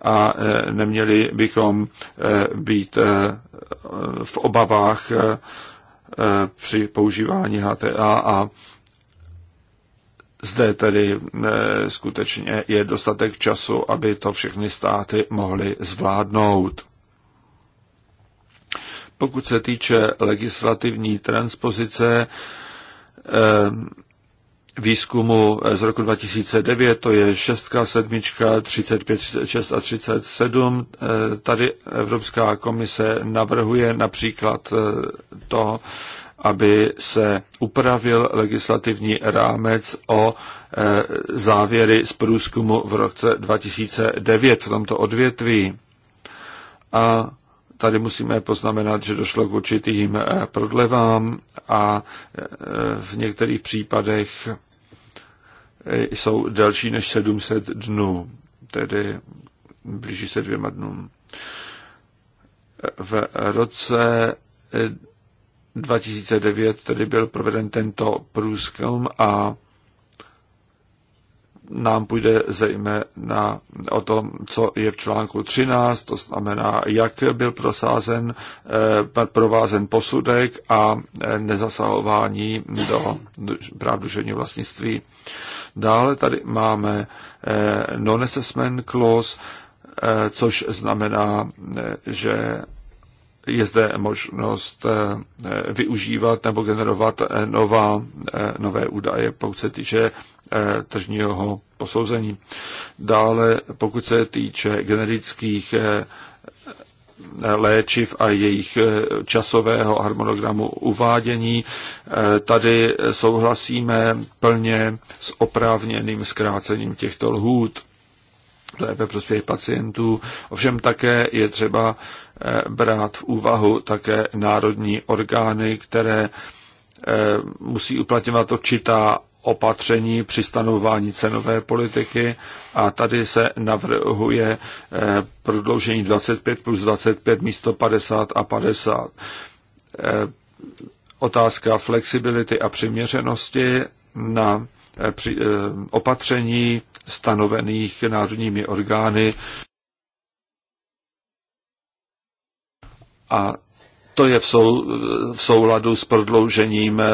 a e, neměli bychom být v obavách při používání HTA a zde tedy e, skutečně je dostatek času, aby to všechny státy mohly zvládnout. Pokud se týče legislativní transpozice e, výzkumu z roku 2009, to je 6, 7, 35, 36 a 37, e, tady Evropská komise navrhuje například to, aby se upravil legislativní rámec o e, závěry z průzkumu v roce 2009 v tomto odvětví. A tady musíme poznamenat, že došlo k určitým e, prodlevám a e, v některých případech jsou delší než 700 dnů, tedy blíží se dvěma dnům. V roce 2009 tedy byl proveden tento průzkum a nám půjde zejména o tom, co je v článku 13, to znamená, jak byl prosázen, eh, provázen posudek a eh, nezasahování do práv duševního vlastnictví. Dále tady máme eh, non-assessment clause, což znamená, že je zde možnost eh, využívat nebo generovat eh, nová, eh, nové údaje, pokud se týče tržního posouzení. Dále, pokud se týče generických léčiv a jejich časového harmonogramu uvádění. Tady souhlasíme plně s oprávněným zkrácením těchto lhůt. To je ve prospěch pacientů. Ovšem také je třeba brát v úvahu také národní orgány, které eh, musí uplatňovat určitá opatření při stanování cenové politiky a tady se navrhuje eh, prodloužení 25 plus 25 místo 50 a 50. Eh, otázka flexibility a přiměřenosti na opatření stanovených národními orgány A to je v, sou, v souladu s prodloužením eh,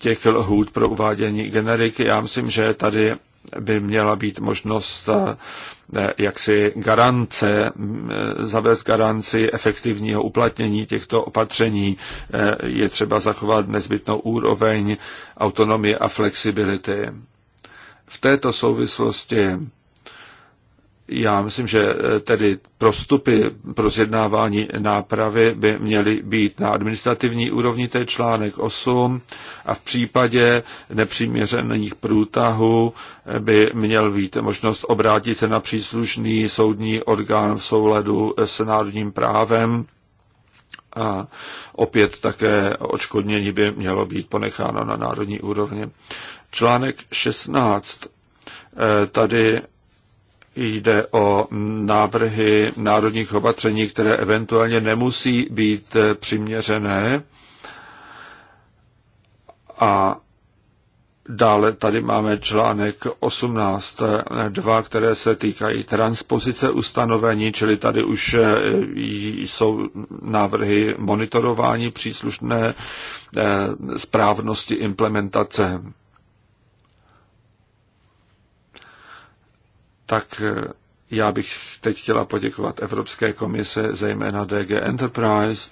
těch lhůt pro uvádění generiky. Já myslím, že tady by měla být možnost eh, eh, jaksi garance, mm, zavést garanci efektivního uplatnění těchto opatření. Je třeba zachovat nezbytnou úroveň autonomie a flexibility. V této souvislosti já myslím, že eh, tedy prostupy pro zjednávání nápravy by měly být na administrativní úrovni, to je článek 8, a v případě nepřiměřených průtahů eh, by měl být možnost obrátit se na příslušný soudní orgán v souladu s národním právem a opět také očkodnění by mělo být ponecháno na národní úrovni. Článek 16. Eh, tady Jde o návrhy národních opatření, které eventuálně nemusí být eh, přiměřené. A dále tady máme článek 18.2, které se týkají transpozice ustanovení, čili tady už eh, jsou návrhy monitorování příslušné eh, správnosti implementace. tak eh, já bych teď chtěla poděkovat Evropské komise, zejména DG Enterprise,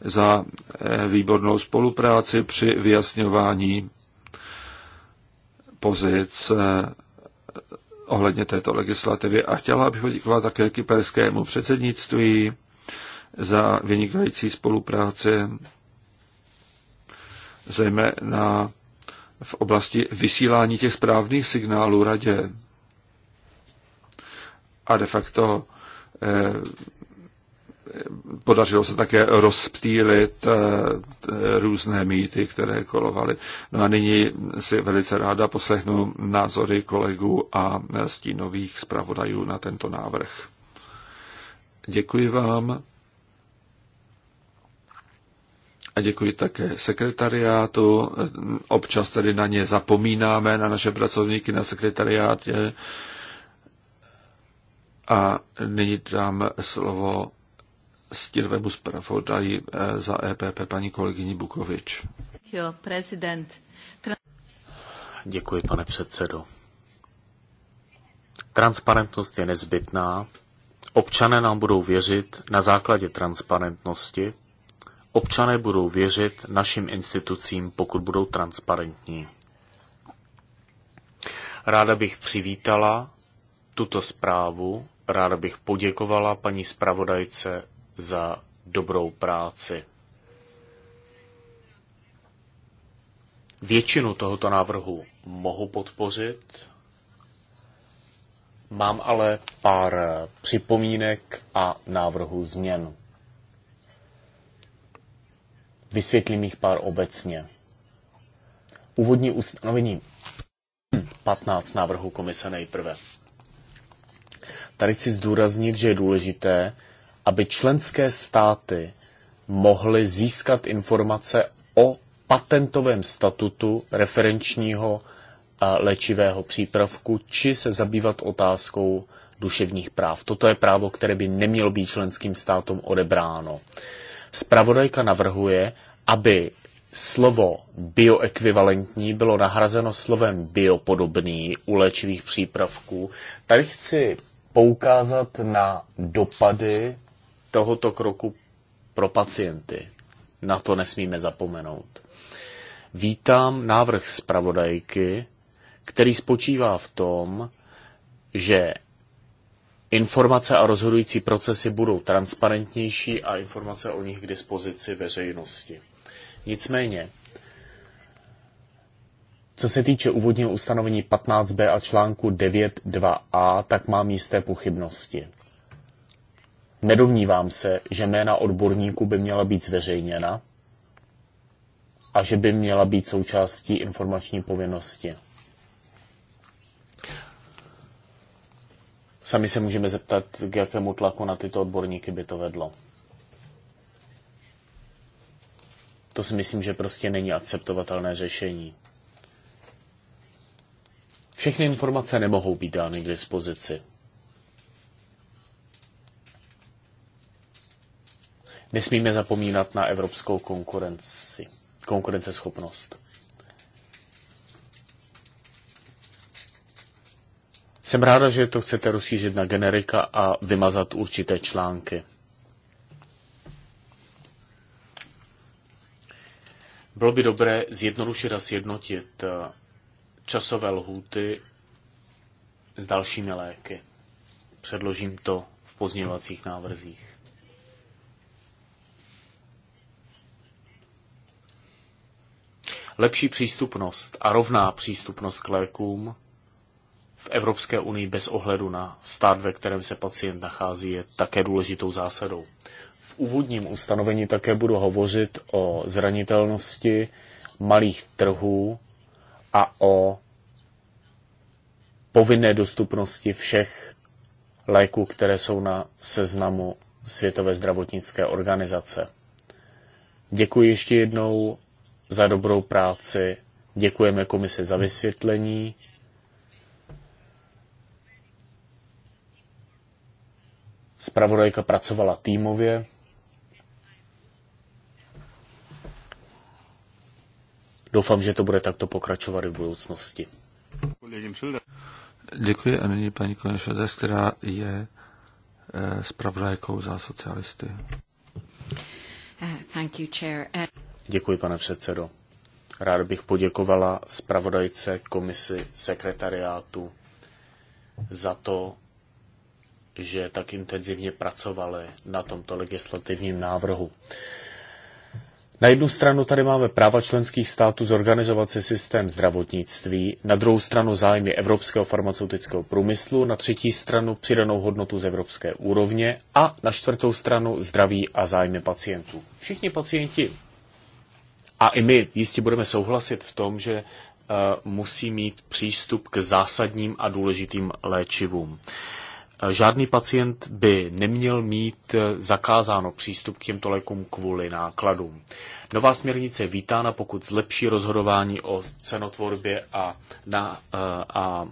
za eh, výbornou spolupráci při vyjasňování pozic eh, ohledně této legislativy. A chtěla bych poděkovat také kyperskému předsednictví za vynikající spolupráci, zejména v oblasti vysílání těch správných signálů radě a de facto eh, podařilo se také rozptýlit eh, různé mýty, které kolovaly. No a nyní si velice ráda poslechnu názory kolegů a stínových zpravodajů na tento návrh. Děkuji vám a děkuji také sekretariátu. Občas tedy na ně zapomínáme, na naše pracovníky na sekretariátě. A nyní dám slovo stínovému zpravodaji eh, za EPP paní kolegyni Bukovič. Jo, prezident. Děkuji, pane předsedo. Transparentnost je nezbytná. Občané nám budou věřit na základě transparentnosti. Občané budou věřit našim institucím, pokud budou transparentní. Ráda bych přivítala tuto zprávu Rád bych poděkovala paní zpravodajce za dobrou práci. Většinu tohoto návrhu mohu podpořit, mám ale pár připomínek a návrhů změn. Vysvětlím jich pár obecně. Úvodní ustanovení 15 hm, návrhu komise nejprve. Tady chci zdůraznit, že je důležité, aby členské státy mohly získat informace o patentovém statutu referenčního léčivého přípravku, či se zabývat otázkou duševních práv. Toto je právo, které by nemělo být členským státům odebráno. Spravodajka navrhuje, aby slovo bioekvivalentní bylo nahrazeno slovem biopodobný u léčivých přípravků. Tady chci poukázat na dopady tohoto kroku pro pacienty. Na to nesmíme zapomenout. Vítám návrh zpravodajky, který spočívá v tom, že informace a rozhodující procesy budou transparentnější a informace o nich k dispozici veřejnosti. Nicméně co se týče úvodního ustanovení 15b a článku 9.2a, tak mám jisté pochybnosti. Nedomnívám se, že jména odborníků by měla být zveřejněna a že by měla být součástí informační povinnosti. Sami se můžeme zeptat, k jakému tlaku na tyto odborníky by to vedlo. To si myslím, že prostě není akceptovatelné řešení. Všechny informace nemohou být dány k dispozici. Nesmíme zapomínat na evropskou konkurenci, konkurenceschopnost. Jsem ráda, že to chcete rozšířit na generika a vymazat určité články. Bylo by dobré zjednodušit a sjednotit eh, časové lhůty s dalšími léky. Předložím to v pozměňovacích návrzích. Lepší přístupnost a rovná přístupnost k lékům v Evropské unii bez ohledu na stát, ve kterém se pacient nachází, je také důležitou zásadou. V úvodním ustanovení také budu hovořit o zranitelnosti malých trhů a o povinné dostupnosti všech léků, které jsou na seznamu Světové zdravotnické organizace. Děkuji ještě jednou za dobrou práci, děkujeme komisi za vysvětlení. Spravodajka pracovala týmově. Doufám, že to bude takto pokračovat i v budoucnosti. Děkuji a nyní paní Konešedes, která je eh, zpravodajkou za socialisty. Thank you, chair. Děkuji, pane předsedo. Rád bych poděkovala zpravodajce komisi sekretariátu za to, že tak intenzivně pracovali na tomto legislativním návrhu. Na jednu stranu tady máme práva členských států zorganizovat si systém zdravotnictví, na druhou stranu zájmy evropského farmaceutického průmyslu, na třetí stranu přidanou hodnotu z evropské úrovně a na čtvrtou stranu zdraví a zájmy pacientů. Všichni pacienti a i my jistě budeme souhlasit v tom, že eh, musí mít přístup k zásadním a důležitým léčivům. Žádný pacient by neměl mít eh, zakázáno přístup k těmto lékům kvůli nákladům. Nová směrnice je vítána, pokud zlepší rozhodování o cenotvorbě a, na, eh, a, a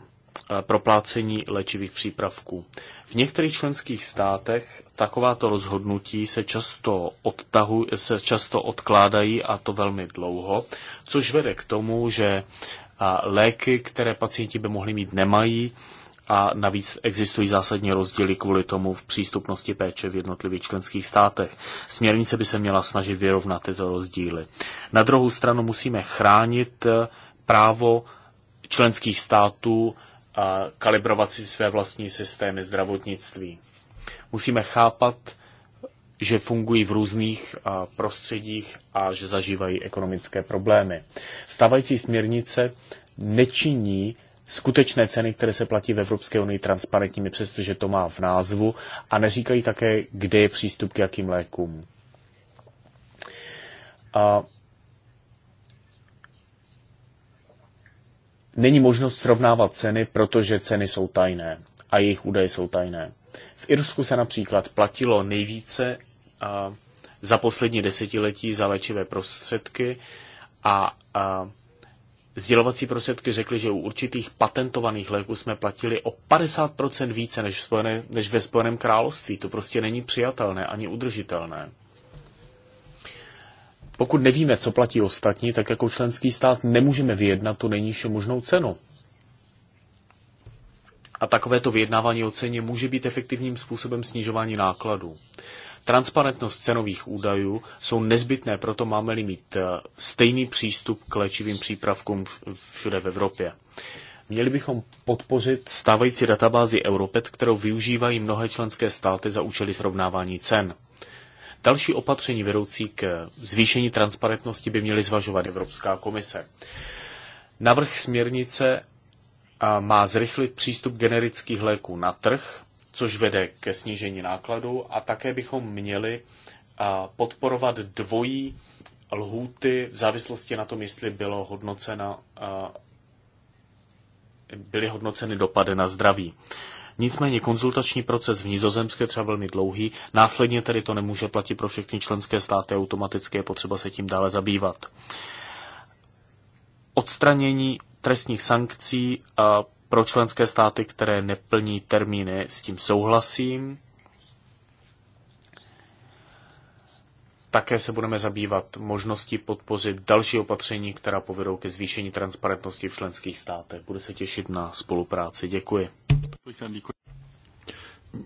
eh, proplácení léčivých přípravků. V některých členských státech takováto rozhodnutí se často, odtahu, se často odkládají a to velmi dlouho, což vede k tomu, že léky, které pacienti by mohli mít, nemají a navíc existují zásadní rozdíly kvůli tomu v přístupnosti péče v jednotlivých členských státech. Směrnice by se měla snažit vyrovnat tyto rozdíly. Na druhou stranu musíme chránit eh, právo členských států a eh, kalibrovat si své vlastní systémy zdravotnictví. Musíme chápat, že fungují v různých eh, prostředích a že zažívají ekonomické problémy. Stávající směrnice nečiní skutečné ceny, které se platí v Evropské unii, transparentními, přestože to má v názvu, a neříkají také, kde je přístup k jakým lékům. A není možnost srovnávat ceny, protože ceny jsou tajné a jejich údaje jsou tajné. V Irsku se například platilo nejvíce a, za poslední desetiletí za léčivé prostředky a, a sdělovací prostředky řekly, že u určitých patentovaných léků jsme platili o 50% více než, spojené, než ve Spojeném království. To prostě není přijatelné ani udržitelné. Pokud nevíme, co platí ostatní, tak jako členský stát nemůžeme vyjednat tu nejnižší možnou cenu. A takovéto vyjednávání o ceně může být efektivním způsobem snižování nákladů. Transparentnost cenových údajů jsou nezbytné, proto máme-li mít eh, stejný přístup k léčivým přípravkům všude v Evropě. Měli bychom podpořit stávající databázi Europet, kterou využívají mnohé členské státy za účely srovnávání cen. Další opatření vedoucí k zvýšení transparentnosti by měly zvažovat Evropská komise. Navrh směrnice eh, má zrychlit přístup generických léků na trh což vede ke snížení nákladů a také bychom měli podporovat dvojí lhůty v závislosti na tom, jestli bylo hodnocena, byly hodnoceny dopady na zdraví. Nicméně konzultační proces v Nizozemské třeba velmi dlouhý, následně tedy to nemůže platit pro všechny členské státy automaticky, je potřeba se tím dále zabývat. Odstranění trestních sankcí pro členské státy, které neplní termíny, s tím souhlasím. Také se budeme zabývat možností podpořit další opatření, která povedou ke zvýšení transparentnosti v členských státech. Budu se těšit na spolupráci. Děkuji.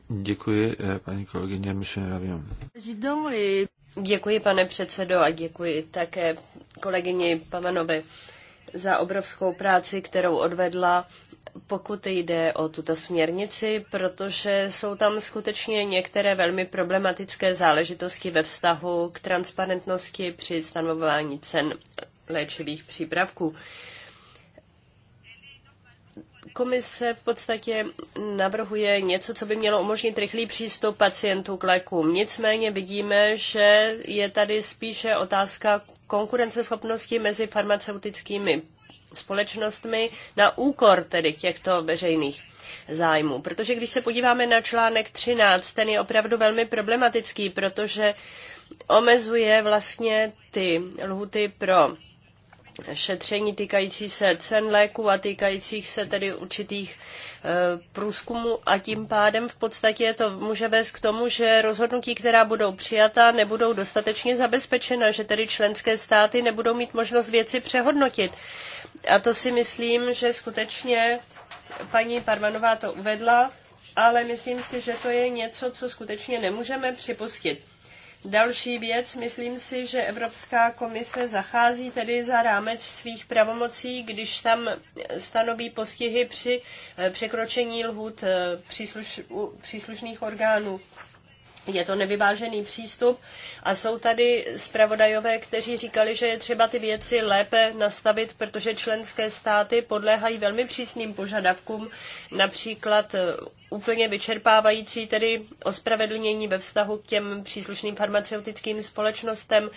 Děkuji, eh, paní kolegyně Michelle Děkuji, pane předsedo, a děkuji také kolegyni Pamanovi za obrovskou práci, kterou odvedla pokud jde o tuto směrnici, protože jsou tam skutečně některé velmi problematické záležitosti ve vztahu k transparentnosti při stanovování cen léčivých přípravků. Komise v podstatě navrhuje něco, co by mělo umožnit rychlý přístup pacientů k lékům. Nicméně vidíme, že je tady spíše otázka konkurenceschopnosti mezi farmaceutickými společnostmi na úkor tedy těchto veřejných zájmů. Protože když se podíváme na článek 13, ten je opravdu velmi problematický, protože omezuje vlastně ty lhuty pro šetření týkající se cen léku a týkajících se tedy určitých eh, průzkumů a tím pádem v podstatě to může vést k tomu, že rozhodnutí, která budou přijata, nebudou dostatečně zabezpečena, že tedy členské státy nebudou mít možnost věci přehodnotit. A to si myslím, že skutečně paní Parvanová to uvedla, ale myslím si, že to je něco, co skutečně nemůžeme připustit. Další věc, myslím si, že Evropská komise zachází tedy za rámec svých pravomocí, když tam stanoví postihy při eh, překročení lhůt eh, příslušných orgánů je to nevyvážený přístup a jsou tady zpravodajové, kteří říkali, že je třeba ty věci lépe nastavit, protože členské státy podléhají velmi přísným požadavkům, například eh, úplně vyčerpávající tedy ospravedlnění ve vztahu k těm příslušným farmaceutickým společnostem,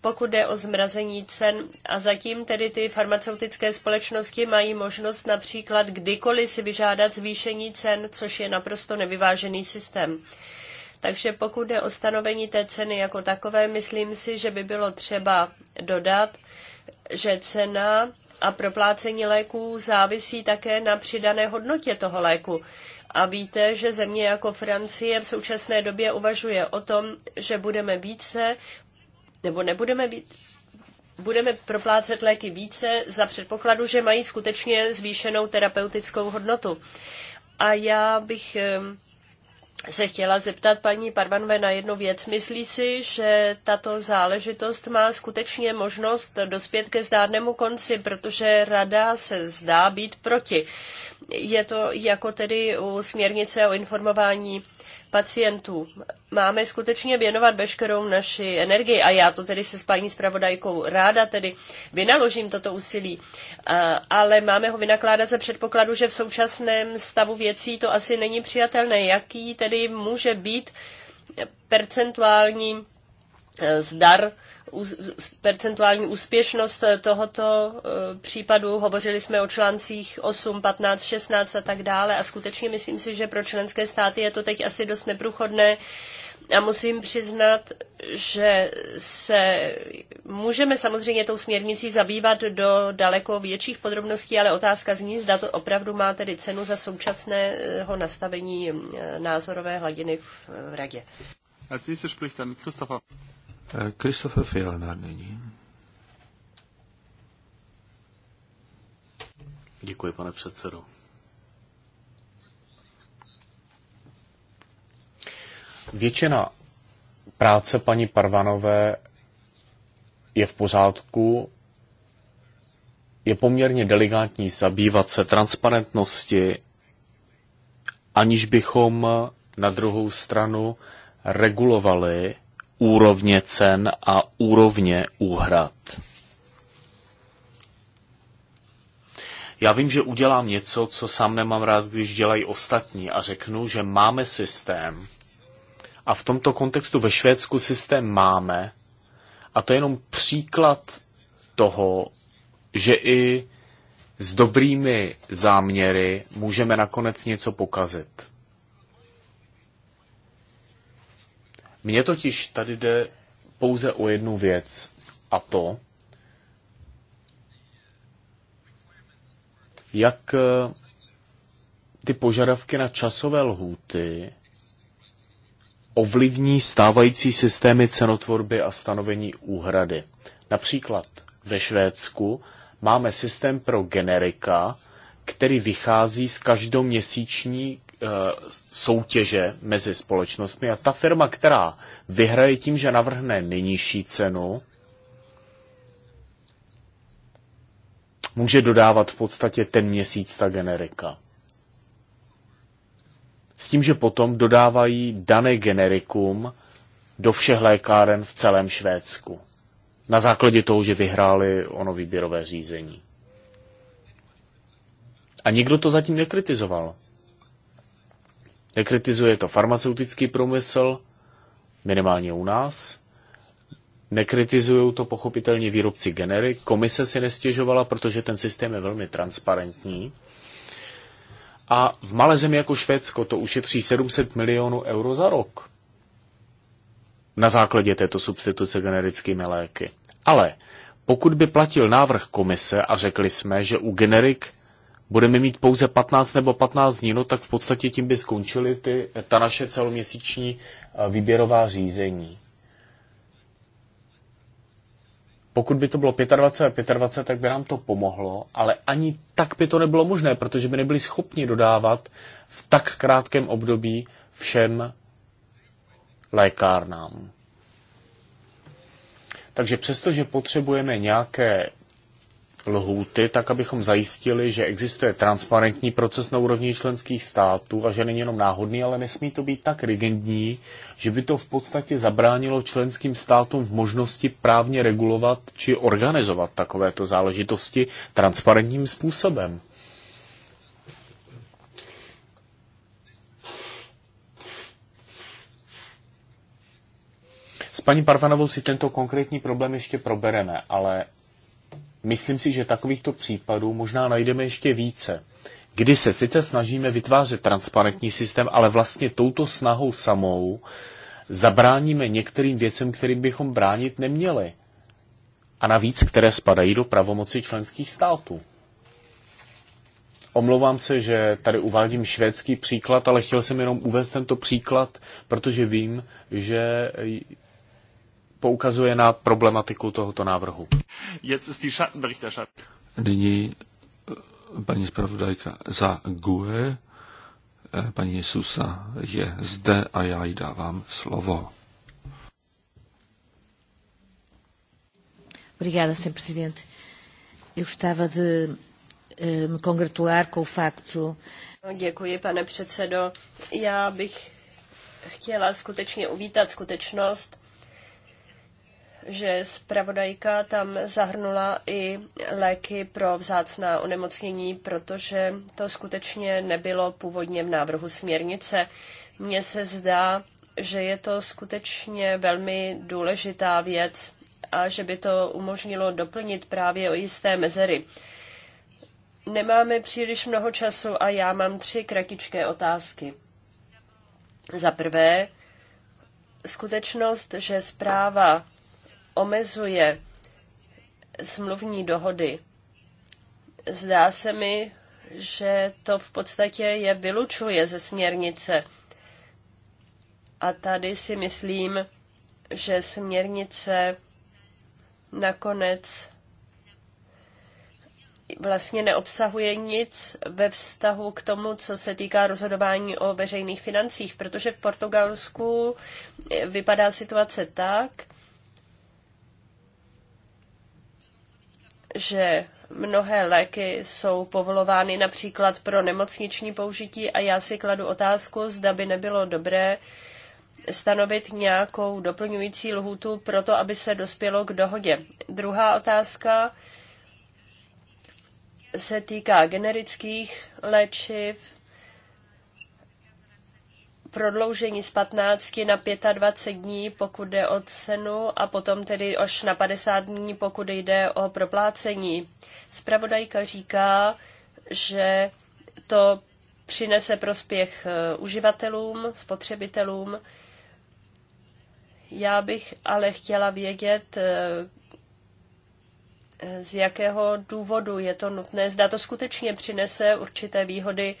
pokud jde o zmrazení cen. A zatím tedy ty farmaceutické společnosti mají možnost například kdykoliv si vyžádat zvýšení cen, což je naprosto nevyvážený systém. Takže pokud jde o stanovení té ceny jako takové, myslím si, že by bylo třeba dodat, že cena a proplácení léků závisí také na přidané hodnotě toho léku. A víte, že země jako Francie v současné době uvažuje o tom, že budeme více, nebo nebudeme být, budeme proplácet léky více za předpokladu, že mají skutečně zvýšenou terapeutickou hodnotu. A já bych se chtěla zeptat paní Parvanové na jednu věc. Myslí si, že tato záležitost má skutečně možnost dospět ke zdárnému konci, protože rada se zdá být proti je to jako tedy u směrnice o informování pacientů. Máme skutečně věnovat veškerou naši energii a já to tedy se s paní zpravodajkou ráda tedy vynaložím toto úsilí, ale máme ho vynakládat za předpokladu, že v současném stavu věcí to asi není přijatelné. Jaký tedy může být percentuální e, zdar percentuální úspěšnost eh, tohoto eh, případu. Hovořili jsme o článcích 8, 15, 16 a tak dále a skutečně myslím si, že pro členské státy je to teď asi dost neprůchodné a musím přiznat, že se můžeme samozřejmě tou směrnicí zabývat do daleko větších podrobností, ale otázka zní, zda to opravdu má tedy cenu za současného nastavení eh, názorové hladiny v radě. Als nächstes spricht dann Christopher. Eh, Christopher Fielner nyní. Děkuji, pane předsedo. Většina práce paní Parvanové je v pořádku. Je poměrně delikátní zabývat se transparentnosti, aniž bychom na druhou stranu regulovali úrovně cen a úrovně úhrad. Já vím, že udělám něco, co sám nemám rád, když dělají ostatní a řeknu, že máme systém a v tomto kontextu ve Švédsku systém máme a to je jenom příklad toho, že i s dobrými záměry můžeme nakonec něco pokazit. Mně totiž tady jde pouze o jednu věc a to, jak eh, ty požadavky na časové lhůty ovlivní stávající systémy cenotvorby a stanovení úhrady. Například ve Švédsku máme systém pro generika, který vychází z každoměsíční Eh, soutěže mezi společnostmi a ta firma, která vyhraje tím, že navrhne nejnižší cenu, může dodávat v podstatě ten měsíc ta generika. S tím, že potom dodávají dané generikum do všech lékáren v celém Švédsku. Na základě toho, že vyhráli ono výběrové řízení. A nikdo to zatím nekritizoval. Nekritizuje to farmaceutický průmysl, minimálně u nás. Nekritizují to pochopitelně výrobci generik. Komise si nestěžovala, protože ten systém je velmi transparentní. A v malé zemi jako Švédsko to ušetří 700 milionů euro za rok na základě této substituce generickými léky. Ale pokud by platil návrh komise a řekli jsme, že u generik budeme mít pouze 15 nebo 15 dní, no tak v podstatě tím by skončily ty, ta naše celoměsíční eh, výběrová řízení. Pokud by to bylo 25 a 25, tak by nám to pomohlo, ale ani tak by to nebylo možné, protože by nebyli schopni dodávat v tak krátkém období všem lékárnám. Takže přestože potřebujeme nějaké lhůty, tak abychom zajistili, že existuje transparentní proces na úrovni členských států a že není jenom náhodný, ale nesmí to být tak rigidní, že by to v podstatě zabránilo členským státům v možnosti právně regulovat či organizovat takovéto záležitosti transparentním způsobem. S paní Parvanovou si tento konkrétní problém ještě probereme, ale Myslím si, že takovýchto případů možná najdeme ještě více, kdy se sice snažíme vytvářet transparentní systém, ale vlastně touto snahou samou zabráníme některým věcem, kterým bychom bránit neměli. A navíc, které spadají do pravomoci členských států. Omlouvám se, že tady uvádím švédský příklad, ale chtěl jsem jenom uvést tento příklad, protože vím, že poukazuje na problematiku tohoto návrhu. Nyní eh, paní zpravodajka za GUE, eh, paní Susa je zde a já jí dávám slovo. Obrigada, Sr. Presidente. Eu gostava de eh, me congratular com o facto. No, děkuji, pane předsedo. Já bych chtěla skutečně uvítat skutečnost, že zpravodajka tam zahrnula i léky pro vzácná onemocnění, protože to skutečně nebylo původně v návrhu směrnice. Mně se zdá, že je to skutečně velmi důležitá věc a že by to umožnilo doplnit právě o jisté mezery. Nemáme příliš mnoho času a já mám tři kratičké otázky. Za prvé, skutečnost, že zpráva omezuje smluvní dohody. Zdá se mi, že to v podstatě je vylučuje ze směrnice. A tady si myslím, že směrnice nakonec vlastně neobsahuje nic ve vztahu k tomu, co se týká rozhodování o veřejných financích, protože v Portugalsku vypadá situace tak, že mnohé léky jsou povolovány například pro nemocniční použití a já si kladu otázku, zda by nebylo dobré stanovit nějakou doplňující lhůtu pro to, aby se dospělo k dohodě. Druhá otázka se týká generických léčiv prodloužení z 15 na 25 dní, pokud jde o cenu, a potom tedy až na 50 dní, pokud jde o proplácení. Spravodajka říká, že to přinese prospěch eh, uživatelům, spotřebitelům. Já bych ale chtěla vědět, eh, z jakého důvodu je to nutné. Zda to skutečně přinese určité výhody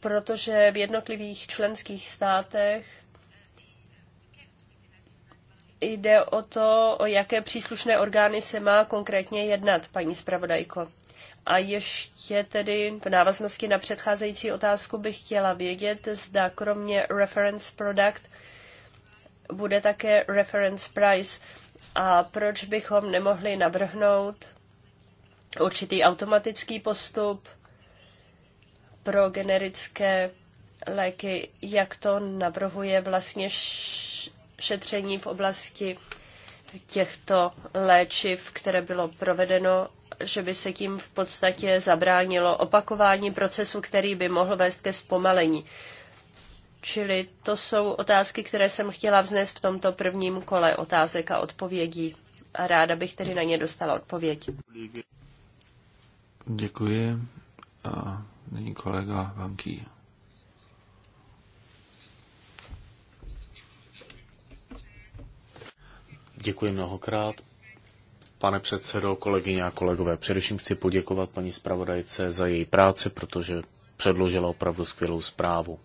protože v jednotlivých členských státech jde o to, o jaké příslušné orgány se má konkrétně jednat, paní zpravodajko. A ještě tedy v návaznosti na předcházející otázku bych chtěla vědět, zda kromě reference product bude také reference price a proč bychom nemohli navrhnout určitý automatický postup, pro generické léky, jak to navrhuje vlastně šetření v oblasti těchto léčiv, které bylo provedeno, že by se tím v podstatě zabránilo opakování procesu, který by mohl vést ke zpomalení. Čili to jsou otázky, které jsem chtěla vznést v tomto prvním kole otázek a odpovědí. A ráda bych tedy na ně dostala odpověď. Děkuji. A nyní kolega Vanký. Děkuji mnohokrát. Pane předsedo, kolegyně a kolegové, především chci poděkovat paní zpravodajce za její práci, protože předložila opravdu skvělou zprávu.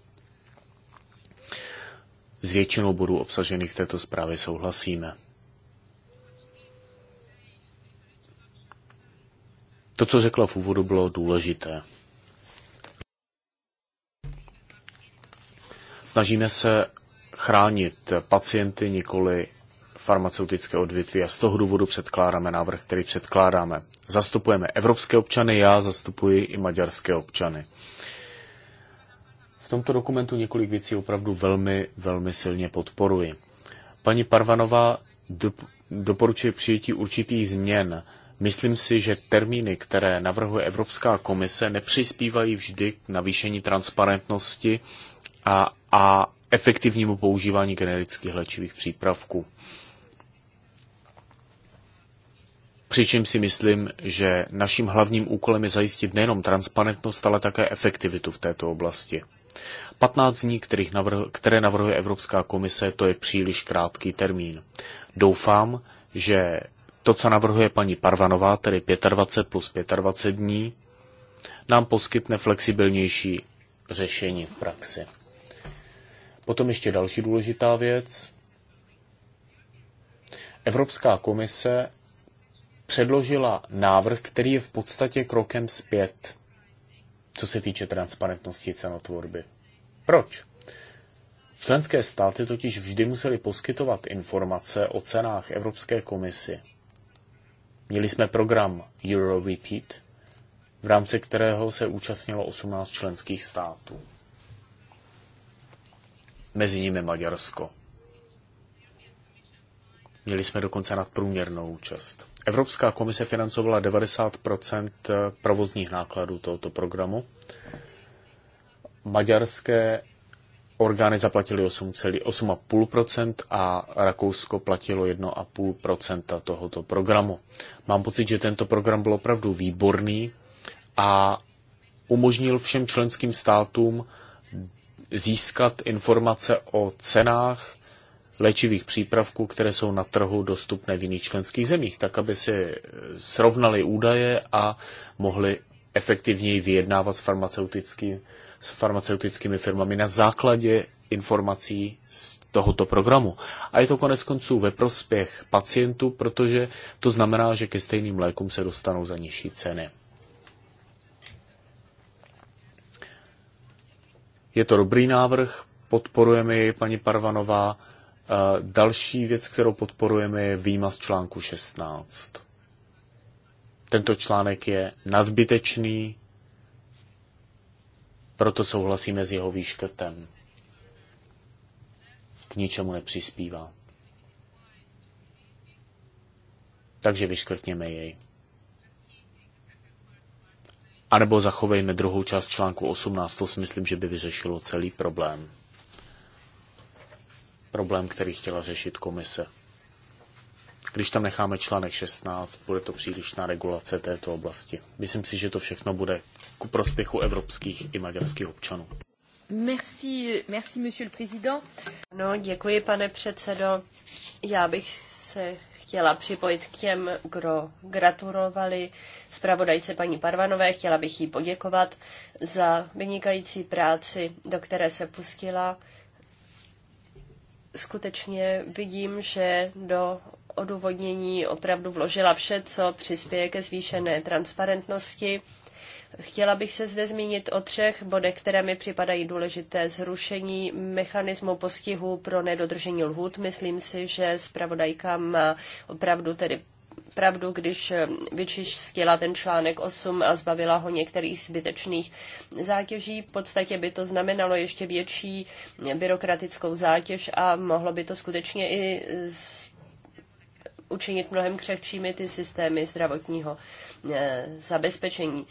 S většinou bodů obsažených v této zprávě souhlasíme. To, co řekla v úvodu, bylo důležité. Snažíme se chránit pacienty, nikoli farmaceutické odvětví a z toho důvodu předkládáme návrh, který předkládáme. Zastupujeme evropské občany, já zastupuji i maďarské občany. V tomto dokumentu několik věcí opravdu velmi, velmi silně podporuji. Paní Parvanová doporučuje přijetí určitých změn. Myslím si, že termíny, které navrhuje Evropská komise, nepřispívají vždy k navýšení transparentnosti a, a efektivnímu používání generických léčivých přípravků. Přičem si myslím, že naším hlavním úkolem je zajistit nejenom transparentnost, ale také efektivitu v této oblasti. 15 dní, kterých které navrhuje Evropská komise, to je příliš krátký termín. Doufám, že to, co navrhuje paní Parvanová, tedy 25 plus 25 dní, nám poskytne flexibilnější řešení v praxi. Potom ještě další důležitá věc. Evropská komise předložila návrh, který je v podstatě krokem zpět, co se týče transparentnosti cenotvorby. Proč? Členské státy totiž vždy museli poskytovat informace o cenách Evropské komisi. Měli jsme program EuroRepeat, v rámci kterého se účastnilo 18 členských států mezi nimi Maďarsko. Měli jsme dokonce nadprůměrnou účast. Evropská komise financovala 90 provozních nákladů tohoto programu. Maďarské orgány zaplatily 8,5% a Rakousko platilo 1,5% tohoto programu. Mám pocit, že tento program byl opravdu výborný a umožnil všem členským státům získat informace o cenách léčivých přípravků, které jsou na trhu dostupné v jiných členských zemích, tak aby si srovnali údaje a mohli efektivněji vyjednávat s, farmaceutický, s farmaceutickými firmami na základě informací z tohoto programu. A je to konec konců ve prospěch pacientů, protože to znamená, že ke stejným lékům se dostanou za nižší ceny. Je to dobrý návrh, podporujeme ji, paní Parvanová. E, další věc, kterou podporujeme, je z článku 16. Tento článek je nadbytečný, proto souhlasíme s jeho výškrtem. K ničemu nepřispívá. Takže vyškrtněme jej anebo zachovejme druhou část článku 18, to si myslím, že by vyřešilo celý problém. Problém, který chtěla řešit komise. Když tam necháme článek 16, bude to přílišná regulace této oblasti. Myslím si, že to všechno bude ku prospěchu evropských i maďarských občanů. Merci, merci, monsieur le président. No, děkuji, pane předsedo. Já bych se chtěla připojit k těm, kdo gratulovali zpravodajce paní Parvanové. Chtěla bych jí poděkovat za vynikající práci, do které se pustila. Skutečně vidím, že do odůvodnění opravdu vložila vše, co přispěje ke zvýšené transparentnosti Chtěla bych se zde zmínit o třech bodech, které mi připadají důležité. Zrušení mechanismu postihu pro nedodržení lhůt. Myslím si, že zpravodajka má opravdu tedy pravdu, když vyčistila ten článek 8 a zbavila ho některých zbytečných zátěží. V podstatě by to znamenalo ještě větší byrokratickou zátěž a mohlo by to skutečně i učinit mnohem křehčími ty systémy zdravotního eh, zabezpečení.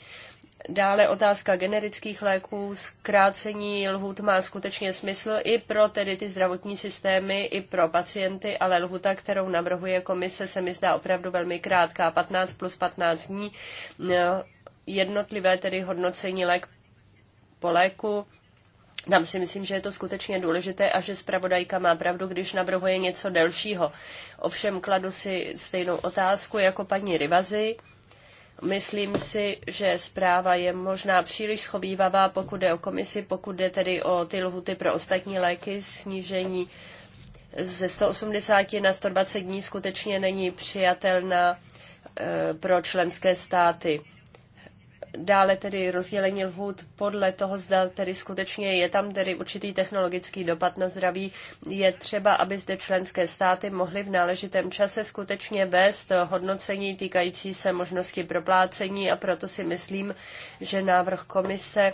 Dále otázka generických léků, zkrácení lhůt má skutečně smysl i pro tedy ty zdravotní systémy, i pro pacienty, ale lhuta, kterou navrhuje komise, se mi zdá opravdu velmi krátká, 15 plus 15 dní. Eh, jednotlivé tedy hodnocení lék po léku, tam si myslím, že je to skutečně důležité a že zpravodajka má pravdu, když navrhuje něco delšího. Ovšem kladu si stejnou otázku jako paní Rivazy Myslím si, že zpráva je možná příliš schovývavá, pokud jde o komisi, pokud jde tedy o ty lhuty pro ostatní léky, snížení ze 180 na 120 dní skutečně není přijatelná eh, pro členské státy dále tedy rozdělení lhůt podle toho, zda tedy skutečně je tam tedy určitý technologický dopad na zdraví, je třeba, aby zde členské státy mohly v náležitém čase skutečně vést hodnocení týkající se možnosti proplácení a proto si myslím, že návrh komise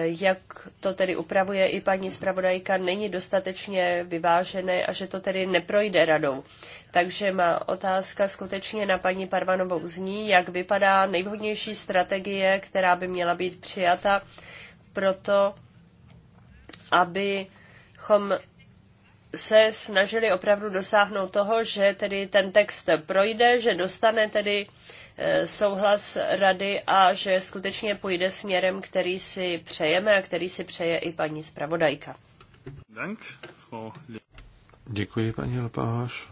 jak to tedy upravuje i paní zpravodajka, není dostatečně vyvážené a že to tedy neprojde radou. Takže má otázka skutečně na paní Parvanovou zní, jak vypadá nejvhodnější strategie, která by měla být přijata proto, abychom se snažili opravdu dosáhnout toho, že tedy ten text projde, že dostane tedy uh, Eh, souhlas rady a že skutečně půjde směrem, který si přejeme a který si přeje i paní zpravodajka. Děkuji, paní Lepáš.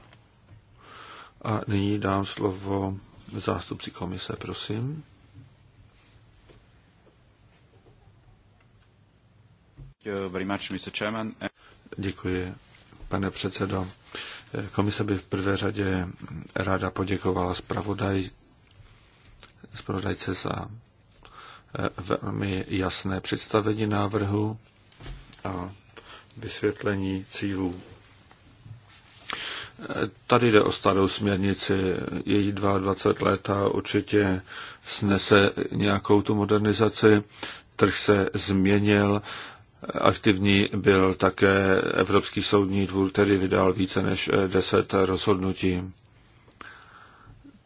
A nyní dám slovo zástupci komise, prosím. Děkuji, pane předsedo. Komise by v prvé řadě ráda poděkovala zpravodajce zpravodajce za e, velmi jasné představení návrhu a vysvětlení cílů. E, tady jde o starou směrnici, její 22 let a určitě snese nějakou tu modernizaci. Trh se změnil, aktivní byl také Evropský soudní dvůr, který vydal více než 10 rozhodnutí.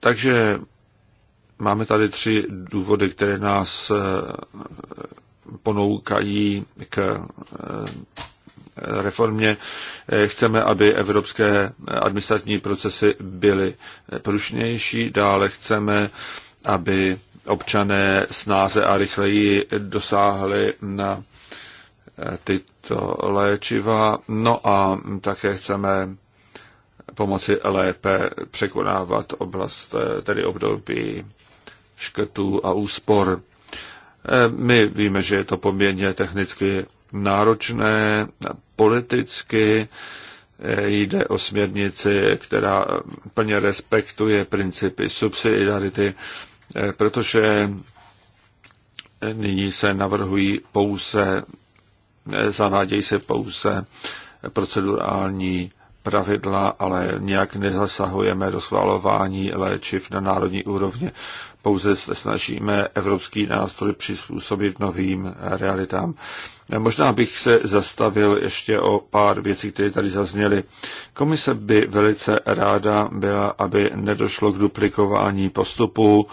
Takže Máme tady tři důvody, které nás eh, ponoukají k eh, reformě. Eh, chceme, aby evropské administrativní procesy byly prušnější, dále chceme, aby občané snáze a rychleji dosáhli na tyto léčiva. No a také chceme pomoci lépe překonávat oblast, tedy období škrtů a úspor. E, my víme, že je to poměrně technicky náročné, politicky e, jde o směrnici, která plně respektuje principy subsidiarity, e, protože nyní se navrhují pouze, zavádějí se pouze procedurální pravidla, ale nějak nezasahujeme do schvalování léčiv na národní úrovni pouze se snažíme evropský nástroj přizpůsobit novým realitám. Možná bych se zastavil ještě o pár věcí, které tady zazněly. Komise by velice ráda byla, aby nedošlo k duplikování postupů,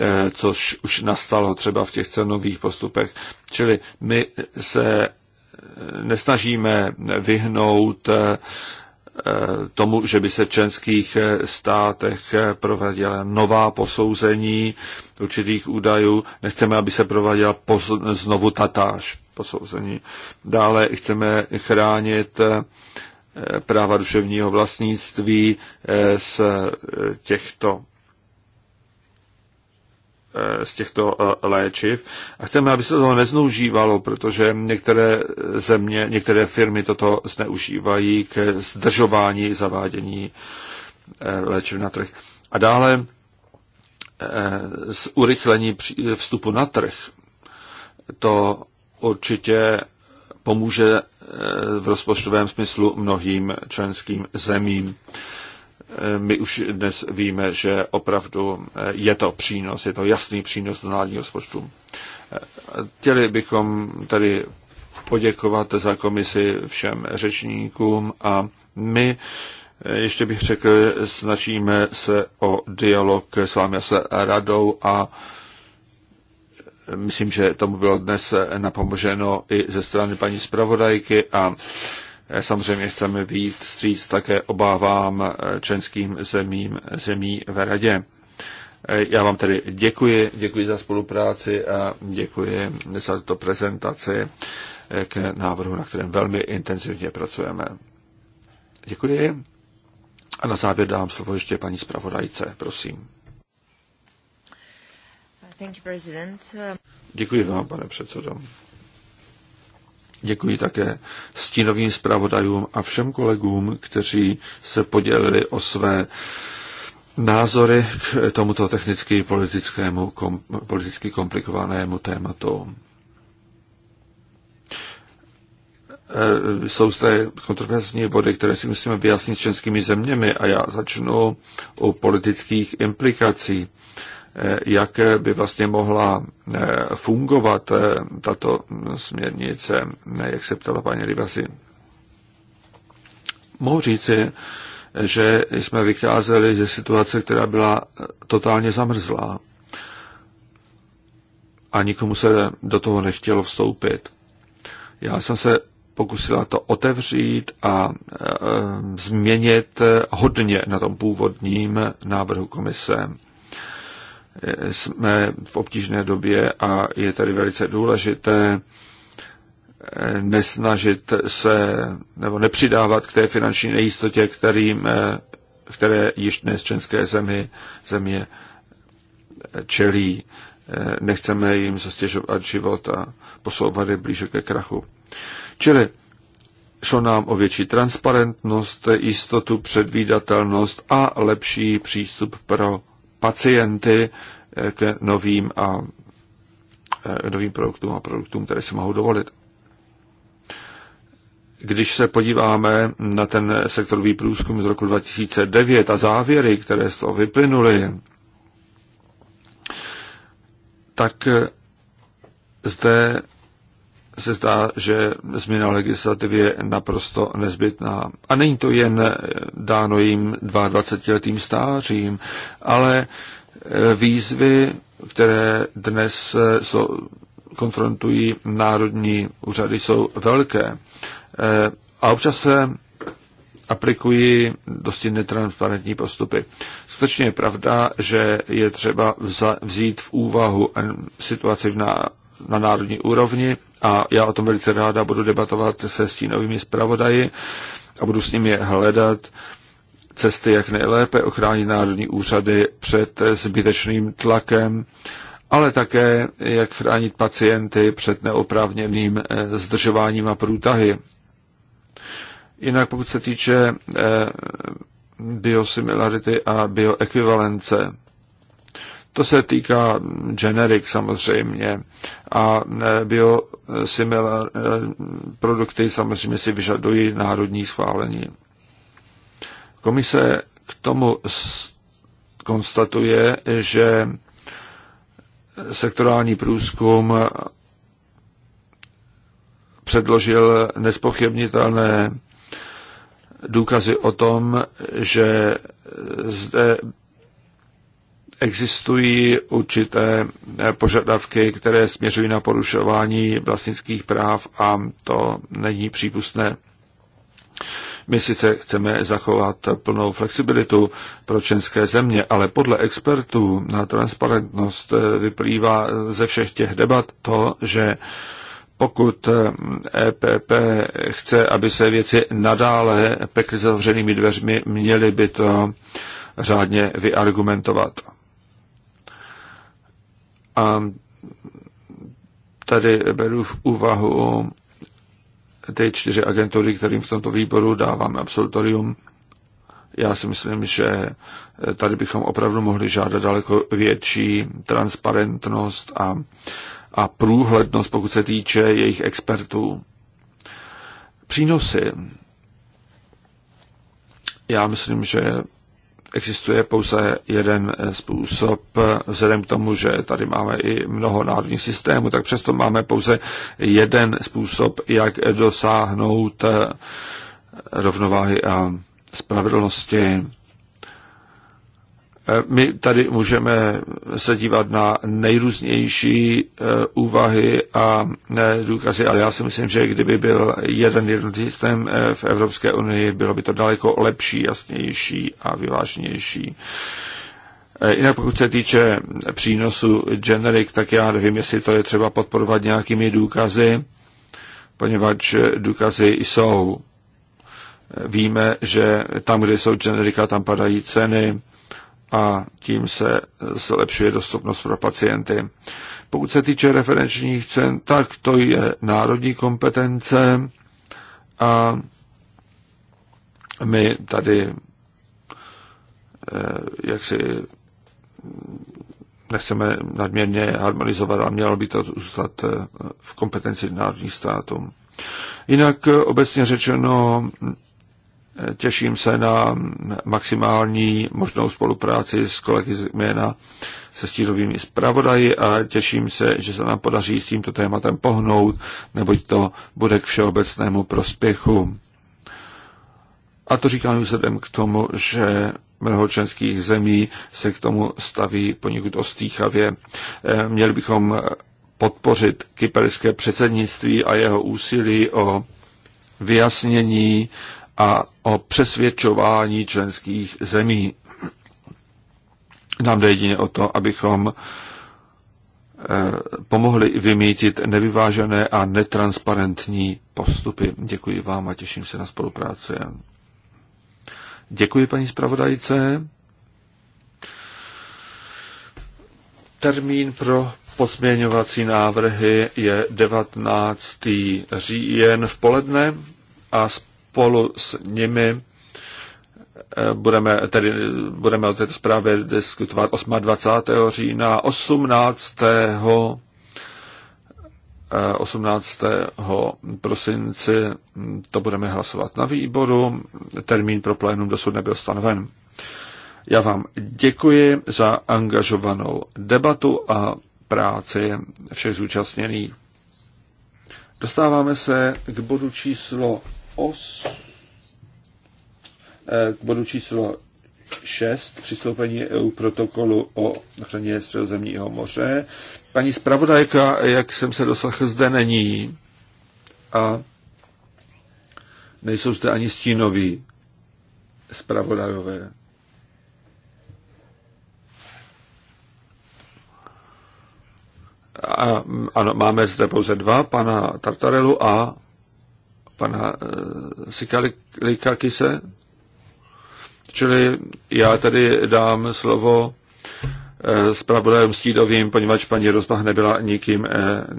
eh, což už nastalo třeba v těch cenových postupech. Čili my se eh, nesnažíme vyhnout eh, Eh, tomu, že by se v členských eh, státech eh, prováděla nová posouzení určitých údajů. Nechceme, aby se prováděla znovu tatáž posouzení. Dále chceme chránit práva duševního vlastnictví z těchto Eh, z těchto eh, léčiv. A chceme, aby se to nezneužívalo, protože některé země, některé firmy toto zneužívají k zdržování zavádění eh, léčiv na trh. A dále z urychlení vstupu na trh. To určitě pomůže v rozpočtovém smyslu mnohým členským zemím my už dnes víme, že opravdu eh, je to přínos, je to jasný přínos do národního rozpočtu. Eh, chtěli bychom tady poděkovat za komisi všem řečníkům a my eh, ještě bych řekl, snažíme se o dialog s vámi a s radou a myslím, že tomu bylo dnes napomoženo i ze strany paní zpravodajky a Eh, samozřejmě chceme výjít stříc také obávám eh, členským zemím, zemí ve radě. Eh, já vám tedy děkuji, děkuji za spolupráci a děkuji za tuto prezentaci k návrhu, na kterém velmi intenzivně pracujeme. Děkuji. A na závěr dám slovo ještě paní zpravodajce, prosím. Děkuji vám, pane předsedo. Děkuji také stínovým zpravodajům a všem kolegům, kteří se podělili o své názory k tomuto technicky politickému, kom, politicky komplikovanému tématu. E, jsou zde kontroverzní body, které si musíme vyjasnit s českými zeměmi a já začnu o politických implikací jak by vlastně mohla eh, fungovat eh, tato směrnice, eh, jak se ptala paní Rivasi. Mohu říci, že jsme vycházeli ze situace, která byla totálně zamrzlá a nikomu se do toho nechtělo vstoupit. Já jsem se pokusila to otevřít a e, změnit hodně na tom původním návrhu komise jsme v obtížné době a je tady velice důležité eh, nesnažit se nebo nepřidávat k té finanční nejistotě, kterým, eh, které již dnes české zemi, země eh, čelí. Nechceme jim zastěžovat život a posouvat je blíže ke krachu. Čili šlo nám o větší transparentnost, jistotu, předvídatelnost a lepší přístup pro pacienty eh, k novým, a, eh, novým produktům a produktům, které si mohou dovolit. Když se podíváme na ten sektorový průzkum z roku 2009 a závěry, které z toho vyplynuly, tak eh, zde se zdá, že změna legislativy je naprosto nezbytná. A není to jen eh, dáno jim 22-letým stářím, ale eh, výzvy, které dnes eh, konfrontují národní úřady, jsou velké. A občas se aplikují dosti netransparentní postupy. Skutečně je pravda, že je třeba vzít v úvahu situaci v, na národní úrovni a já o tom velice ráda budu debatovat se stínovými zpravodaji a budu s nimi hledat cesty, jak nejlépe ochránit národní úřady před zbytečným tlakem, ale také jak chránit pacienty před neoprávněným eh, zdržováním a průtahy. Jinak pokud se týče eh, biosimilarity a bioekvivalence, to se týká generik samozřejmě a e, biosimilar e, produkty samozřejmě si vyžadují národní schválení. Komise k tomu konstatuje, že sektorální průzkum předložil nespochybnitelné důkazy o tom, že zde existují určité eh, požadavky, které směřují na porušování vlastnických práv a to není přípustné. My sice chceme zachovat plnou flexibilitu pro české země, ale podle expertů na transparentnost eh, vyplývá ze všech těch debat to, že pokud EPP eh, e chce, aby se věci nadále pekly zavřenými dveřmi, měly by to řádně vyargumentovat. A tady beru v úvahu ty čtyři agentury, kterým v tomto výboru dáváme absolutorium. Já si myslím, že tady bychom opravdu mohli žádat daleko větší transparentnost a, a průhlednost, pokud se týče jejich expertů. Přínosy. Já myslím, že existuje pouze jeden eh, způsob, eh, vzhledem k tomu, že tady máme i mnoho národních systémů, tak přesto máme pouze jeden způsob, jak dosáhnout eh, rovnováhy a spravedlnosti. My tady můžeme se dívat na nejrůznější eh, úvahy a eh, důkazy, ale já si myslím, že kdyby byl jeden jednotný systém eh, v Evropské unii, bylo by to daleko lepší, jasnější a vyvážnější. Jinak pokud se týče přínosu generik, tak já nevím, jestli to je třeba podporovat nějakými důkazy, poněvadž důkazy jsou. Víme, že tam, kde jsou generika, tam padají ceny a tím se zlepšuje dostupnost pro pacienty. Pokud se týče referenčních cen, tak to je národní kompetence a my tady eh, jak si nechceme nadměrně harmonizovat a mělo by to zůstat eh, v kompetenci národních států. Jinak eh, obecně řečeno Těším se na maximální možnou spolupráci s kolegy změna se stířovými zpravodaji a těším se, že se nám podaří s tímto tématem pohnout, neboť to bude k všeobecnému prospěchu. A to říkám vzhledem k tomu, že mnoho členských zemí se k tomu staví poněkud ostýchavě. Eh, měli bychom podpořit kyperské předsednictví a jeho úsilí o vyjasnění a o přesvědčování členských zemí. Nám jde jedině o to, abychom eh, pomohli vymítit nevyvážené a netransparentní postupy. Děkuji vám a těším se na spolupráci. Děkuji paní zpravodajce. Termín pro pozměňovací návrhy je 19. říjen v poledne a spolu s nimi eh, budeme, tedy, budeme o této zprávě diskutovat 28. října, 18. 18. Eh, prosinci to budeme hlasovat na výboru. Termín pro plénum dosud nebyl stanoven. Já vám děkuji za angažovanou debatu a práci všech zúčastněných. Dostáváme se k bodu číslo os, eh, k bodu číslo 6, přistoupení EU protokolu o ochraně středozemního moře. Paní zpravodajka, jak jsem se doslechl, zde není a nejsou zde ani stínoví zpravodajové. A, ano, máme zde pouze dva, pana Tartarelu a pana eh, Sikalikakise. Čili já tady dám slovo eh, zpravodajům Stídovým, poněvadž paní Rozbach nebyla nikým eh,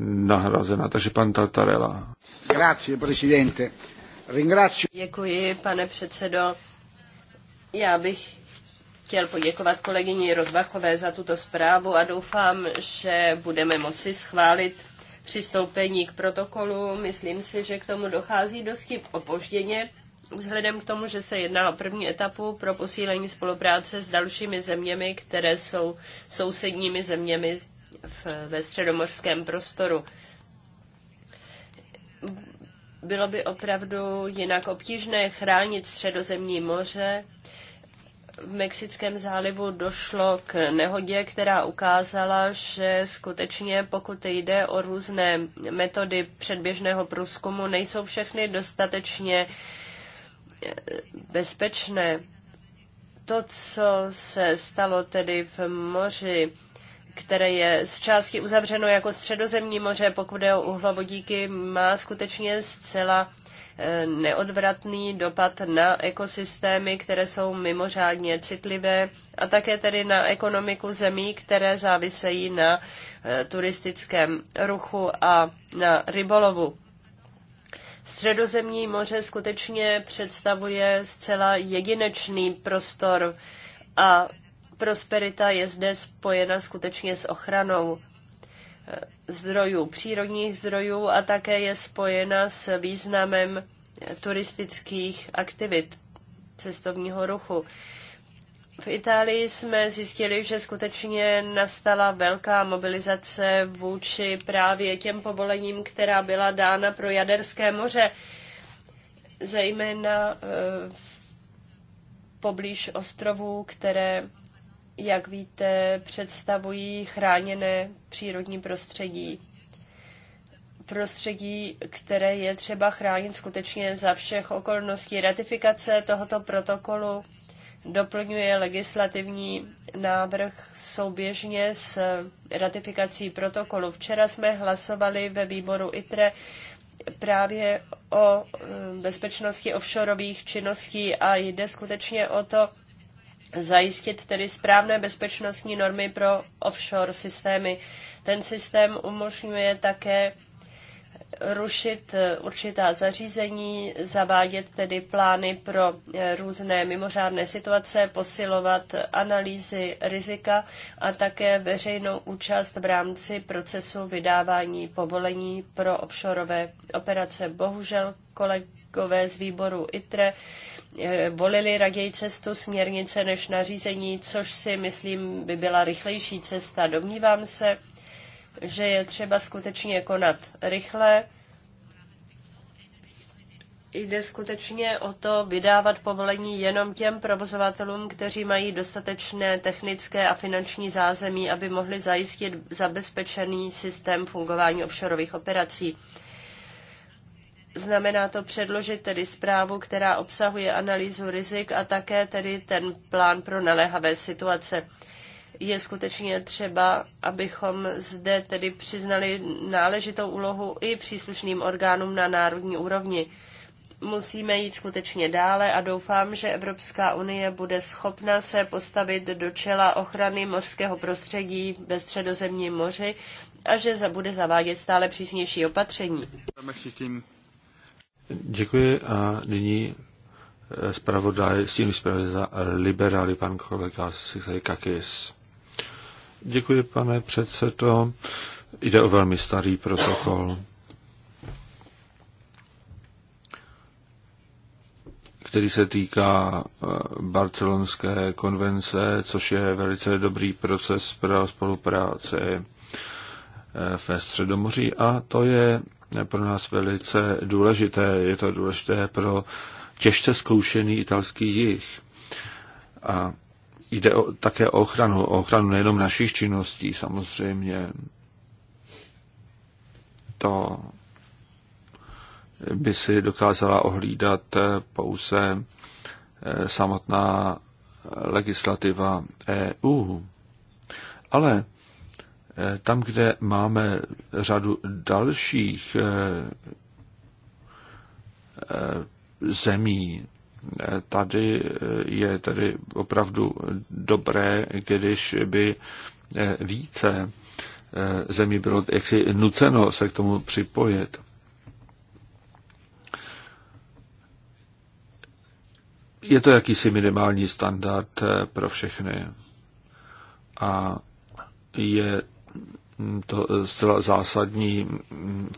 nahrazena. Takže pan Tatarela. Grazie, presidente. Ringrazio. Děkuji, pane předsedo. Já bych chtěl poděkovat kolegyni Rozbachové za tuto zprávu a doufám, že budeme moci schválit přistoupení k protokolu. Myslím si, že k tomu dochází dosti opožděně, vzhledem k tomu, že se jedná o první etapu pro posílení spolupráce s dalšími zeměmi, které jsou sousedními zeměmi v, ve středomořském prostoru. Bylo by opravdu jinak obtížné chránit středozemní moře v Mexickém zálivu došlo k nehodě, která ukázala, že skutečně pokud jde o různé metody předběžného průzkumu, nejsou všechny dostatečně eh, bezpečné. To, co se stalo tedy v moři, které je z části uzavřeno jako středozemní moře, pokud je o uhlovodíky, má skutečně zcela Eh, neodvratný dopad na ekosystémy, které jsou mimořádně citlivé a také tedy na ekonomiku zemí, které závisejí na eh, turistickém ruchu a na rybolovu. Středozemní moře skutečně představuje zcela jedinečný prostor a prosperita je zde spojena skutečně s ochranou zdrojů, přírodních zdrojů a také je spojena s významem turistických aktivit cestovního ruchu. V Itálii jsme zjistili, že skutečně nastala velká mobilizace vůči právě těm povolením, která byla dána pro Jaderské moře, zejména eh, poblíž ostrovů, které jak víte, představují chráněné přírodní prostředí. Prostředí, které je třeba chránit skutečně za všech okolností. Ratifikace tohoto protokolu doplňuje legislativní návrh souběžně s ratifikací protokolu. Včera jsme hlasovali ve výboru ITRE právě o e, bezpečnosti offshoreových činností a jde skutečně o to zajistit tedy správné bezpečnostní normy pro offshore systémy. Ten systém umožňuje také rušit eh, určitá zařízení, zavádět tedy plány pro eh, různé mimořádné situace, posilovat analýzy rizika a také veřejnou účast v rámci procesu vydávání povolení pro offshoreové operace. Bohužel kolegové z výboru ITRE Eh, volili raději cestu směrnice než nařízení, což si myslím by byla rychlejší cesta. Domnívám se, že je třeba skutečně konat rychle. Jde skutečně o to vydávat povolení jenom těm provozovatelům, kteří mají dostatečné technické a finanční zázemí, aby mohli zajistit zabezpečený systém fungování offshoreových operací. Znamená to předložit tedy zprávu, která obsahuje analýzu rizik a také tedy ten plán pro naléhavé situace. Je skutečně třeba, abychom zde tedy přiznali náležitou úlohu i příslušným orgánům na národní úrovni. Musíme jít skutečně dále a doufám, že Evropská unie bude schopna se postavit do čela ochrany mořského prostředí ve středozemním moři a že bude zavádět stále přísnější opatření. Děkuji a nyní eh, zpravodaj, stínu zpravodaj za liberály, pan kolega Kakis. Děkuji, pane předsedo. Jde o velmi starý protokol, který se týká eh, barcelonské konvence, což je velice dobrý proces pro spolupráci eh, ve Středomoří a to je pro nás velice důležité. Je to důležité pro těžce zkoušený italský jich. A jde o, také o ochranu, o ochranu nejenom našich činností samozřejmě. To by si dokázala ohlídat pouze eh, samotná legislativa EU. Ale Eh, tam, kde máme řadu dalších eh, eh, zemí, tady je tedy opravdu dobré, když by více zemí bylo jaksi nuceno se k tomu připojit. Je to jakýsi minimální standard pro všechny a je to zcela zásadní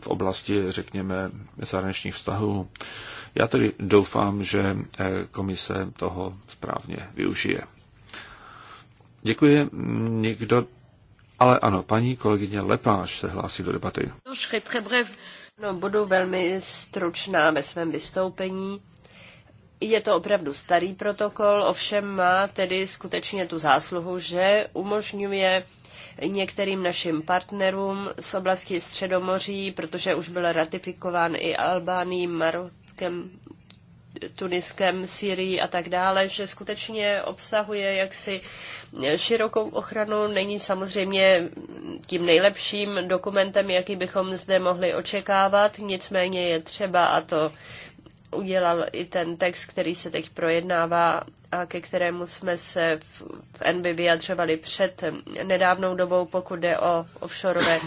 v oblasti, řekněme, zahraničních vztahů. Já tedy doufám, že eh, komise toho správně využije. Děkuji. Někdo ale ano, paní kolegyně Lepáš se hlásí do debaty. No, budu velmi stručná ve svém vystoupení. Je to opravdu starý protokol, ovšem má tedy skutečně tu zásluhu, že umožňuje některým našim partnerům z oblasti Středomoří, protože už byl ratifikován i Albánií, Marokem, Tuniskem, Syrií a tak dále, že skutečně obsahuje jaksi širokou ochranu. Není samozřejmě tím nejlepším dokumentem, jaký bychom zde mohli očekávat, nicméně je třeba, a to udělal i ten text, který se teď projednává a ke kterému jsme se v, v NB vyjadřovali před nedávnou dobou, pokud jde o offshore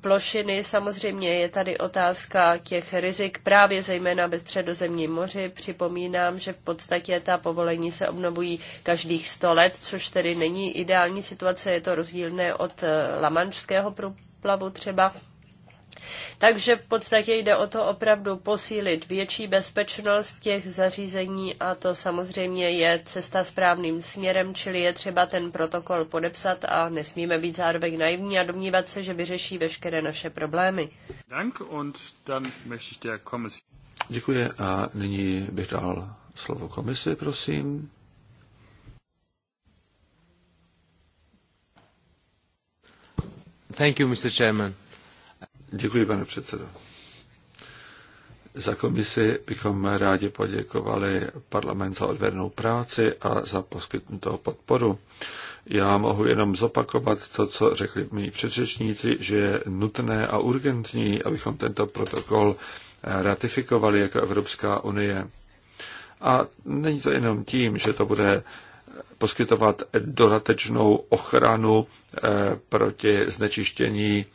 plošiny. Samozřejmě je tady otázka těch rizik právě zejména ve středozemním moři. Připomínám, že v podstatě ta povolení se obnovují každých 100 let, což tedy není ideální situace, je to rozdílné od eh, lamančského průplavu třeba takže v podstatě jde o to opravdu posílit větší bezpečnost těch zařízení a to samozřejmě je cesta správným směrem, čili je třeba ten protokol podepsat a nesmíme být zároveň naivní a domnívat se, že vyřeší veškeré naše problémy. Dank und dann möchte ich der Děkuji a nyní bych dal slovo komisi, prosím. Thank you, Mr. Chairman. Děkuji, pane předsedo. Za komisi bychom rádi poděkovali parlament za odvednou práci a za poskytnutou podporu. Já mohu jenom zopakovat to, co řekli mý předřečníci, že je nutné a urgentní, abychom tento protokol ratifikovali jako Evropská unie. A není to jenom tím, že to bude poskytovat dodatečnou ochranu eh, proti znečištění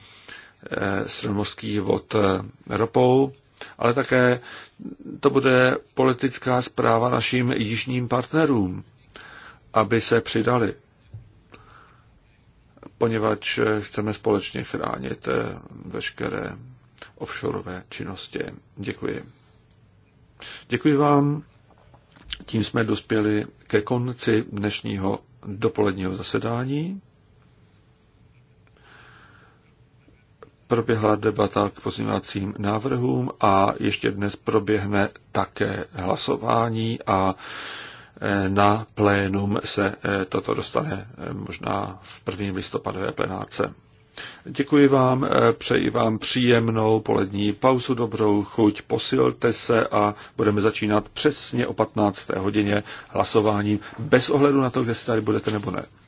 Eh, sredomorských vod eh, ropou, ale také to bude politická zpráva našim jižním partnerům, aby se přidali, poněvadž chceme společně chránit eh, veškeré offshoreové činnosti. Děkuji. Děkuji vám. Tím jsme dospěli ke konci dnešního dopoledního zasedání. proběhla debata k pozměňovacím návrhům a ještě dnes proběhne také hlasování a e, na plénum se e, toto dostane e, možná v prvním listopadové plenárce. Děkuji vám, přeji vám příjemnou polední pauzu, dobrou chuť, posilte se a budeme začínat přesně o 15. hodině hlasováním, bez ohledu na to, kde se tady budete nebo ne.